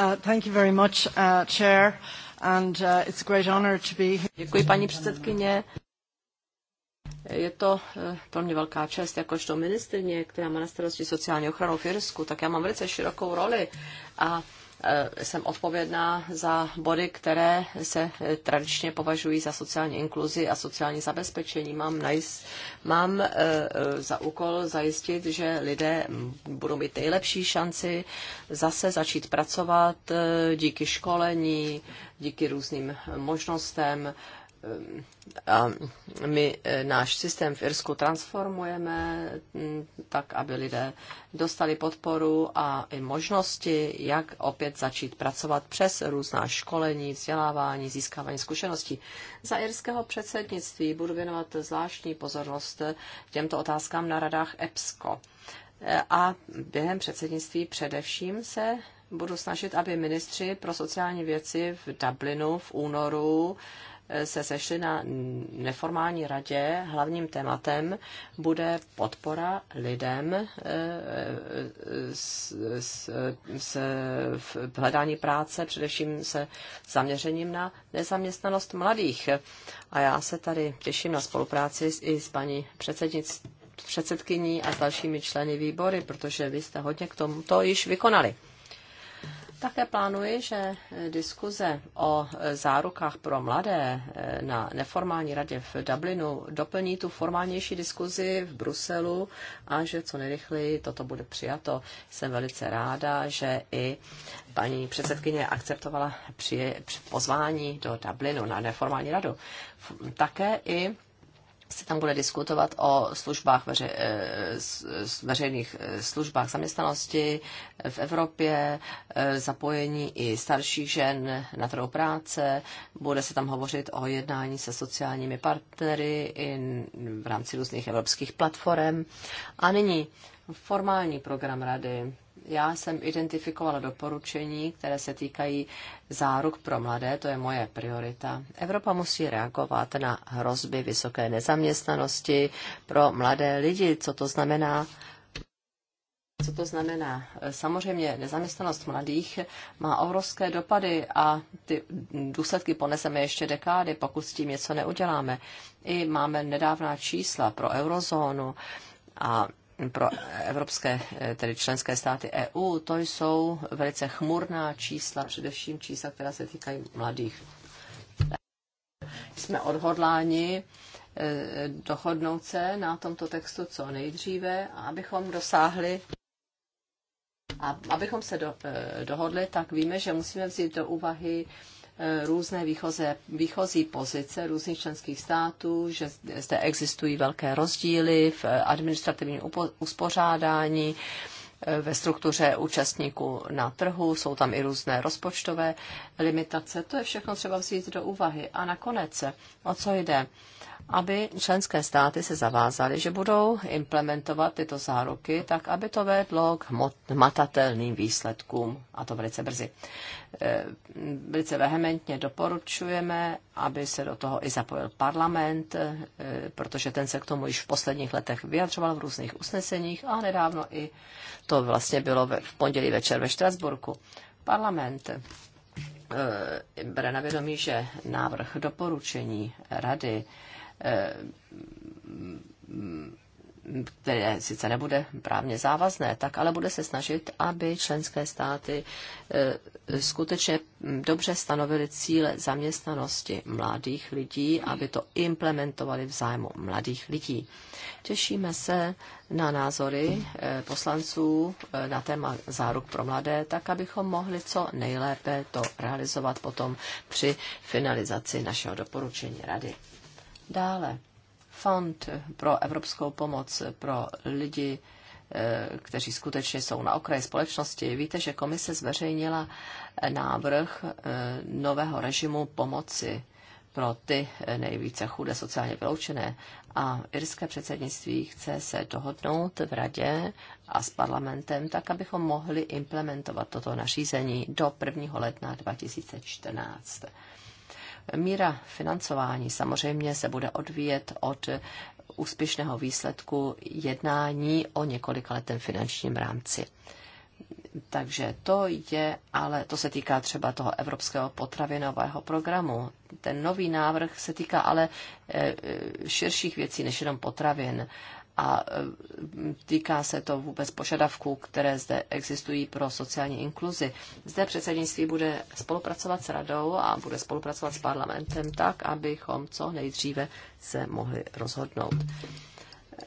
Uh, thank you very much, uh, Chair. And, uh, it's a great to be Děkuji, paní předsedkyně. Je to eh, pro mě velká čest, jakožto ministrně, která má na starosti sociální ochranu v Jirsku, tak já mám velice širokou roli a eh, jsem odpovědná za body, které se eh, tradičně považují za sociální inkluzi a sociální zabezpečení. Mám, najs- mám za úkol zajistit, že lidé budou mít nejlepší šanci zase začít pracovat díky školení, díky různým možnostem a my e, náš systém v Irsku transformujeme tak, aby lidé dostali podporu a i možnosti, jak opět začít pracovat přes různá školení, vzdělávání, získávání zkušeností. Za irského předsednictví budu věnovat zvláštní pozornost těmto otázkám na radách EPSCO. E, a během předsednictví především se budu snažit, aby ministři pro sociální věci v Dublinu v únoru se sešli na neformální radě, hlavním tématem bude podpora lidem eh, eh, se v hledání práce, především se zaměřením na nezaměstnanost mladých. A já se tady těším na spolupráci i s paní předsednic, předsedkyní a dalšími členy výbory, protože vy jste hodně k tomuto již vykonali. Také plánuji, že eh, diskuze o eh, zárukách pro mladé eh, na neformální radě v Dublinu doplní tu formálnější diskuzi v Bruselu a že co nejrychleji toto bude přijato. Jsem velice ráda, že i paní předsedkyně akceptovala při pozvání do Dublinu na neformální radu. Také i se tam bude diskutovat o službách veře, eh, veřejných eh, službách zaměstnanosti v Evropě, eh, zapojení i starších žen na trhu práce, bude se tam hovořit o jednání se sociálními partnery i v rámci různých evropských platform. A nyní formální program rady já jsem identifikovala doporučení, které se týkají záruk pro mladé, to je moje priorita. Evropa musí reagovat na hrozby vysoké nezaměstnanosti pro mladé lidi. Co to znamená? Co to znamená? Samozřejmě nezaměstnanost mladých má obrovské dopady a ty důsledky poneseme ještě dekády, pokud s tím něco neuděláme. I máme nedávná čísla pro eurozónu a pro evropské, tedy členské státy EU, to jsou velice chmurná čísla, především čísla, která se týkají mladých. Jsme odhodláni e, dohodnout se na tomto textu co nejdříve, abychom dosáhli a abychom se do, e, dohodli, tak víme, že musíme vzít do úvahy různé výchoze, výchozí pozice různých členských států, že zde existují velké rozdíly v administrativním uspořádání, eh, ve struktuře účastníků na trhu, jsou tam i různé rozpočtové limitace. To je všechno třeba vzít do úvahy. A nakonec, o co jde? aby členské státy se zavázaly, že budou implementovat tyto záruky, tak aby to vedlo k matatelným výsledkům, a to velice brzy. E, velice vehementně doporučujeme, aby se do toho i zapojil parlament, e, protože ten se k tomu již v posledních letech vyjadřoval v různých usneseních a nedávno i to vlastně bylo v pondělí večer ve Štrasburku. Parlament e, bere na vědomí, že návrh doporučení rady které sice nebude právně závazné, tak ale bude se snažit, aby členské státy e, skutečně dobře stanovily cíle zaměstnanosti mladých lidí, aby to implementovali v zájmu mladých lidí. Těšíme se na názory e, poslanců e, na téma záruk pro mladé, tak abychom mohli co nejlépe to realizovat potom při finalizaci našeho doporučení rady. Dále, Fond pro evropskou pomoc pro lidi, eh, kteří skutečně jsou na okraji společnosti. Víte, že komise zveřejnila návrh eh, nového režimu pomoci pro ty eh, nejvíce chudé sociálně vyloučené. A irské předsednictví chce se dohodnout v radě a s parlamentem, tak abychom mohli implementovat toto nařízení do 1. ledna 2014. Míra financování samozřejmě se bude odvíjet od úspěšného výsledku jednání o letem finančním rámci. Takže to je, ale to se týká třeba toho Evropského potravinového programu. Ten nový návrh se týká ale eh, eh, širších věcí než jenom potravin a e, týká se to vůbec požadavků, které zde existují pro sociální inkluzi. Zde předsednictví bude spolupracovat s radou a bude spolupracovat s parlamentem tak, abychom co nejdříve se mohli rozhodnout.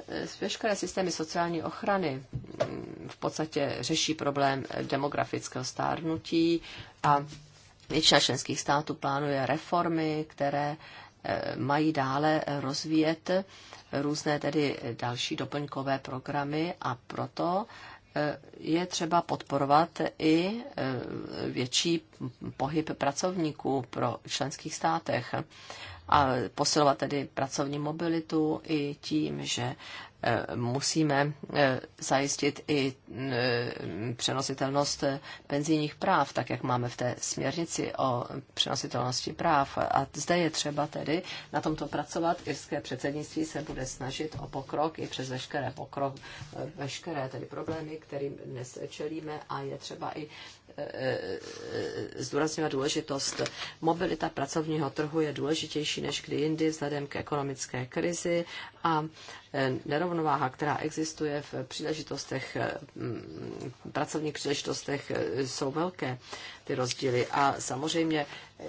E, veškeré systémy sociální ochrany mm, v podstatě řeší problém demografického stárnutí a většina členských států plánuje reformy, které e, mají dále rozvíjet různé tedy další doplňkové programy a proto eh, je třeba podporovat i eh, větší pohyb pracovníků pro členských státech a posilovat tedy pracovní mobilitu i tím, že musíme eh, zajistit i eh, přenositelnost eh, penzijních práv, tak jak máme v té směrnici o přenositelnosti práv. A zde je třeba tedy na tomto pracovat. Irské předsednictví se bude snažit o pokrok i přes veškeré pokrok, veškeré tedy problémy, kterým dnes čelíme a je třeba i Eh, zdůrazňovat důležitost. Mobilita pracovního trhu je důležitější než kdy jindy vzhledem k ekonomické krizi a eh, nerovnováha, která existuje v příležitostech, mm, pracovních příležitostech, eh, jsou velké ty rozdíly. A samozřejmě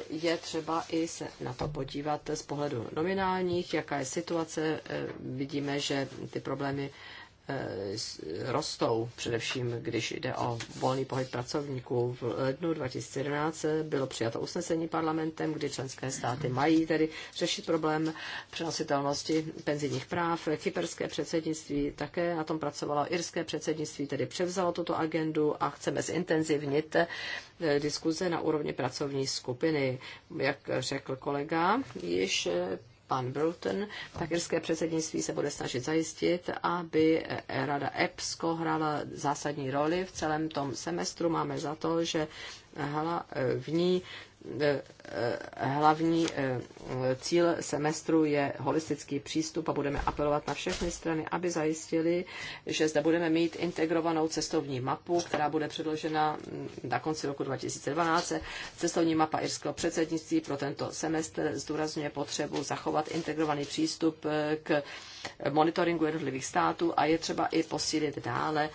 je třeba i se na to podívat z pohledu nominálních, jaká je situace. Vidíme, že ty problémy Eh, rostou, především když jde o volný pohyb pracovníků. V lednu 2011 bylo přijato usnesení parlamentem, kdy členské státy mají tedy řešit problém přenositelnosti penzijních práv. Kyperské předsednictví také na tom pracovalo, irské předsednictví tedy převzalo tuto agendu a chceme zintenzivnit eh, diskuze na úrovni pracovní skupiny. Jak řekl kolega, již eh, pan Tak irské předsednictví se bude snažit zajistit, aby Rada EPSCO hrála zásadní roli v celém tom semestru. Máme za to, že v ní. Eh, eh, hlavní eh, cíl semestru je holistický přístup a budeme apelovat na všechny strany, aby zajistili, že zde budeme mít integrovanou cestovní mapu, která bude předložena mm, na konci roku 2012. Cestovní mapa irského předsednictví pro tento semestr zdůrazňuje potřebu zachovat integrovaný přístup k monitoringu jednotlivých států a je třeba i posílit dále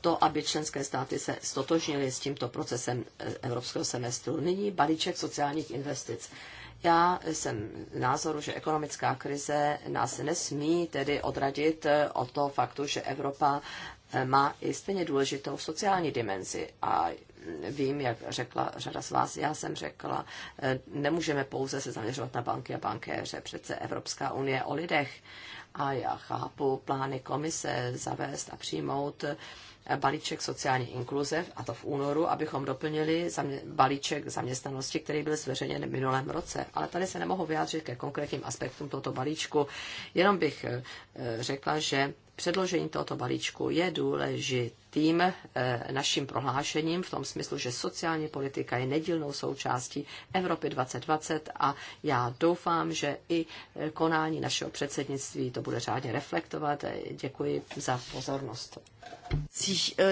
to, aby členské státy se stotožnily s tímto procesem eh, evropského semestru. Nyní balíček sociálních investic. Já jsem názoru, že ekonomická krize nás nesmí tedy odradit eh, od toho faktu, že Evropa eh, má i stejně důležitou sociální dimenzi. A mm, vím, jak řekla řada z vás, já jsem řekla, nemůžeme pouze se zaměřovat na banky a bankéře. Přece Evropská unie o lidech a já chápu plány komise zavést a přijmout balíček sociální inkluze, a to v únoru, abychom doplnili zamě- balíček zaměstnanosti, který byl zveřejněn v minulém roce. Ale tady se nemohu vyjádřit ke konkrétním aspektům tohoto balíčku. Jenom bych eh, řekla, že předložení tohoto balíčku je důležitým eh, naším prohlášením v tom smyslu, že sociální politika je nedílnou součástí Evropy 2020 a já doufám, že i eh, konání našeho předsednictví to bude řádně reflektovat. Děkuji za pozornost. Eh,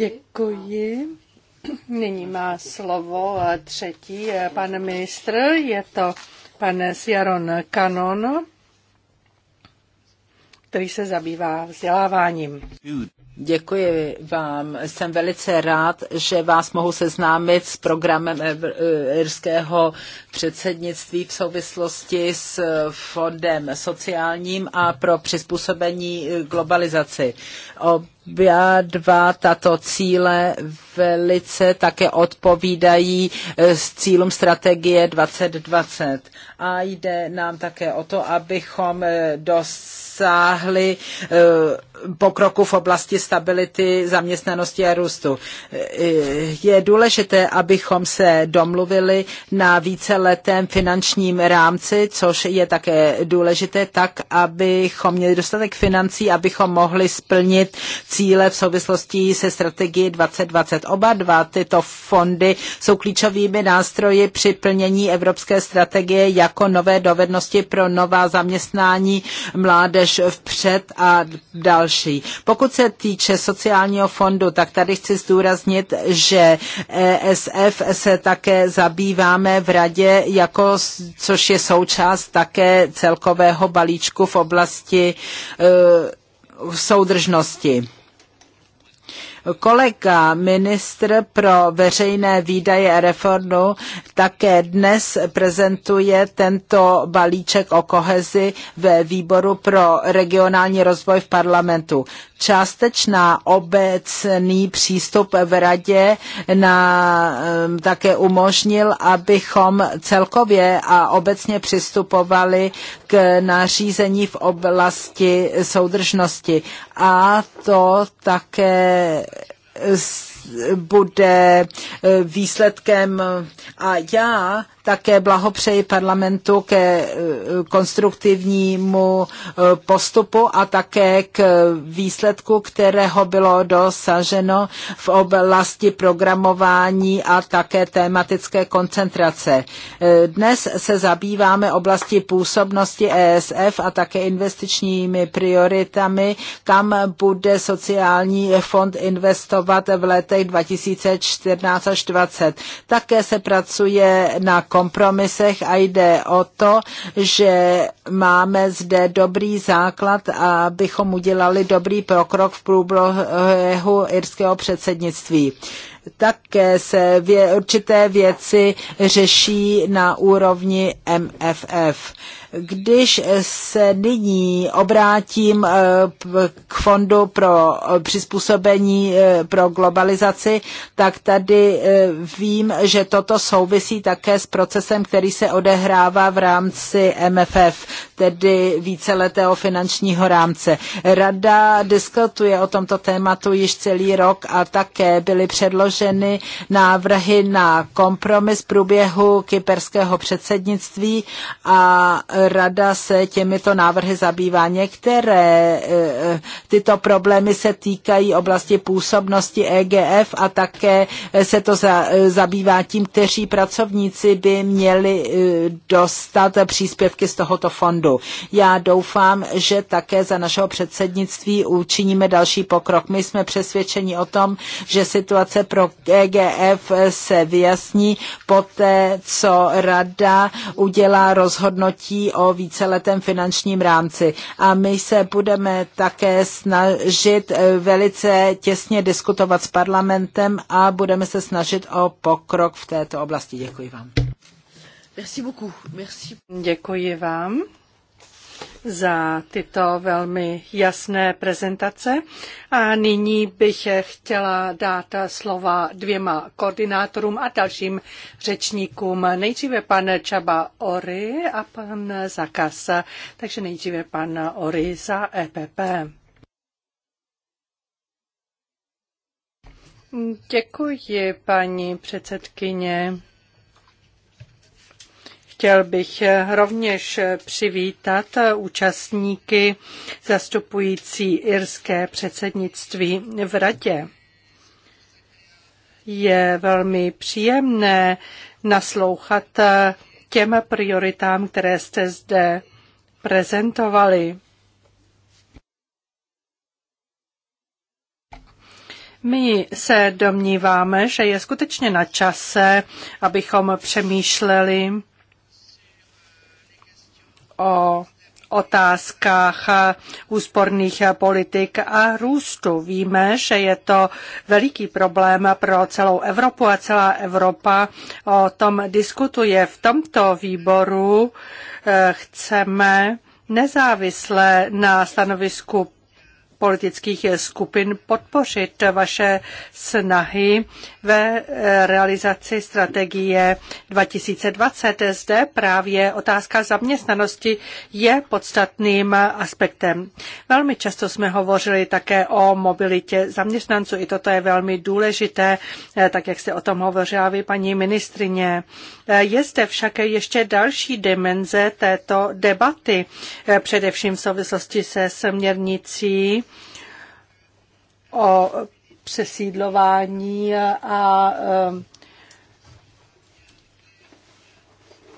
Děkuji. Nyní má slovo třetí pan ministr, je to pan Sjaron Kanon který se zabývá vzděláváním. Děkuji vám. Jsem velice rád, že vás mohu seznámit s programem eh, irského předsednictví v souvislosti s fondem sociálním a pro přizpůsobení globalizaci. O Oba dva tato cíle velice také odpovídají eh, s cílům strategie 2020. A jde nám také o to, abychom eh, dosáhli eh, pokroku v oblasti stability, zaměstnanosti a růstu. Je důležité, abychom se domluvili na víceletém finančním rámci, což je také důležité, tak abychom měli dostatek financí, abychom mohli splnit cíle cíle v souvislosti se strategií 2020. Oba dva tyto fondy jsou klíčovými nástroji při plnění evropské strategie jako nové dovednosti pro nová zaměstnání, mládež vpřed a další. Pokud se týče sociálního fondu, tak tady chci zdůraznit, že ESF se také zabýváme v radě, jako, což je součást také celkového balíčku v oblasti uh, soudržnosti. Kolega ministr pro veřejné výdaje a reformu také dnes prezentuje tento balíček o kohezi ve výboru pro regionální rozvoj v parlamentu částečná obecný přístup v radě na, také umožnil, abychom celkově a obecně přistupovali k nařízení v oblasti soudržnosti. A to také bude e, výsledkem a já také blahopřeji parlamentu ke eh, konstruktivnímu eh, postupu a také k výsledku, kterého bylo dosaženo v oblasti programování a také tématické koncentrace. Eh, dnes se zabýváme oblasti působnosti ESF a také investičními prioritami, kam bude sociální fond investovat v letech 2014 až 2020. Také se pracuje na kompromisech a jde o to, že máme zde dobrý základ, abychom udělali dobrý pokrok v průběhu irského předsednictví také se vě, určité věci řeší na úrovni MFF. Když se nyní obrátím eh, k fondu pro přizpůsobení eh, pro globalizaci, tak tady eh, vím, že toto souvisí také s procesem, který se odehrává v rámci MFF tedy víceletého finančního rámce. Rada diskutuje o tomto tématu již celý rok a také byly předloženy návrhy na kompromis průběhu kyperského předsednictví a rada se těmito návrhy zabývá. Některé eh, tyto problémy se týkají oblasti působnosti EGF a také se to za, zabývá tím, kteří pracovníci by měli eh, dostat příspěvky z tohoto fondu fondu. Já doufám, že také za našeho předsednictví učiníme další pokrok. My jsme přesvědčeni o tom, že situace pro EGF se vyjasní poté, co rada udělá rozhodnutí o víceletém finančním rámci. A my se budeme také snažit eh, velice těsně diskutovat s parlamentem a budeme se snažit o pokrok v této oblasti. Děkuji vám. Merci beaucoup. Merci. Děkuji vám za tyto velmi jasné prezentace. A nyní bych chtěla dát slova dvěma koordinátorům a dalším řečníkům. Nejdříve pan Čaba Ory a pan Zakas. Takže nejdříve pan Ory za EPP. Děkuji, paní předsedkyně. Chtěl bych eh, rovněž eh, přivítat eh, účastníky zastupující irské předsednictví v Radě. Je velmi příjemné naslouchat těm prioritám, které jste zde prezentovali. My se domníváme, že je skutečně na čase, abychom přemýšleli o otázkách úsporných politik a růstu. Víme, že je to veliký problém pro celou Evropu a celá Evropa o tom diskutuje. V tomto výboru eh, chceme nezávisle na stanovisku politických skupin podpořit vaše snahy ve eh, realizaci strategie 2020. Zde právě otázka zaměstnanosti je podstatným aspektem. Velmi často jsme hovořili také o mobilitě zaměstnanců. I toto je velmi důležité, eh, tak jak jste o tom hovořila vy, paní ministrině. Eh, je zde však ještě další dimenze této debaty, především v souvislosti se směrnicí o přesídlování a um,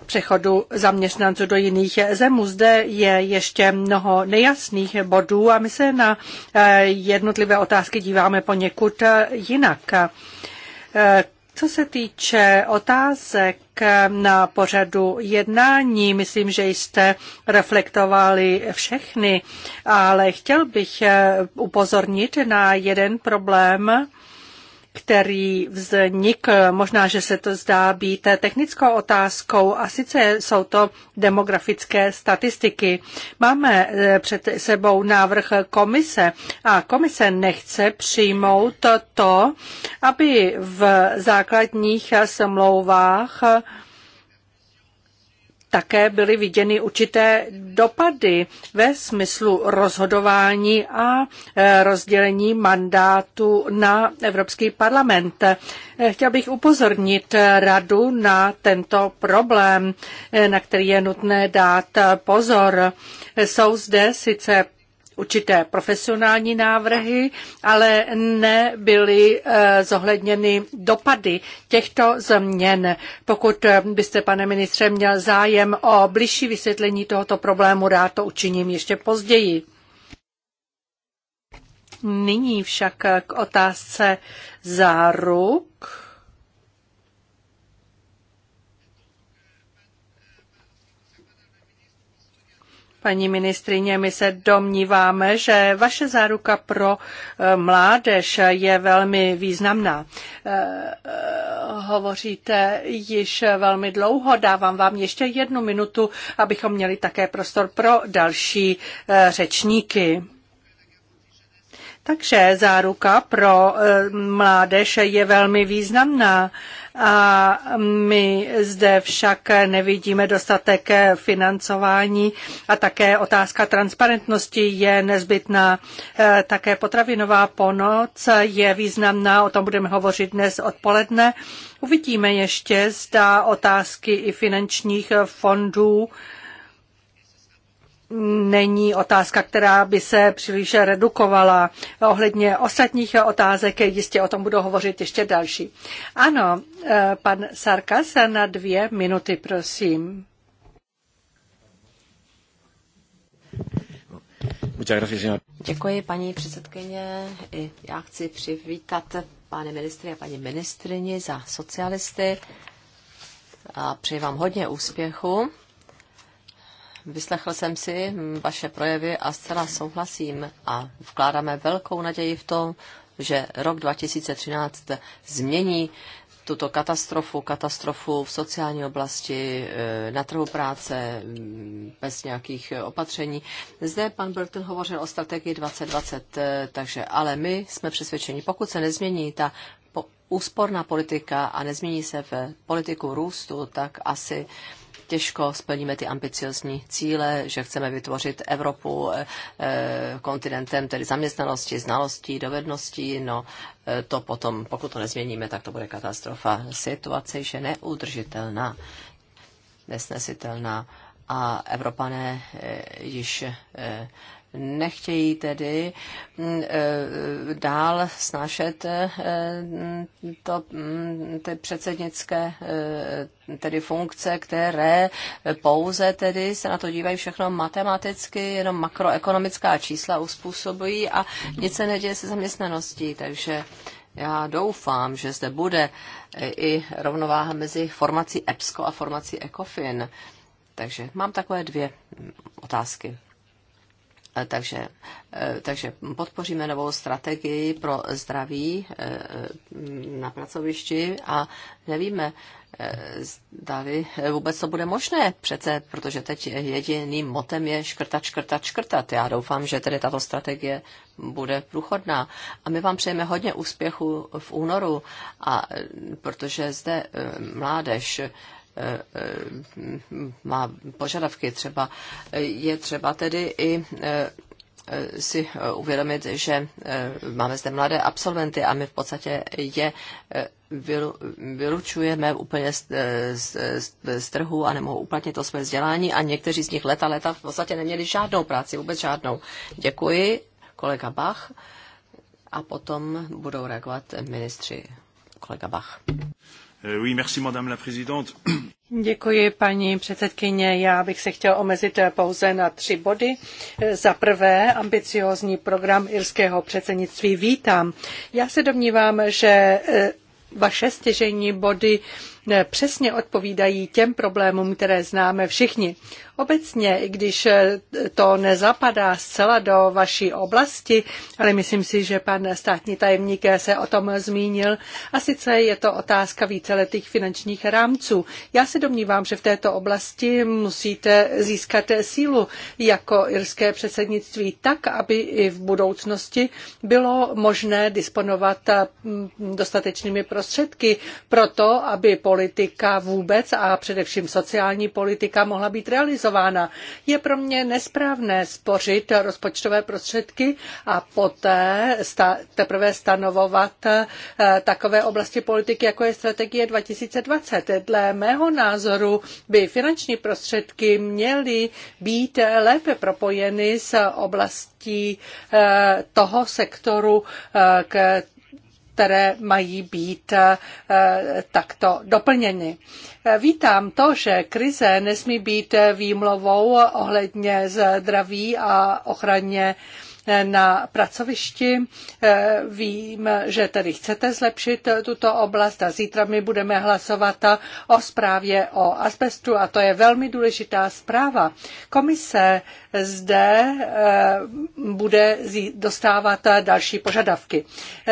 přechodu zaměstnanců do jiných zemů. Zde je ještě mnoho nejasných bodů a my se na eh, jednotlivé otázky díváme poněkud eh, jinak eh, co se týče otázek na pořadu jednání, myslím, že jste reflektovali všechny, ale chtěl bych upozornit na jeden problém, který vznikl. Možná, že se to zdá být technickou otázkou a sice jsou to demografické statistiky. Máme eh, před sebou návrh komise a komise nechce přijmout to, aby v základních smlouvách také byly viděny určité dopady ve smyslu rozhodování a e, rozdělení mandátu na Evropský parlament. E, chtěl bych upozornit e, radu na tento problém, na který je nutné dát pozor. Jsou zde sice určité profesionální návrhy, ale nebyly eh, zohledněny dopady těchto změn. Pokud eh, byste, pane ministře, měl zájem o blížší vysvětlení tohoto problému, rád to učiním ještě později. Nyní však k otázce záruk Paní ministrině, my se domníváme, že vaše záruka pro eh, mládež je velmi významná. Eh, eh, hovoříte již velmi dlouho, dávám vám ještě jednu minutu, abychom měli také prostor pro další řečníky. Takže záruka pro eh, mládež je velmi významná. A my zde však nevidíme dostatek financování a také otázka transparentnosti je nezbytná. Eh, také potravinová ponoc je významná, o tom budeme hovořit dnes odpoledne. Uvidíme ještě, zda otázky i finančních fondů není otázka, která by se příliš redukovala. Ohledně ostatních otázek jistě o tom budou hovořit ještě další. Ano, eh, pan Sarkas na dvě minuty, prosím. Děkuji, paní předsedkyně. I já chci přivítat pány ministry a paní ministrini za socialisty a přeji vám hodně úspěchu Vyslechl jsem si vaše projevy a zcela souhlasím a vkládáme velkou naději v tom, že rok 2013 změní tuto katastrofu, katastrofu v sociální oblasti, eh, na trhu práce, mm, bez nějakých opatření. Zde pan Burton hovořil o strategii 2020, eh, takže ale my jsme přesvědčeni, pokud se nezmění ta úsporná politika a nezmění se v politiku růstu, tak asi těžko splníme ty ambiciozní cíle, že chceme vytvořit Evropu eh, eh, kontinentem tedy zaměstnanosti, znalostí, dovedností, no eh, to potom, pokud to nezměníme, tak to bude katastrofa. Situace je neudržitelná, nesnesitelná a Evropané již nechtějí tedy mm, eh, dál snášet eh, to, mm, ty předsednické eh, tedy funkce, které pouze tedy se na to dívají všechno matematicky, jenom makroekonomická čísla uspůsobují a nic se neděje se zaměstnaností, takže já doufám, že zde bude i rovnováha mezi formací EPSCO a formací ECOFIN. Takže mám takové dvě mm, otázky. Eh, takže, eh, takže podpoříme novou strategii pro zdraví eh, na pracovišti a nevíme, zdali vůbec to bude možné přece, protože teď jediným motem je škrtat, škrtat, škrtat. Já doufám, že tedy tato strategie bude průchodná. A my vám přejeme hodně úspěchu v únoru, a protože zde mládež má požadavky. Třeba je třeba tedy i e, si uvědomit, že e, máme zde mladé absolventy a my v podstatě je e, vylučujeme úplně z, z, z trhu a nemohou uplatnit to své vzdělání a někteří z nich leta, leta v podstatě neměli žádnou práci, vůbec žádnou. Děkuji, kolega Bach. A potom budou reagovat ministři kolega Bach. Euh, Děkuji, paní předsedkyně. Já bych se chtěl omezit pouze na tři body. Za prvé, ambiciózní program irského předsednictví vítám. Já se domnívám, že eh, vaše stěžejní body eh, přesně odpovídají těm problémům, které známe všichni. Obecně, když eh, to nezapadá zcela do vaší oblasti, ale myslím si, že pan státní tajemník se o tom zmínil, a sice je to otázka víceletých finančních rámců. Já se domnívám, že v této oblasti musíte získat sílu jako irské předsednictví tak, aby i v budoucnosti bylo možné disponovat eh, dostatečnými prostředky pro to, aby politika vůbec a především sociální politika mohla být realizována financována. Je pro mě nesprávné spořit rozpočtové prostředky a poté teprve stanovovat eh, takové oblasti politiky, jako je strategie 2020. Dle mého názoru by finanční prostředky měly být lépe propojeny s oblastí eh, toho sektoru, eh, které mají být eh, takto doplněny. Eh, vítám to, že krize nesmí být výmlovou ohledně zdraví a ochraně eh, na pracovišti. Vím, že tedy chcete zlepšit tuto oblast a zítra my budeme hlasovat o zprávě o asbestu a to je velmi důležitá zpráva. Komise zde eh, bude dostávat eh, další požadavky.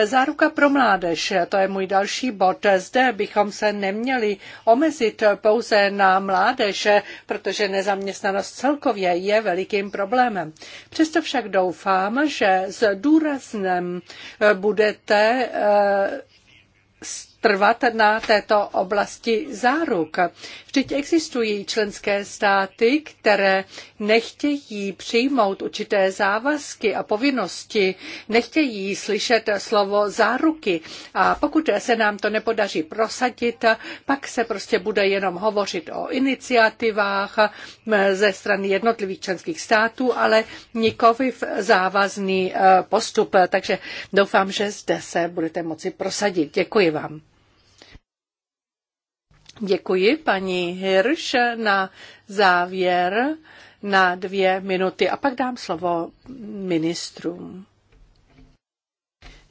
Záruka pro mládež, to je můj další bod. Zde bychom se neměli omezit pouze na mládež, protože nezaměstnanost celkově je velikým problémem. Přesto však doufám, že s důraznem budete eh, trvat na této oblasti záruk. Vždyť existují členské státy, které nechtějí přijmout určité závazky a povinnosti, nechtějí slyšet slovo záruky. A pokud se nám to nepodaří prosadit, pak se prostě bude jenom hovořit o iniciativách ze strany jednotlivých členských států, ale nikoli závazný eh, postup. Takže doufám, že zde se budete moci prosadit. Děkuji vám. Děkuji paní Hirš na závěr na dvě minuty a pak dám slovo ministrům.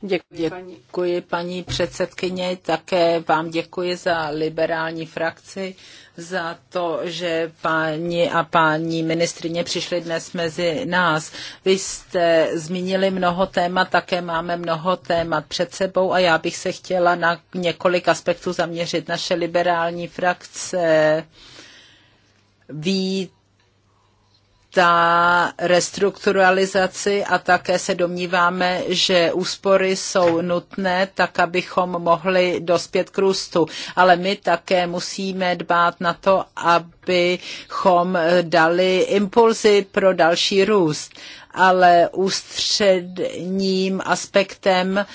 Děkuji paní. předsedkyně. Také vám děkuji za liberální frakci, za to, že paní a paní ministrině přišli dnes mezi nás. Vy jste zmínili mnoho témat, také máme mnoho témat před sebou a já bych se chtěla na několik aspektů zaměřit. Naše liberální frakce ví, ta restrukturalizaci a také se domníváme, že úspory jsou nutné, tak abychom mohli dospět k růstu. Ale my také musíme dbát na to, abychom dali impulzy pro další růst. Ale ústředním aspektem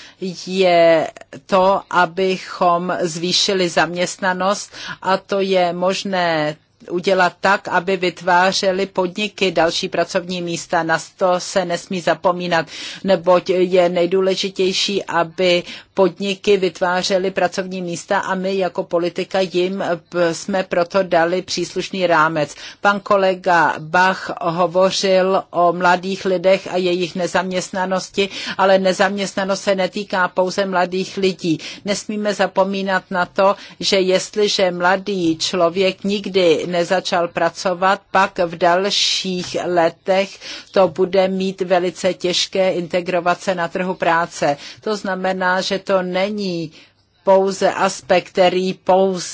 je to, abychom zvýšili zaměstnanost a to je možné udělat tak, aby vytvářely podniky další pracovní místa. Na to se nesmí zapomínat, neboť je nejdůležitější, aby podniky vytvářely pracovní místa a my jako politika jim jsme proto dali příslušný rámec. Pan kolega Bach hovořil o mladých lidech a jejich nezaměstnanosti, ale nezaměstnanost se netýká pouze mladých lidí. Nesmíme zapomínat na to, že jestliže mladý člověk nikdy nezačal pracovat, pak v dalších letech to bude mít velice těžké integrovat se na trhu práce. To znamená, že to není pouze aspekt, který pouze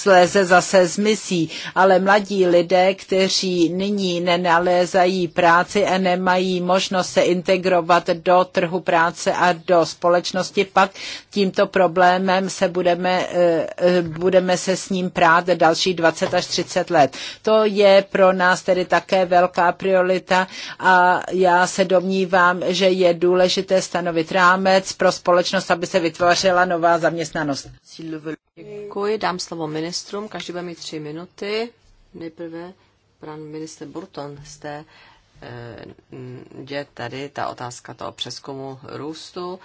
posléze zase zmizí. Ale mladí lidé, kteří nyní nenalézají práci a nemají možnost se integrovat do trhu práce a do společnosti, pak tímto problémem se budeme, eh, eh, budeme se s ním prát další 20 až 30 let. To je pro nás tedy také velká priorita a já se domnívám, že je důležité stanovit rámec pro společnost, aby se vytvořila nová zaměstnanost. Děkuji, dám slovo ministrům, každý bude mít tři minuty. Nejprve pan minister Burton, jste eh, je tady ta otázka toho přeskumu růstu,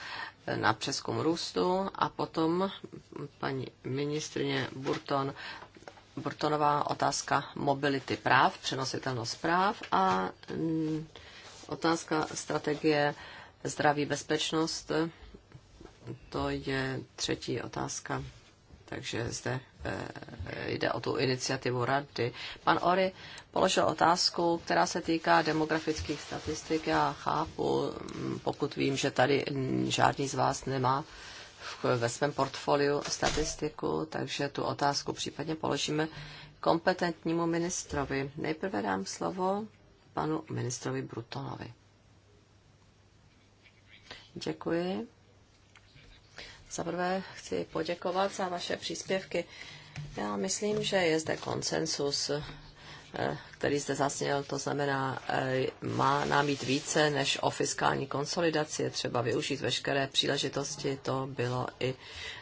eh, na přeskum růstu a potom paní ministrině Burton, Burtonová otázka mobility práv, přenositelnost práv a mm, otázka strategie zdraví, bezpečnost, to je třetí otázka takže zde eh, jde o tu iniciativu rady. Pan Ory položil otázku, která se týká demografických statistik. Já chápu, mm, pokud vím, že tady žádný z vás nemá ve svém portfoliu statistiku, takže tu otázku případně položíme kompetentnímu ministrovi. Nejprve dám slovo panu ministrovi Brutonovi. Děkuji. Za prvé chci poděkovat za vaše příspěvky. Já myslím, že je zde konsensus, eh, který zde zasněl, to znamená, eh, má nám být více než o fiskální konsolidaci, je třeba využít veškeré příležitosti, to bylo i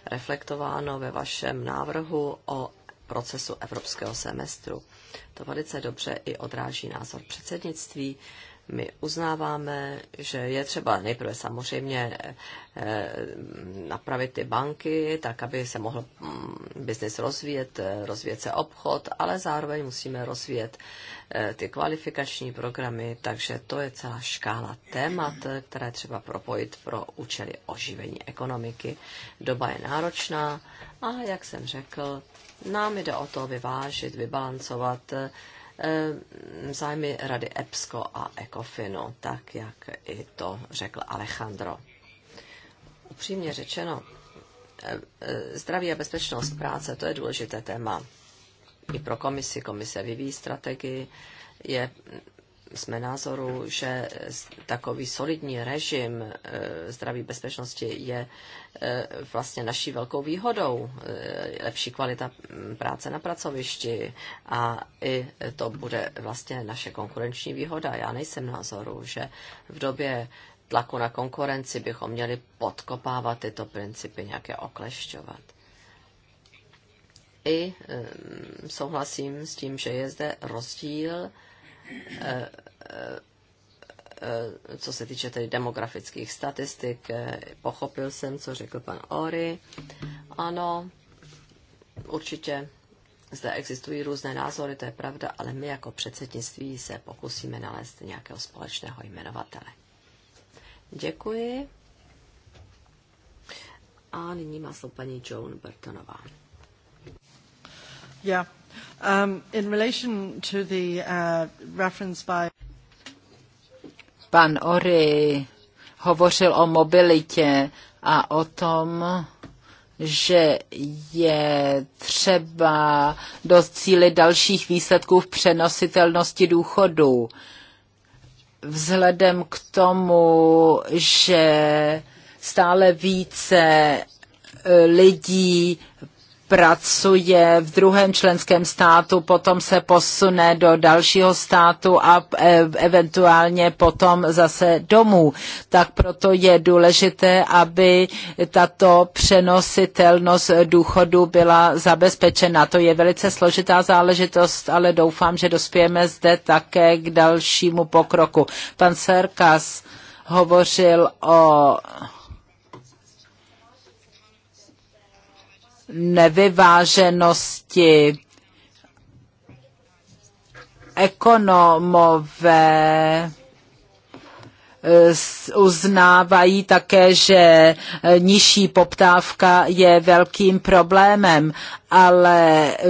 reflektováno ve vašem návrhu o procesu evropského semestru. To velice dobře i odráží názor předsednictví my uznáváme, že je třeba nejprve samozřejmě eh, napravit ty banky, tak aby se mohl mm, biznis rozvíjet, eh, rozvíjet se obchod, ale zároveň musíme rozvíjet eh, ty kvalifikační programy, takže to je celá škála témat, které třeba propojit pro účely oživení ekonomiky. Doba je náročná a, jak jsem řekl, nám jde o to vyvážit, vybalancovat Eh, zájmy Rady EPSCO a ECOFINu, tak jak i to řekl Alejandro. Upřímně řečeno, eh, zdraví a bezpečnost práce, to je důležité téma. I pro komisi, komise vyvíjí strategii, je jsme názoru, že takový solidní režim eh, zdraví bezpečnosti je eh, vlastně naší velkou výhodou. Eh, lepší kvalita práce na pracovišti a i to bude vlastně naše konkurenční výhoda. Já nejsem názoru, že v době tlaku na konkurenci bychom měli podkopávat tyto principy, nějaké oklešťovat. I ehm, souhlasím s tím, že je zde rozdíl co se týče tedy demografických statistik, pochopil jsem, co řekl pan Ory. Ano, určitě zde existují různé názory, to je pravda, ale my jako předsednictví se pokusíme nalézt nějakého společného jmenovatele. Děkuji. A nyní má slovo paní Joan Bertonová. Já Um, in relation to the uh, reference by Pan Ory hovořil o mobilitě a o tom, že je třeba docílit dalších výsledků v přenositelnosti důchodu. Vzhledem k tomu, že stále více e, lidí pracuje v druhém členském státu, potom se posune do dalšího státu a e, eventuálně potom zase domů. Tak proto je důležité, aby tato přenositelnost důchodu byla zabezpečena. To je velice složitá záležitost, ale doufám, že dospějeme zde také k dalšímu pokroku. Pan Serkas hovořil o nevyváženosti. Ekonomové eh, uznávají také, že eh, nižší poptávka je velkým problémem, ale eh,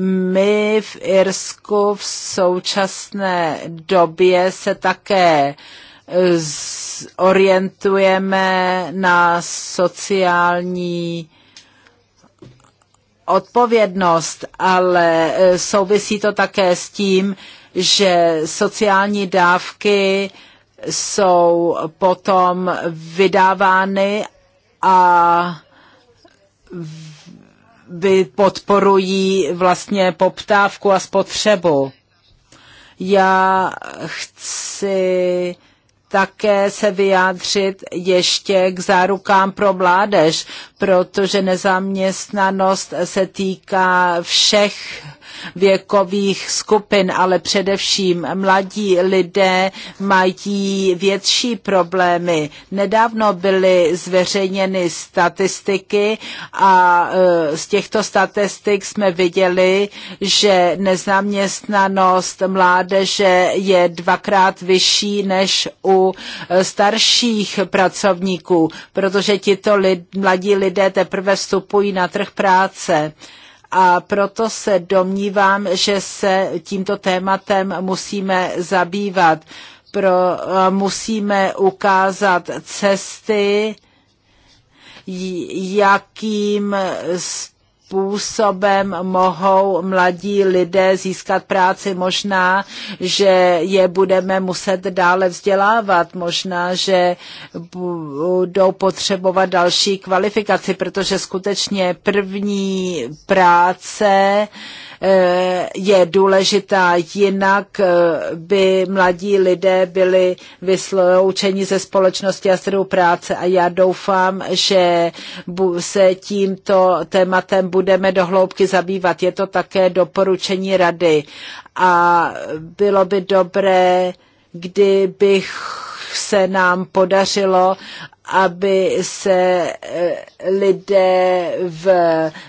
my v Irsku v současné době se také orientujeme na sociální odpovědnost, ale e, souvisí to také s tím, že sociální dávky jsou potom vydávány a podporují vlastně poptávku a spotřebu. Já chci také se vyjádřit ještě k zárukám pro mládež, protože nezaměstnanost se týká všech věkových skupin, ale především mladí lidé mají větší problémy. Nedávno byly zveřejněny statistiky a e, z těchto statistik jsme viděli, že nezaměstnanost mládeže je dvakrát vyšší než u e, starších pracovníků, protože tito lid, mladí lidé teprve vstupují na trh práce a proto se domnívám, že se tímto tématem musíme zabývat. Pro, eh, musíme ukázat cesty, jakým způsobem způsobem mohou mladí lidé získat práci. Možná, že je budeme muset dále vzdělávat, možná, že budou potřebovat další kvalifikaci, protože skutečně první práce Eh, je důležitá, jinak eh, by mladí lidé byli vysloučeni ze společnosti a z práce a já doufám, že se tímto tématem budeme dohloubky zabývat. Je to také doporučení rady a bylo by dobré, kdybych se nám podařilo, aby se eh, lidé v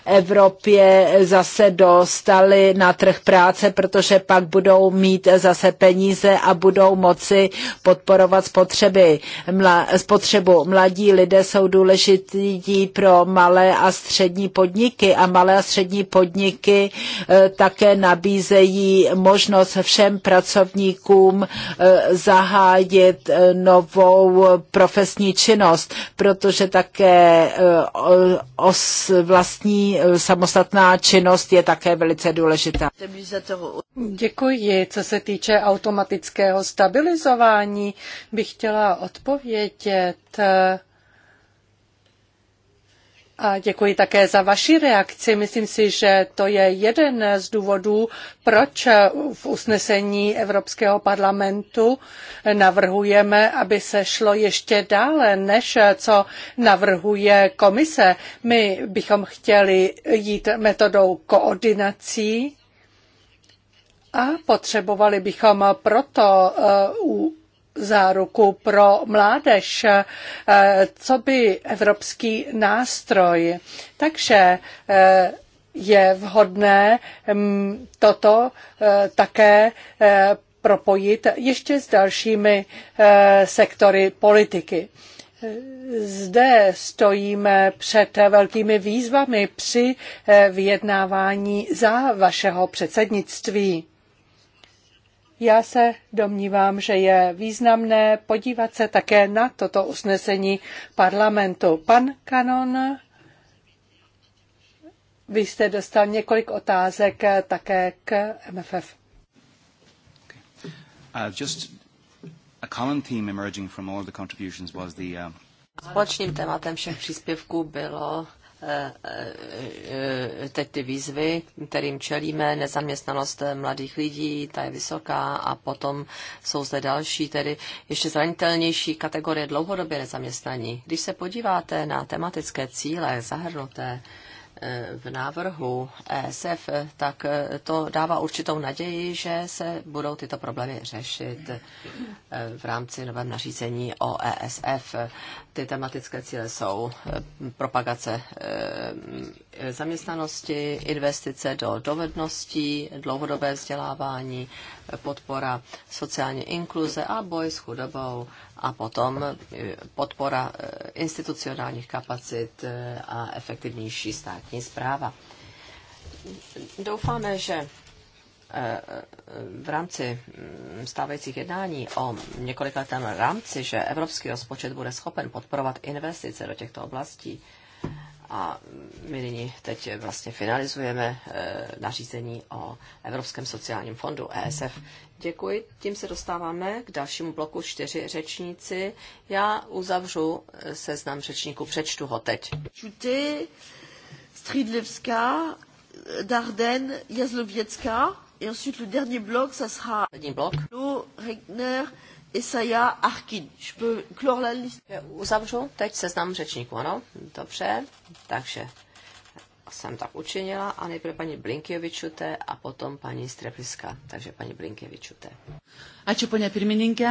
Evropě zase dostali na trh práce, protože pak budou mít zase peníze a budou moci podporovat spotřeby. Mla, spotřebu. Mladí lidé jsou důležití pro malé a střední podniky a malé a střední podniky eh, také nabízejí možnost všem pracovníkům eh, zahájit novou profesní činnost činnost, protože také eh, os vlastní eh, samostatná činnost je také velice důležitá. Děkuji. Co se týče automatického stabilizování, bych chtěla odpovědět eh, a děkuji také za vaši reakci. Myslím si, že to je jeden z důvodů, proč v usnesení Evropského parlamentu navrhujeme, aby se šlo ještě dále, než co navrhuje komise. My bychom chtěli jít metodou koordinací a potřebovali bychom proto eh, u záruku pro mládež, eh, co by evropský nástroj. Takže eh, je vhodné mm, toto eh, také propojit ještě s dalšími sektory politiky. Zde stojíme před velkými výzvami při vyjednávání za vašeho předsednictví. Já se domnívám, že je významné podívat se také na toto usnesení parlamentu. Pan Kanon, vy jste dostal několik otázek také k MFF. Uh, uh, Společným tématem všech příspěvků bylo Eh, eh, teď ty výzvy, kterým čelíme, nezaměstnanost mladých lidí, ta je vysoká a potom jsou zde další, tedy ještě zranitelnější kategorie dlouhodobě nezaměstnaní. Když se podíváte na tematické cíle zahrnuté v návrhu ESF, tak to dává určitou naději, že se budou tyto problémy řešit eh, v rámci novém nařízení o ESF. Ty tematické cíle jsou eh, propagace eh, zaměstnanosti, investice do dovedností, dlouhodobé vzdělávání, podpora sociální inkluze a boj s chudobou a potom eh, podpora eh, institucionálních kapacit eh, a efektivnější státní zpráva. Doufáme, že v rámci mm, stávajících jednání o několikletém rámci, že evropský rozpočet bude schopen podporovat investice do těchto oblastí. A my nyní teď vlastně finalizujeme nařízení o Evropském sociálním fondu ESF. Děkuji. Tím se dostáváme k dalšímu bloku čtyři řečníci. Já uzavřu eh, seznam řečníků, přečtu ho teď. Čuty, Střídlivská, Darden, Jazlověcká, A ensuite le dernier bloc, ça sera blok. Lo, Regner, Esaya, Arkin. Je peux clore la liste. Uzavřu teď seznam řečníků, ano? Dobře, takže jsem tak učinila a nejprve paní Blinkievičuté a potom paní Strepiska. Takže paní Blinkievičuté. Ačiū, paní pirmininkė.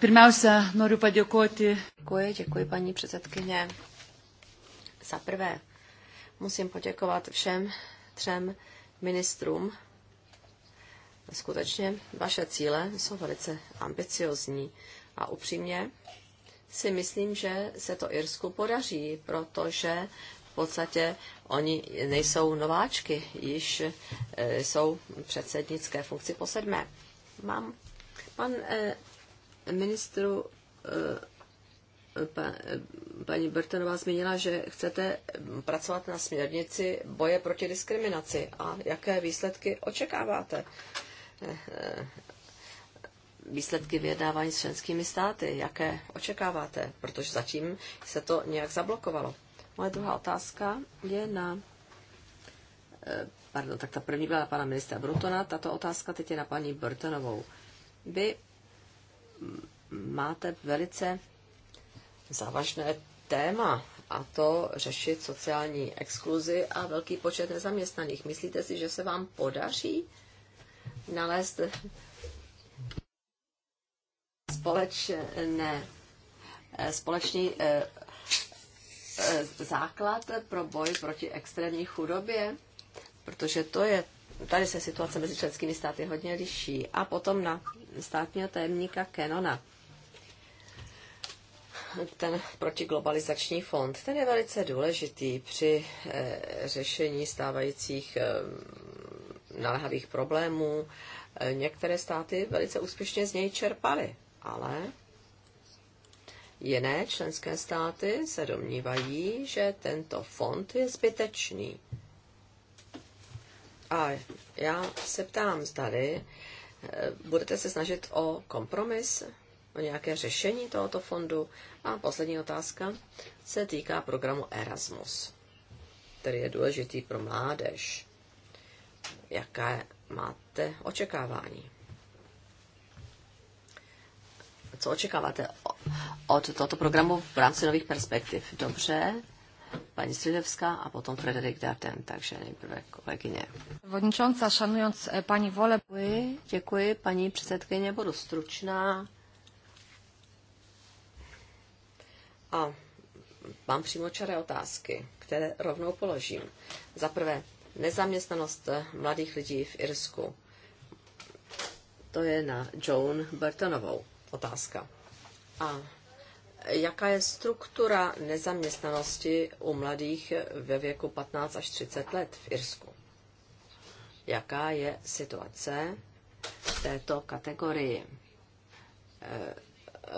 Pirmiausia, noriu padėkoti. Děkuji, děkuji paní předsedkyně. Za prvé musím poděkovat všem třem ministrům. Skutečně vaše cíle jsou velice ambiciozní a upřímně si myslím, že se to Irsku podaří, protože podstatě oni nejsou nováčky, již eh, jsou předsednické funkci po sedmé. Mám, pan eh, ministru eh, pa, paní Bertonová zmínila, že chcete pracovat na směrnici boje proti diskriminaci a jaké výsledky očekáváte? Eh, eh výsledky vyjednávání s členskými státy, jaké očekáváte, protože zatím se to nějak zablokovalo. Moje druhá otázka je na eh, pardon, tak ta první byla na pana ministra Brutona, tato otázka teď je na paní Burtonovou. Vy mm, máte velice závažné téma a to řešit sociální exkluzi a velký počet nezaměstnaných. Myslíte si, že se vám podaří nalézt společné, společný eh, Eh, základ pro boj proti extrémní chudobě, protože to je, tady se situace mezi členskými státy hodně liší. A potom na státního tajemníka Kenona ten protiglobalizační fond, ten je velice důležitý při eh, řešení stávajících eh, naléhavých problémů. Některé státy velice úspěšně z něj čerpaly, ale Jiné členské státy se domnívají, že tento fond je zbytečný. A já se ptám, zdali eh, budete se snažit o kompromis, o nějaké řešení tohoto fondu. A poslední otázka se týká programu Erasmus, který je důležitý pro mládež. Jaké máte očekávání? Co očekáváte od tohoto programu v rámci nových perspektiv. Dobře, paní Střidevská a potom Frederik Darten, takže nejprve kolegyně. Vodničonca, šanujíc eh, paní vole. Děkuji, děkuji paní předsedkyně, budu stručná. A mám přímočaré otázky, které rovnou položím. Za prvé, nezaměstnanost eh, mladých lidí v Irsku. To je na Joan Burtonovou otázka. A jaká je struktura nezaměstnanosti u mladých ve věku 15 až 30 let v Irsku? Jaká je situace v této kategorii? E, e,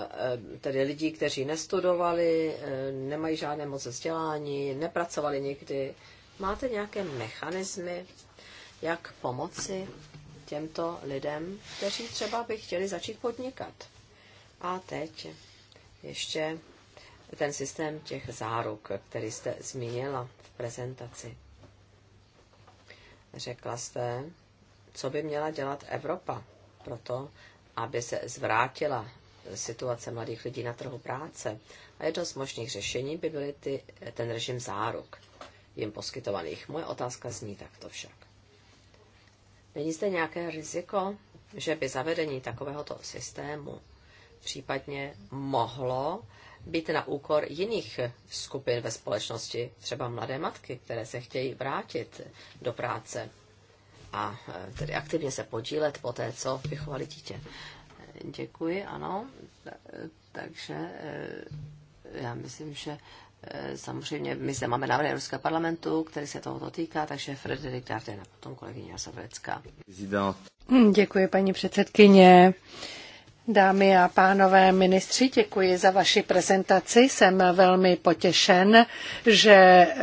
e, tedy lidí, kteří nestudovali, nemají žádné moc vzdělání, nepracovali nikdy. Máte nějaké mechanismy, jak pomoci těmto lidem, kteří třeba by chtěli začít podnikat? A teď ještě ten systém těch záruk, který jste zmínila v prezentaci. Řekla jste, co by měla dělat Evropa pro to, aby se zvrátila situace mladých lidí na trhu práce. A jedno z možných řešení by byly ty, ten režim záruk jim poskytovaných. Moje otázka zní takto však. Není zde nějaké riziko, že by zavedení takovéhoto systému případně mohlo být na úkor jiných skupin ve společnosti, třeba mladé matky, které se chtějí vrátit do práce a e, tedy aktivně se podílet po té, co vychovali dítě. Děkuji, ano. E, takže e, já myslím, že samozřejmě my zde máme návrh Evropského parlamentu, který se tohoto týká, takže Frederik Darden a potom kolegyně Sovětská. Děkuji, paní předsedkyně. Dámy a pánové ministři, děkuji za vaši prezentaci. Jsem velmi potěšen, že eh,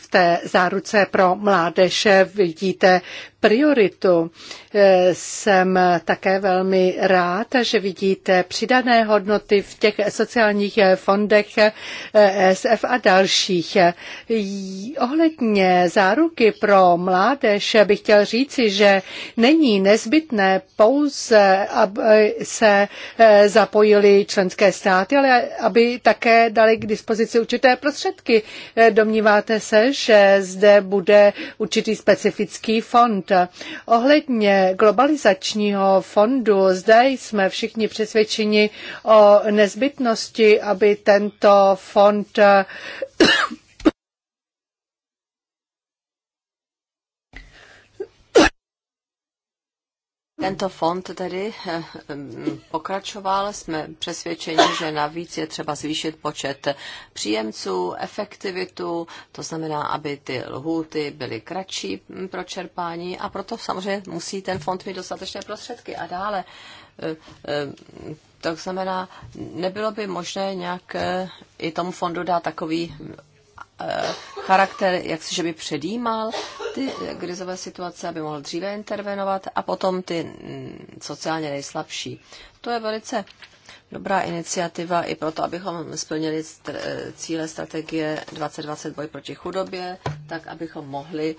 v té záruce pro mládež eh, vidíte prioritu. Eh, jsem také velmi rád, že vidíte přidané hodnoty v těch sociálních fondech eh, SF a dalších. Ohledně záruky pro mládež bych chtěl říci, že není nezbytné pouze, aby se eh, zapojili členské státy, ale aby také dali k dispozici určité prostředky. Domníváte se, že zde bude určitý specifický fond fond. Ohledně globalizačního fondu zde jsme všichni přesvědčeni o nezbytnosti, aby tento fond Tento fond tedy eh, pokračoval. Jsme přesvědčeni, že navíc je třeba zvýšit počet příjemců, efektivitu, to znamená, aby ty lhůty byly kratší hm, pro čerpání a proto samozřejmě musí ten fond mít dostatečné prostředky a dále. Eh, to znamená, nebylo by možné nějak eh, i tomu fondu dát takový Eh, charakter, jak si, že by předjímal ty krizové situace, aby mohl dříve intervenovat a potom ty mm, sociálně nejslabší. To je velice dobrá iniciativa i proto, abychom splnili eh, cíle strategie 2020 boj proti chudobě, tak abychom mohli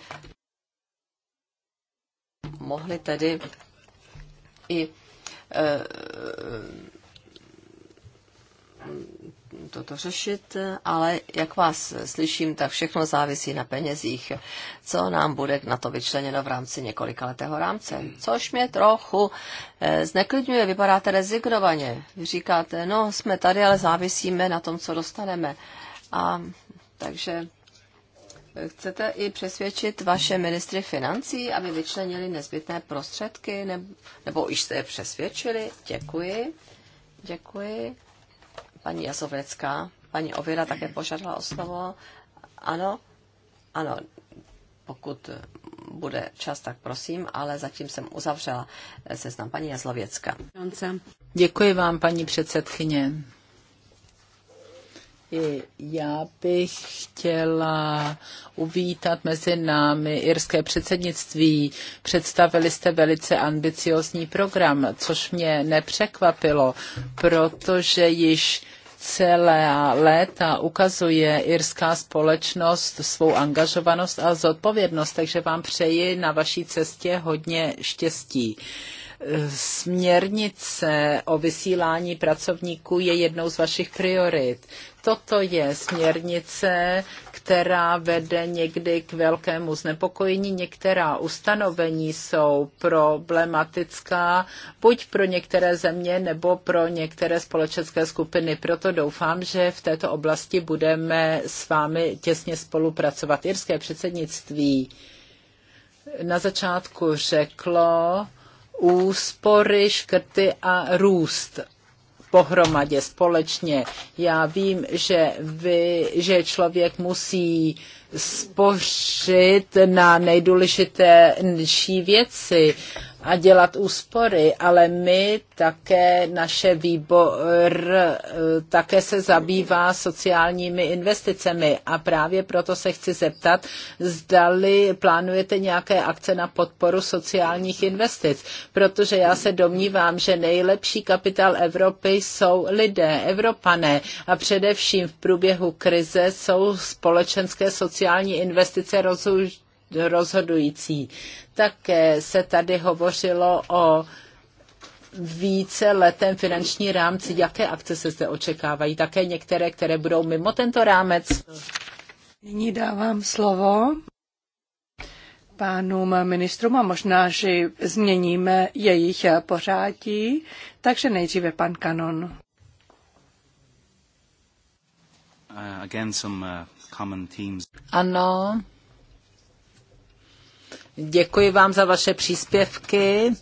mohli tedy i eh, toto řešit, ale jak vás slyším, tak všechno závisí na penězích, co nám bude na to vyčleněno v rámci několika letého rámce. Což mě trochu eh, zneklidňuje, vypadáte rezignovaně. Vy říkáte, no jsme tady, ale závisíme na tom, co dostaneme. A takže eh, chcete i přesvědčit vaše ministry financí, aby vyčlenili nezbytné prostředky, nebo, nebo již jste je přesvědčili? Děkuji. Děkuji paní Jazovecká. Paní Ovira také požádala o slovo. Ano, ano, pokud bude čas, tak prosím, ale zatím jsem uzavřela seznam paní Jazlověcka. Děkuji vám, paní předsedkyně. I já bych chtěla uvítat mezi námi irské předsednictví. Představili jste velice ambiciozní program, což mě nepřekvapilo, protože již celá léta ukazuje irská společnost svou angažovanost a zodpovědnost, takže vám přeji na vaší cestě hodně štěstí. Směrnice o vysílání pracovníků je jednou z vašich priorit. Toto je směrnice, která vede někdy k velkému znepokojení. Některá ustanovení jsou problematická buď pro některé země nebo pro některé společenské skupiny. Proto doufám, že v této oblasti budeme s vámi těsně spolupracovat. Irské předsednictví na začátku řeklo úspory, škrty a růst pohromadě společně. Já vím, že, vy, že člověk musí spořit na nejdůležitější věci a dělat úspory, ale my také, naše výbor eh, také se zabývá sociálními investicemi a právě proto se chci zeptat, zdali plánujete nějaké akce na podporu sociálních investic, protože já se domnívám, že nejlepší kapitál Evropy jsou lidé, Evropané a především v průběhu krize jsou společenské sociální investice rozhodnuté rozhodující. Také se tady hovořilo o více letem finanční rámci. Jaké akce se zde očekávají? Také některé, které budou mimo tento rámec? Nyní dávám slovo pánům ministrům a možná, že změníme jejich pořádí. Takže nejdříve pan Kanon. Uh, again some uh, Ano, Děkuji vám za vaše příspěvky.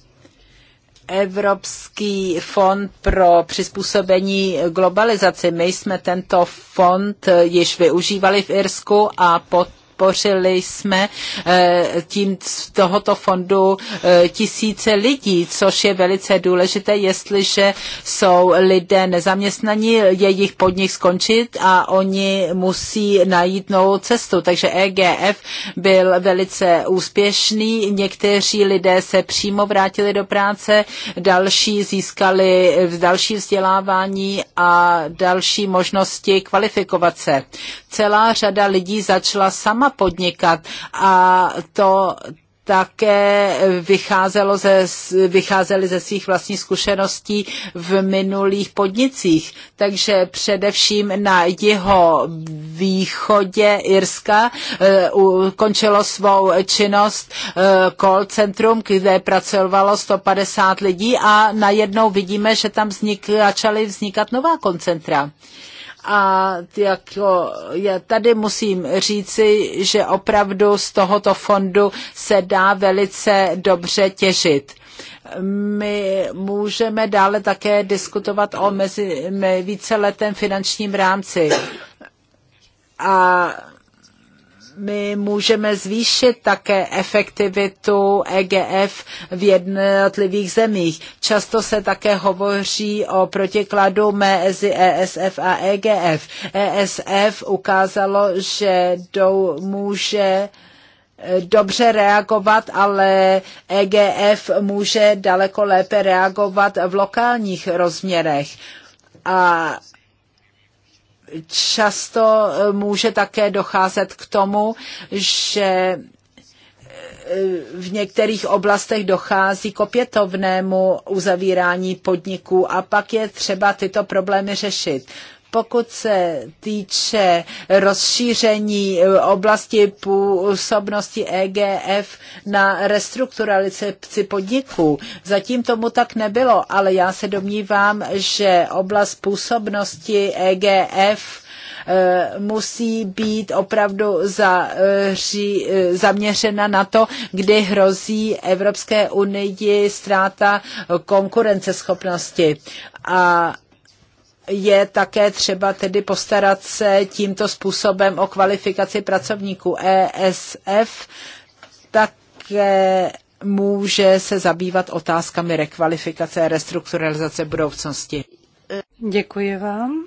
Evropský fond pro přizpůsobení globalizaci. My jsme tento fond již využívali v Irsku a potom podpořili jsme eh, tím z tohoto fondu eh, tisíce lidí, což je velice důležité, jestliže jsou lidé nezaměstnaní, jejich podnik skončit a oni musí najít novou cestu. Takže EGF byl velice úspěšný, někteří lidé se přímo vrátili do práce, další získali další vzdělávání a další možnosti kvalifikovat se. Celá řada lidí začala sama sama podnikat a to také vycházelo ze, vycházeli ze svých vlastních zkušeností v minulých podnicích. Takže především na jeho východě Irska eh, ukončilo svou činnost eh, call centrum, kde pracovalo 150 lidí a najednou vidíme, že tam vznik, začaly vznikat nová koncentra. Uh, a jako já tady musím říci, že opravdu z tohoto fondu se dá velice dobře těžit. My můžeme dále také diskutovat o mezi, víceletém finančním rámci. A my můžeme zvýšit také efektivitu EGF v jednotlivých zemích. Často se také hovoří o protikladu mezi ESF a EGF. ESF ukázalo, že dou může eh, dobře reagovat, ale EGF může daleko lépe reagovat v lokálních rozměrech. A často eh, může také docházet k tomu, že eh, v některých oblastech dochází k opětovnému uzavírání podniků a pak je třeba tyto problémy řešit. Pokud se týče rozšíření eh, oblasti působnosti EGF na restrukturalizaci podniků, zatím tomu tak nebylo, ale já se domnívám, že oblast působnosti EGF eh, musí být opravdu eh, zaměřena na to, kdy hrozí Evropské unii ztráta konkurenceschopnosti. A je také třeba tedy postarat se tímto způsobem o kvalifikaci pracovníků. ESF také může se zabývat otázkami rekvalifikace a restrukturalizace budoucnosti. Děkuji vám.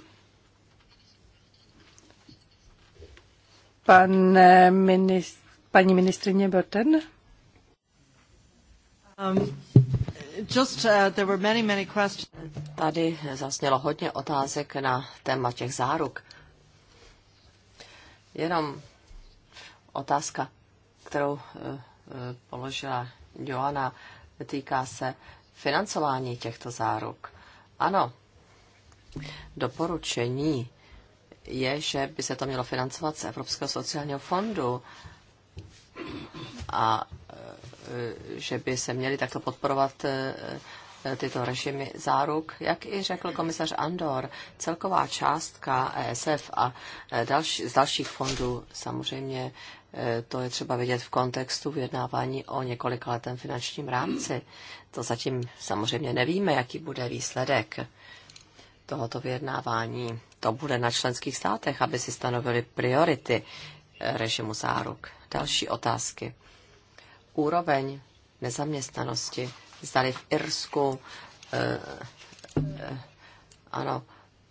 Pan ministr, paní ministrině Boten. Um, Uh, Tady zasnělo hodně otázek na téma těch záruk. Jenom otázka, kterou eh, eh, položila Joana, týká se financování těchto záruk. Ano, doporučení je, že by se to mělo financovat z Evropského sociálního fondu. A Eh, že by se měly takto podporovat eh, eh, tyto režimy záruk. Jak i řekl komisař Andor, celková částka ESF a další, z dalších fondů samozřejmě to je třeba vidět v kontextu vyjednávání o několika letem finančním rámci. To zatím samozřejmě nevíme, jaký bude výsledek tohoto vyjednávání. To bude na členských státech, aby si stanovili priority režimu záruk. Další otázky úroveň nezaměstnanosti. Zdali v Irsku, eh, eh, ano,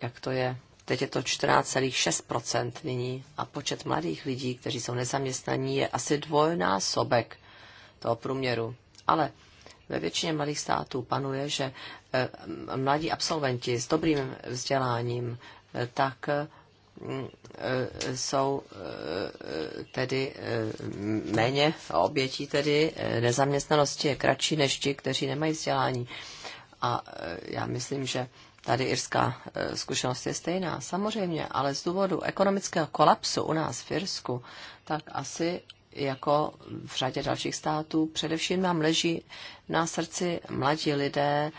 jak to je, teď je to 14,6% nyní a počet mladých lidí, kteří jsou nezaměstnaní, je asi dvojnásobek toho průměru. Ale ve většině mladých států panuje, že eh, mladí absolventi s dobrým vzděláním, eh, tak eh, Eh, jsou eh, tedy eh, méně obětí tedy nezaměstnanosti je kratší než ti, kteří nemají vzdělání. A já myslím, že tady irská zkušenost je stejná, samozřejmě, ale z důvodu ekonomického kolapsu u nás v Irsku, tak asi jako v řadě dalších států. Především nám leží na srdci mladí lidé,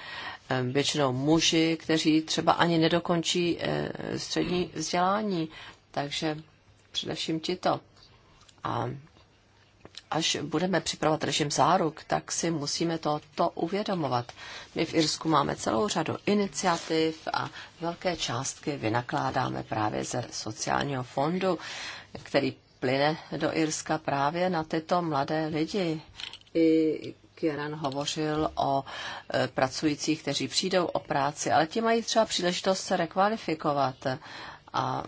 eh, většinou muži, kteří třeba ani nedokončí eh, střední vzdělání. Takže především to A až budeme připravovat režim záruk, tak si musíme to, to uvědomovat. My v Irsku máme celou řadu iniciativ a velké částky vynakládáme právě ze sociálního fondu, který plyne do Irska právě na tyto mladé lidi. I Kieran hovořil o e, pracujících, kteří přijdou o práci, ale ti mají třeba příležitost se rekvalifikovat. A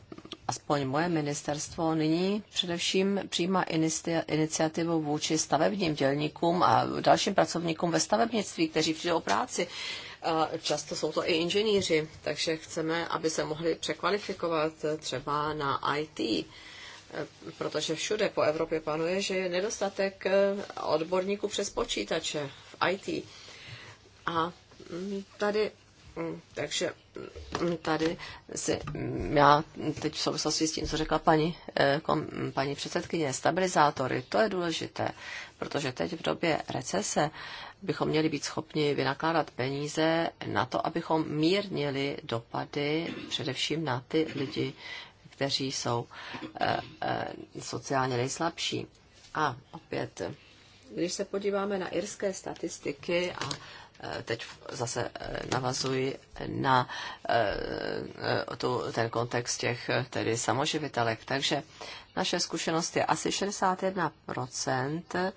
aspoň moje ministerstvo nyní především přijímá iniciativu vůči stavebním dělníkům a dalším pracovníkům ve stavebnictví, kteří přijdou o práci. A často jsou to i inženýři, takže chceme, aby se mohli překvalifikovat třeba na IT protože všude po Evropě panuje, že je nedostatek eh, odborníků přes počítače v IT. A mm, tady mm, takže mm, tady si já teď v souvislosti s tím, co řekla paní, eh, kom, paní předsedkyně, stabilizátory, to je důležité, protože teď v době recese bychom měli být schopni vynakládat peníze na to, abychom mírnili dopady především na ty lidi, kteří jsou eh, eh, sociálně nejslabší. A opět, když se podíváme na irské statistiky a eh, teď zase navazuji na tu, ten kontext těch tedy samoživitelek. Takže naše zkušenost je asi 61%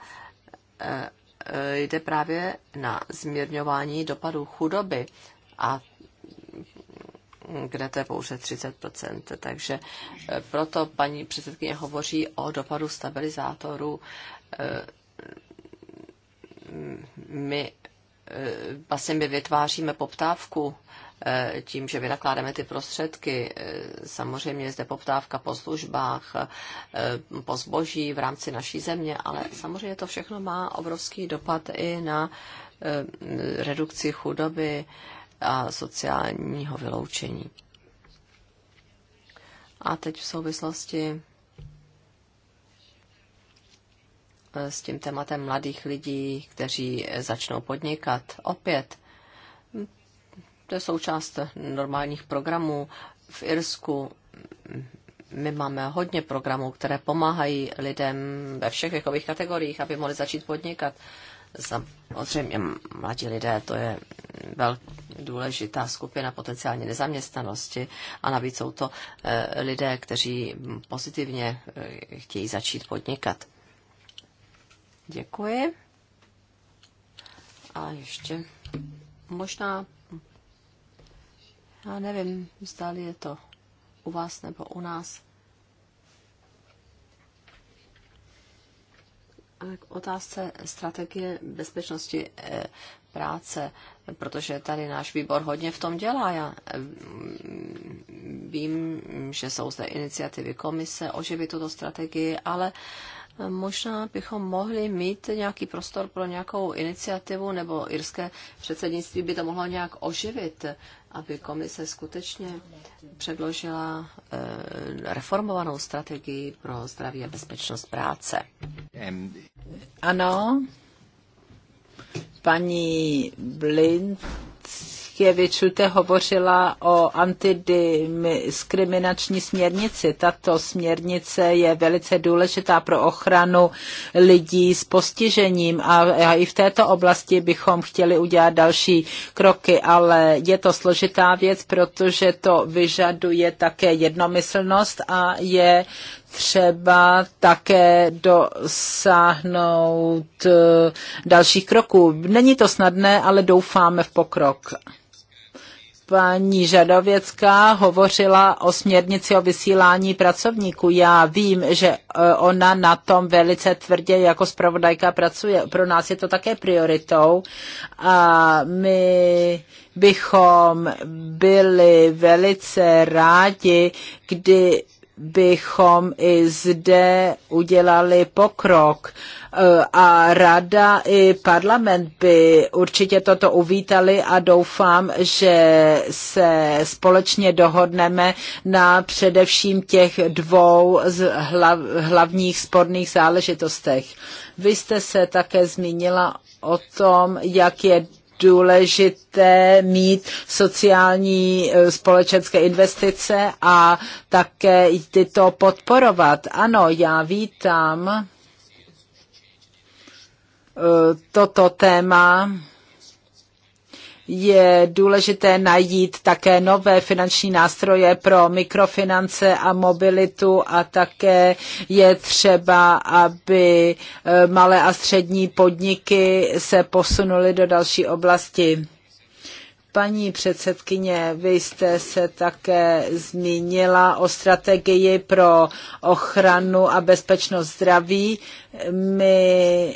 jde právě na zmírňování dopadů chudoby. A kde to je pouze 30%. Takže eh, proto paní předsedkyně hovoří o dopadu stabilizátoru. Eh, my eh, vlastně my vytváříme poptávku tím, že vynakládáme ty prostředky. Samozřejmě je zde poptávka po službách, po zboží v rámci naší země, ale samozřejmě to všechno má obrovský dopad i na redukci chudoby, a sociálního vyloučení. A teď v souvislosti eh, s tím tématem mladých lidí, kteří eh, začnou podnikat. Opět, hm, to je součást normálních programů. V Irsku hm, my máme hodně programů, které pomáhají lidem ve všech věkových kategoriích, aby mohli začít podnikat. Samozřejmě mladí lidé, to je velký důležitá skupina potenciální nezaměstnanosti a navíc jsou to eh, lidé, kteří pozitivně eh, chtějí začít podnikat. Děkuji. A ještě možná, já nevím, zdali je to u vás nebo u nás k otázce strategie bezpečnosti eh, práce, protože tady náš výbor hodně v tom dělá. Já mm, vím, že jsou zde iniciativy komise oživit tuto strategii, ale možná bychom mohli mít nějaký prostor pro nějakou iniciativu, nebo irské předsednictví by to mohlo nějak oživit, aby komise skutečně předložila eh, reformovanou strategii pro zdraví a bezpečnost práce. Ano, paní Blind Blinkevičute hovořila o antidiskriminační směrnici. Tato směrnice je velice důležitá pro ochranu lidí s postižením a i v této oblasti bychom chtěli udělat další kroky, ale je to složitá věc, protože to vyžaduje také jednomyslnost a je třeba také dosáhnout eh, dalších kroků. Není to snadné, ale doufáme v pokrok paní Žadověcká hovořila o směrnici o vysílání pracovníků. Já vím, že e, ona na tom velice tvrdě jako zpravodajka pracuje. Pro nás je to také prioritou a my bychom byli velice rádi, kdy bychom i zde udělali pokrok eh, a rada i parlament by určitě toto uvítali a doufám, že se společně dohodneme na především těch dvou z hlav, hlavních sporných záležitostech. Vy jste se také zmínila o tom, jak je důležité mít sociální e, společenské investice a také tyto podporovat. Ano, já vítám e, toto téma je důležité najít také nové finanční nástroje pro mikrofinance a mobilitu a také je třeba, aby eh, malé a střední podniky se posunuly do další oblasti. Paní předsedkyně, vy jste se také zmínila o strategii pro ochranu a bezpečnost zdraví. My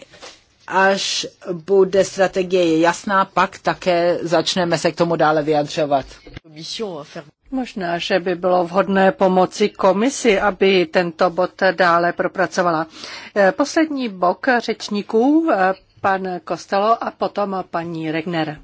až bude strategie jasná, pak také začneme se k tomu dále vyjadřovat. Možná, že by bylo vhodné pomoci komisi, aby tento bod dále propracovala. Eh, poslední bok řečníků, eh, pan Kostelo a potom paní Regner.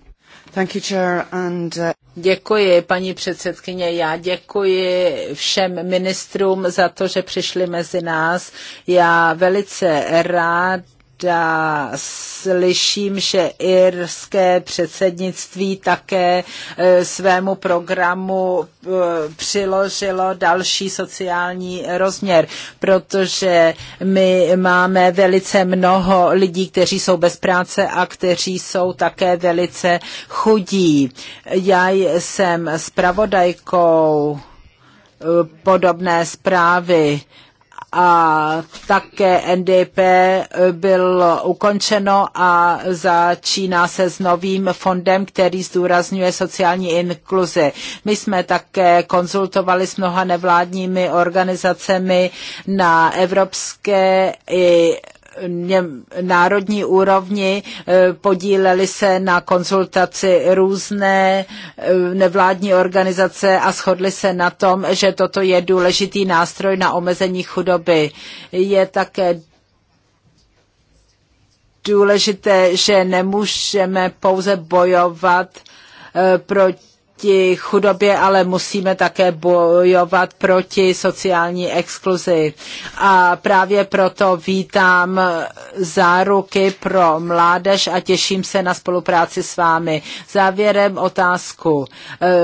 Thank you, Chair, and, uh... Děkuji, paní předsedkyně. Já děkuji všem ministrům za to, že přišli mezi nás. Já velice rád ráda slyším, že irské předsednictví také e, svému programu e, přiložilo další sociální rozměr, protože my máme velice mnoho lidí, kteří jsou bez práce a kteří jsou také velice chudí. Já jsem zpravodajkou e, podobné zprávy a také NDP bylo ukončeno a začíná se s novým fondem, který zdůrazňuje sociální inkluzi. My jsme také konzultovali s mnoha nevládními organizacemi na evropské i národní úrovni e, podíleli se na konzultaci různé e, nevládní organizace a shodli se na tom, že toto je důležitý nástroj na omezení chudoby. Je také důležité, že nemůžeme pouze bojovat e, proti proti chudobě, ale musíme také bojovat proti sociální exkluzi. A právě proto vítám záruky pro mládež a těším se na spolupráci s vámi. Závěrem otázku.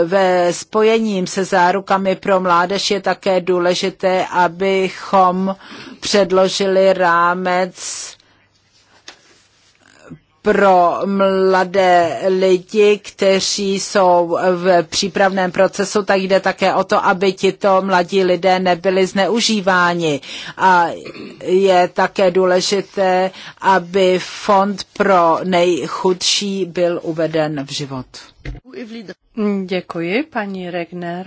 Ve spojením se zárukami pro mládež je také důležité, abychom předložili rámec pro mladé lidi, kteří jsou v přípravném procesu, tak jde také o to, aby tito mladí lidé nebyli zneužíváni. A je také důležité, aby fond pro nejchudší byl uveden v život. Děkuji, paní Regner.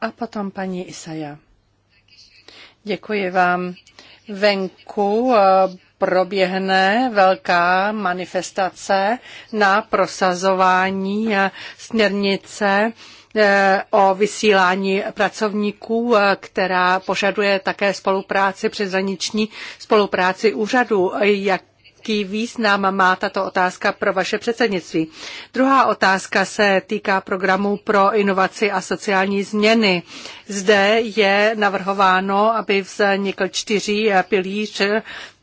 A potom paní Isaja. Děkuji vám venku eh, proběhne velká manifestace na prosazování směrnice eh, o vysílání pracovníků, eh, která požaduje také spolupráci přeshraniční spolupráci úřadů. Jak jaký význam má tato otázka pro vaše předsednictví. Druhá otázka se týká programu pro inovaci a sociální změny. Zde je navrhováno, aby vznikl čtyři pilíř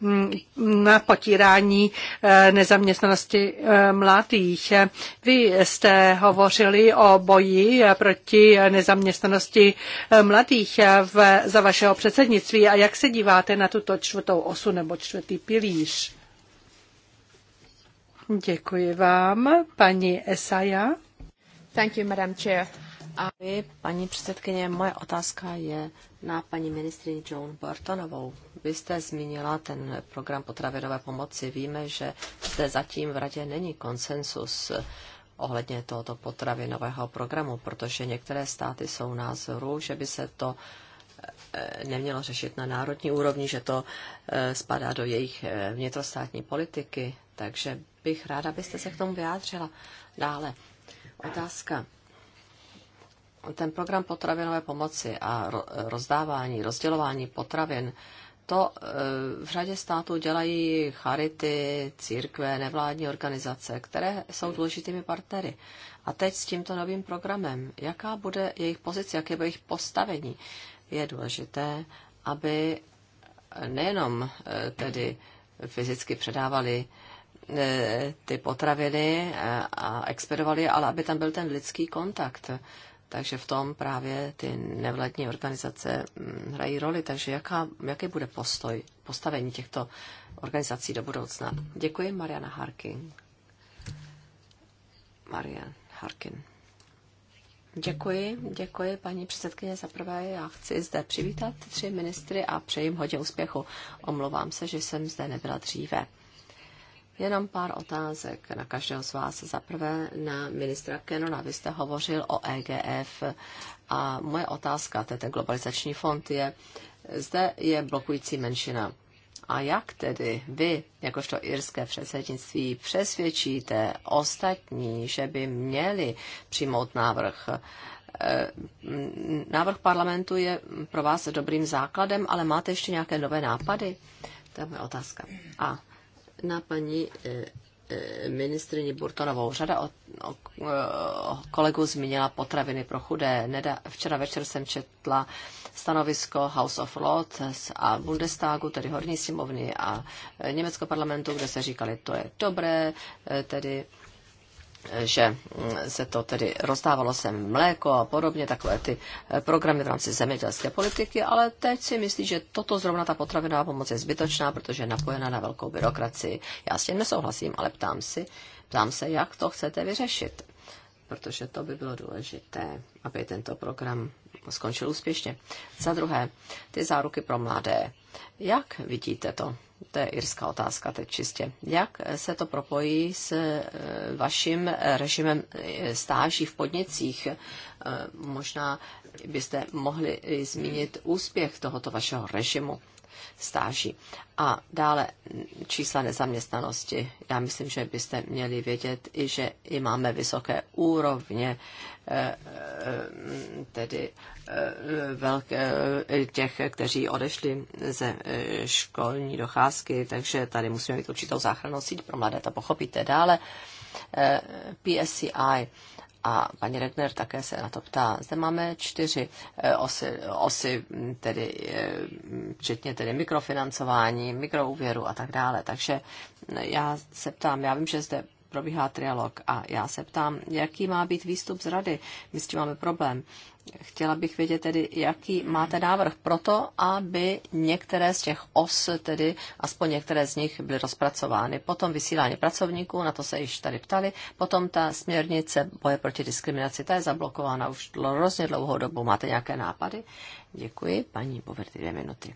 mm, na potírání eh, nezaměstnanosti eh, mladých. Vy jste hovořili o boji proti nezaměstnanosti eh, mladých v, za vašeho předsednictví a jak se díváte na tuto čtvrtou osu nebo čtvrtý pilíř? Děkuji vám, paní Esaja. Thank you, Madam Chair. A vy, paní předsedkyně, moje otázka je na paní ministrině Joan Burtonovou. Vy jste zmínila ten program potravinové pomoci. Víme, že zde zatím v radě není konsensus ohledně tohoto potravinového programu, protože některé státy jsou názoru, že by se to eh, nemělo řešit na národní úrovni, že to eh, spadá do jejich eh, vnitrostátní politiky. Takže bych ráda, abyste se k tomu vyjádřila. Dále otázka. Ten program potravinové pomoci a rozdávání, rozdělování potravin, to e, v řadě států dělají charity, církve, nevládní organizace, které jsou důležitými partnery. A teď s tímto novým programem, jaká bude jejich pozice, jaké bude jejich postavení, je důležité, aby nejenom e, tedy fyzicky předávali E, ty potraviny e, a expedovali, ale aby tam byl ten lidský kontakt. Takže v tom právě ty nevládní organizace mm, hrají roli. Takže jaká, jaký bude postoj, postavení těchto organizací do budoucna? Děkuji, Mariana Harkin. Marian Harkin. Děkuji, děkuji paní předsedkyně. Za prvé já chci zde přivítat tři ministry a přeji jim hodně úspěchu. Omlouvám se, že jsem zde nebyla dříve. Jenom pár otázek na každého z vás. Za prvé na ministra Kenona. Vy jste hovořil o EGF a moje otázka, to je ten globalizační fond, je, zde je blokující menšina. A jak tedy vy, jakožto irské předsednictví, přesvědčíte ostatní, že by měli přijmout návrh? E, návrh parlamentu je pro vás dobrým základem, ale máte ještě nějaké nové nápady? To je moje otázka. A na paní eh, eh, ministrině Burtonovou. Řada o, o, o eh, kolegů zmínila potraviny pro chudé. Neda, včera večer jsem četla stanovisko House of Lords a Bundestagu, tedy horní sněmovny a německého parlamentu, kde se říkali, to je dobré, tedy že se to tedy rozdávalo sem mléko a podobně, takové ty programy v rámci zemědělské politiky, ale teď si myslí, že toto zrovna ta potravinová pomoc je zbytočná, protože je napojena na velkou byrokracii. Já s tím nesouhlasím, ale ptám, si, ptám se, jak to chcete vyřešit, protože to by bylo důležité, aby tento program skončil úspěšně. Za druhé, ty záruky pro mladé. Jak vidíte to? to je irská otázka teď čistě. Jak se to propojí s eh, vaším režimem eh, stáží v podnicích? Eh, možná byste mohli zmínit úspěch tohoto vašeho režimu stáží. A dále mm, čísla nezaměstnanosti. Já myslím, že byste měli vědět i, že i máme vysoké úrovně tedy velké, eh, těch, kteří odešli ze eh, školní docházky, takže tady musíme mít určitou záchrannou síť pro mladé, to pochopíte. Dále eh, PSCI a paní Regner také se na to ptá. Zde máme čtyři osy, osy tedy, včetně tedy mikrofinancování, mikroúvěru a tak dále. Takže já se ptám, já vím, že zde probíhá trialog. A já se ptám, jaký má být výstup z rady? My s tím máme problém. Chtěla bych vědět tedy, jaký máte návrh pro to, aby některé z těch os, tedy aspoň některé z nich byly rozpracovány. Potom vysílání pracovníků, na to se již tady ptali. Potom ta směrnice boje proti diskriminaci, ta je zablokována už hrozně dlouhou dobu. Máte nějaké nápady? Děkuji. Paní Boverty, dvě minuty.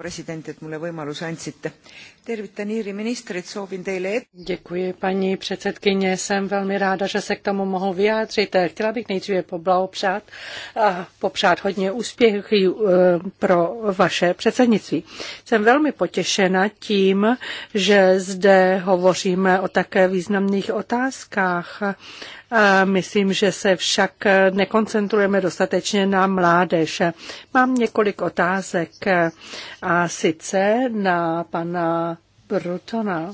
President, et mulle võimaluse andsite. Tervitan Iiri ministrit, soovin teile... Děkuji, paní předsedkyně, jsem velmi ráda, že se k tomu mohu vyjádřit. Chtěla bych nejdříve poblahopřát a popřát hodně úspěchů eh, pro vaše předsednictví. Jsem velmi potěšena tím, že zde hovoříme o také významných otázkách Myslím, že se však nekoncentrujeme dostatečně na mládež. Mám několik otázek a sice na pana Brutona.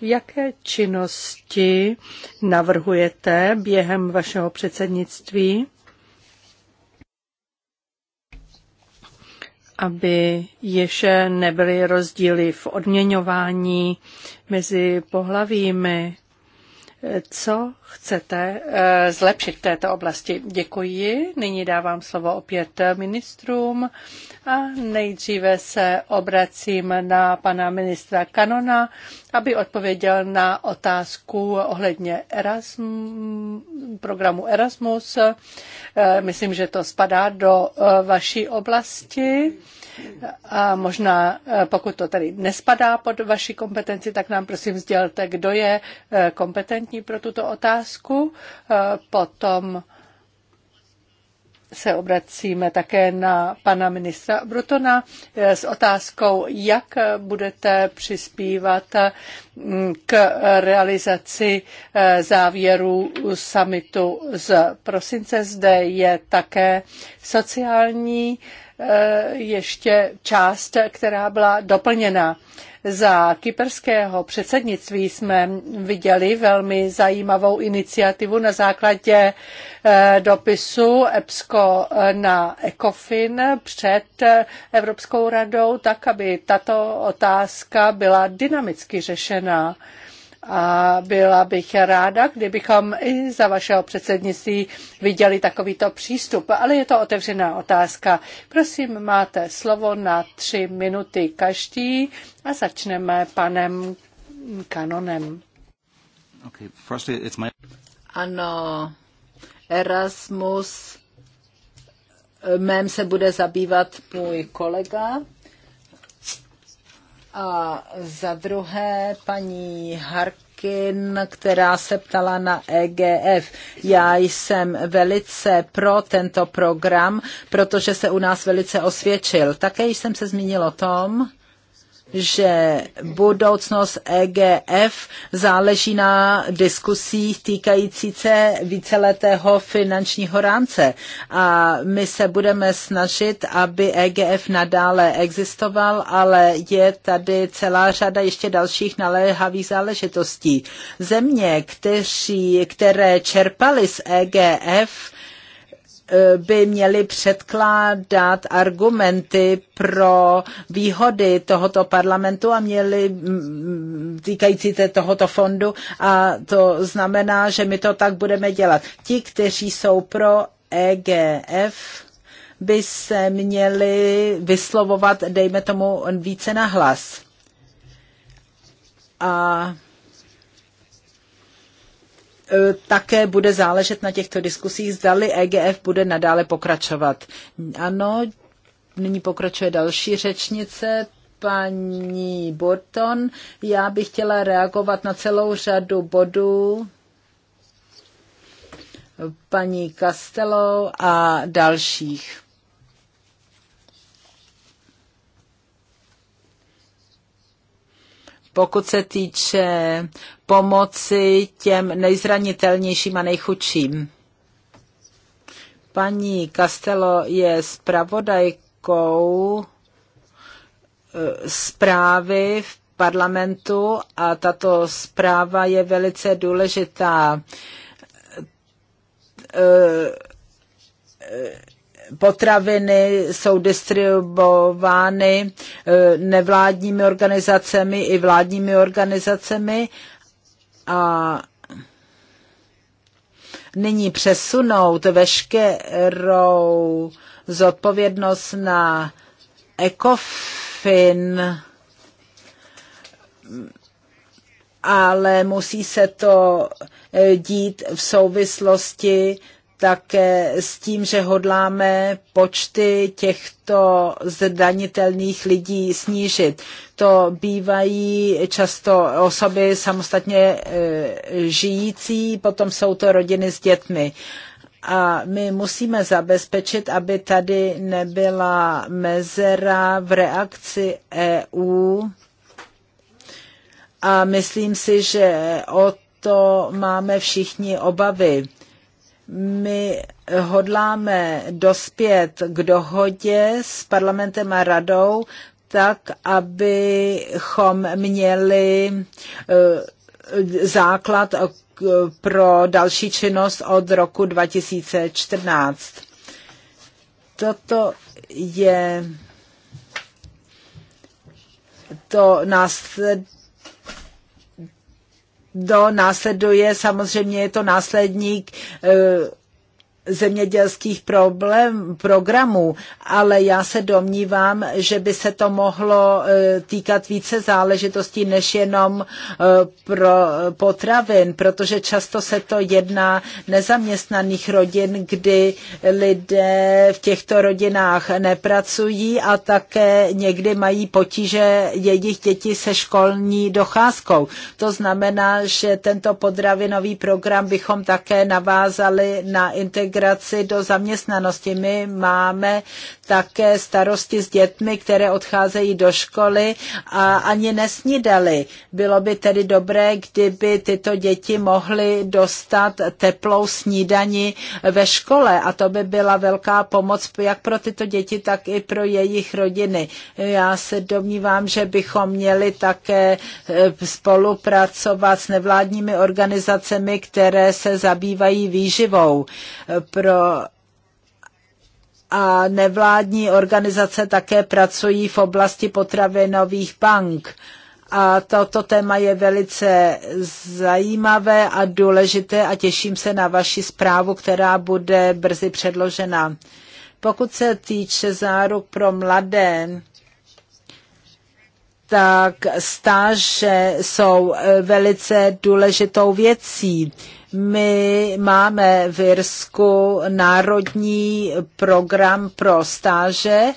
Jaké činnosti navrhujete během vašeho předsednictví, aby ještě nebyly rozdíly v odměňování mezi pohlavími? Co chcete eh, zlepšit v této oblasti? Děkuji. Nyní dávám slovo opět ministrům a nejdříve se obracím na pana ministra Kanona, aby odpověděl na otázku ohledně Erasm, programu Erasmus. Eh, myslím, že to spadá do eh, vaší oblasti. A možná, eh, pokud to tady nespadá pod vaši kompetenci, tak nám prosím sdělte, kdo je eh, kompetentní pro tuto otázku. Eh, potom se obracíme také na pana ministra Brutona s otázkou, jak budete přispívat mm, k realizaci závěrů samitu z prosince. Zde je také sociální Eh, ještě část, která byla doplněna. Za kyperského předsednictví jsme viděli velmi zajímavou iniciativu na základě eh, dopisu EPSCO na ECOFIN před eh, Evropskou radou, tak aby tato otázka byla dynamicky řešena a byla bych ráda, kdybychom i za vašeho předsednictví viděli takovýto přístup, ale je to otevřená otázka. Prosím, máte slovo na tři minuty každý a začneme panem Kanonem. Okay, firstly, it's my... Ano, Erasmus mém se bude zabývat můj kolega a za druhé paní Harkin, která se ptala na EGF. Já jsem velice pro tento program, protože se u nás velice osvědčil. Také jsem se zmínil o tom, že budoucnost EGF záleží na diskusích týkající se víceletého finančního rámce. A my se budeme snažit, aby EGF nadále existoval, ale je tady celá řada ještě dalších naléhavých záležitostí. Země, kteří, které čerpaly z EGF, by měli předkládat argumenty pro výhody tohoto parlamentu a měli mm, týkající se tohoto fondu a to znamená, že my to tak budeme dělat. Ti, kteří jsou pro EGF, by se měli vyslovovat, dejme tomu, více na hlas. A E, také bude záležet na těchto diskusích, zdali EGF bude nadále pokračovat. Ano, nyní pokračuje další řečnice, paní Borton. Já bych chtěla reagovat na celou řadu bodů paní Castello a dalších. pokud se týče pomoci těm nejzranitelnějším a nejchudším. Paní Castelo je zpravodajkou eh, zprávy v parlamentu a tato zpráva je velice důležitá. E, e, potraviny jsou distribuovány eh, nevládními organizacemi i vládními organizacemi a nyní přesunout veškerou zodpovědnost na ECOFIN, ale musí se to dít v souvislosti tak s tím, že hodláme počty těchto zdanitelných lidí snížit. To bývají často osoby samostatně e, žijící, potom jsou to rodiny s dětmi. A my musíme zabezpečit, aby tady nebyla mezera v reakci EU. A myslím si, že o to máme všichni obavy my hodláme dospět k dohodě s parlamentem a radou, tak abychom měli eh, základ pro další činnost od roku 2014. Toto je to následuje kdo následuje, samozřejmě je to následník eh, zemědělských problém, programů, ale já se domnívám, že by se to mohlo e, týkat více záležitostí než jenom e, pro potravin, protože často se to jedná nezaměstnaných rodin, kdy lidé v těchto rodinách nepracují a také někdy mají potíže jejich děti se školní docházkou. To znamená, že tento podravinový program bychom také navázali na integraci integraci do zaměstnanosti. My máme také starosti s dětmi, které odcházejí do školy a ani nesnídali. Bylo by tedy dobré, kdyby tyto děti mohly dostat teplou snídani ve škole a to by byla velká pomoc jak pro tyto děti, tak i pro jejich rodiny. Já se domnívám, že bychom měli také eh, spolupracovat s nevládními organizacemi, které se zabývají výživou. Pro a nevládní organizace také pracují v oblasti potravinových bank. A toto téma je velice zajímavé a důležité a těším se na vaši zprávu, která bude brzy předložena. Pokud se týče záruk pro mladé, tak stáže jsou velice důležitou věcí my máme v Irsku národní program pro stáže. E,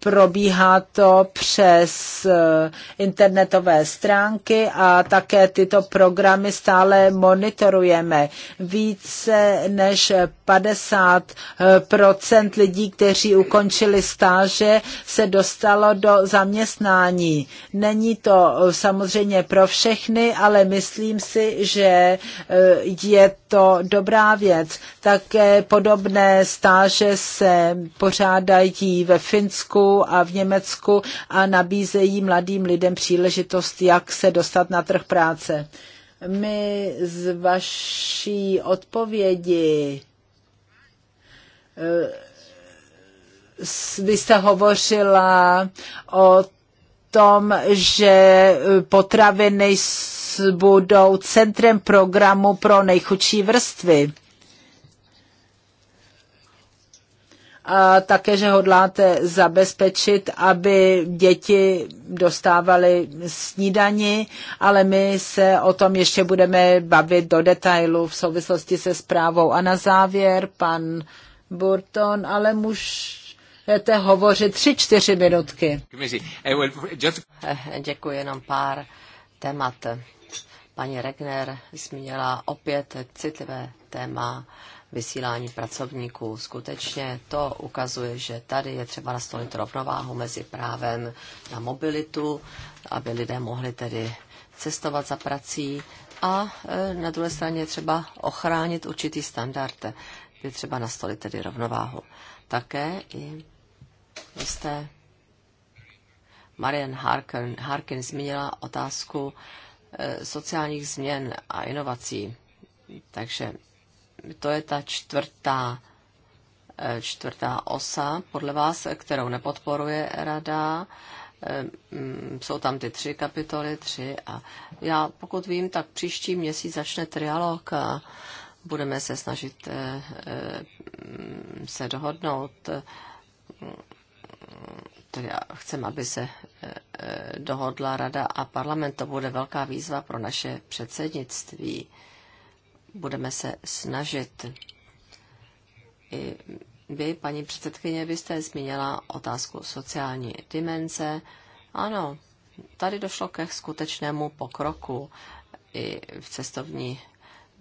probíhá to přes e, internetové stránky a také tyto programy stále monitorujeme. Více než 50 e, lidí, kteří ukončili stáže, se dostalo do zaměstnání. Není to samozřejmě pro všechny, ale myslím si, že je to dobrá věc. Také podobné stáže se pořádají ve Finsku a v Německu a nabízejí mladým lidem příležitost, jak se dostat na trh práce. My z vaší odpovědi eh, vy jste hovořila o tom, že potraviny budou centrem programu pro nejchudší vrstvy. A také, že hodláte zabezpečit, aby děti dostávaly snídani, ale my se o tom ještě budeme bavit do detailu v souvislosti se zprávou. A na závěr pan Burton, ale muž budete hovořit tři, čtyři minutky. Eh, eh, děkuji, jenom pár témat. Paní Regner zmínila opět citlivé téma vysílání pracovníků. Skutečně to ukazuje, že tady je třeba nastolit rovnováhu mezi právem na mobilitu, aby lidé mohli tedy cestovat za prací a e, na druhé straně třeba ochránit určitý standard. kdy třeba nastolit tedy rovnováhu. Také i jste Marian Harkin, Harkin zmínila otázku Eh, sociálních změn a inovací. Takže to je ta čtvrtá, eh, čtvrtá osa, podle vás, kterou nepodporuje rada. Eh, mm, jsou tam ty tři kapitoly, tři a já, pokud vím, tak příští měsíc začne trialog a budeme se snažit mm, se dohodnout tedy chcem, aby se e, e, dohodla rada a parlament. To bude velká výzva pro naše předsednictví. Budeme se snažit. I vy, paní předsedkyně, byste zmínila otázku sociální dimenze. Ano, tady došlo ke skutečnému pokroku i v cestovní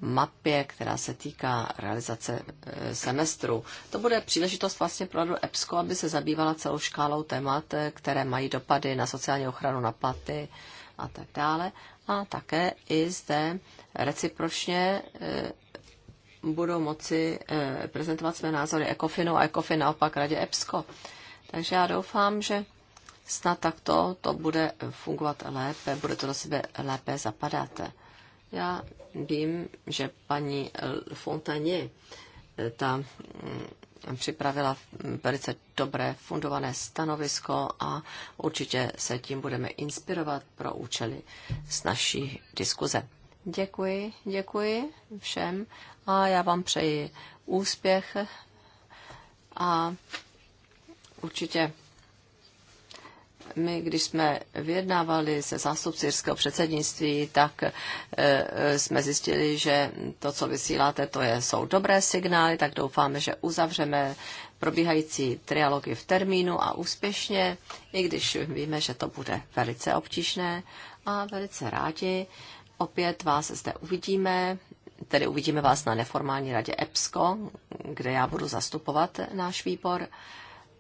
mapě, která se týká realizace e, semestru. To bude příležitost vlastně pro Radu EPSCO, aby se zabývala celou škálou témat, e, které mají dopady na sociální ochranu, na platy a tak dále. A také i zde recipročně e, budou moci prezentovat své názory ECOFINu a ECOFIN naopak Radě EPSCO. Takže já doufám, že snad takto to bude fungovat lépe, bude to do sebe lépe zapadat. Já vím, že paní Fontaine eh, ta mm, připravila velice dobré fundované stanovisko a určitě se tím budeme inspirovat pro účely z naší diskuze. Děkuji, děkuji všem a já vám přeji úspěch a určitě my, když jsme vyjednávali se zástupci jirského předsednictví, tak e, jsme zjistili, že to, co vysíláte, to je, jsou dobré signály, tak doufáme, že uzavřeme probíhající trialogy v termínu a úspěšně, i když víme, že to bude velice obtížné a velice rádi. Opět vás zde uvidíme, tedy uvidíme vás na neformální radě EPSCO, kde já budu zastupovat náš výbor.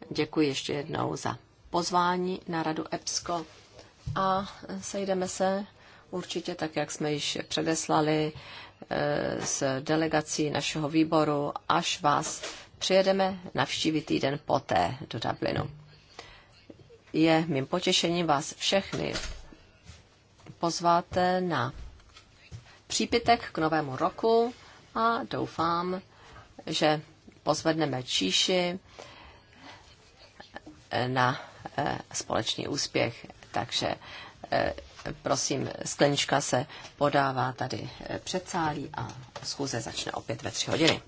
Děkuji ještě jednou za pozvání na radu EPSCO a sejdeme se určitě tak, jak jsme již předeslali eh, s delegací našeho výboru, až vás přijedeme navštívit týden poté do Dublinu. Je mým potěšením vás všechny pozvat na přípitek k novému roku a doufám, že pozvedneme číši na Eh, společný úspěch. Takže eh, prosím, sklenička se podává tady eh, před sálí a schůze začne opět ve tři hodiny.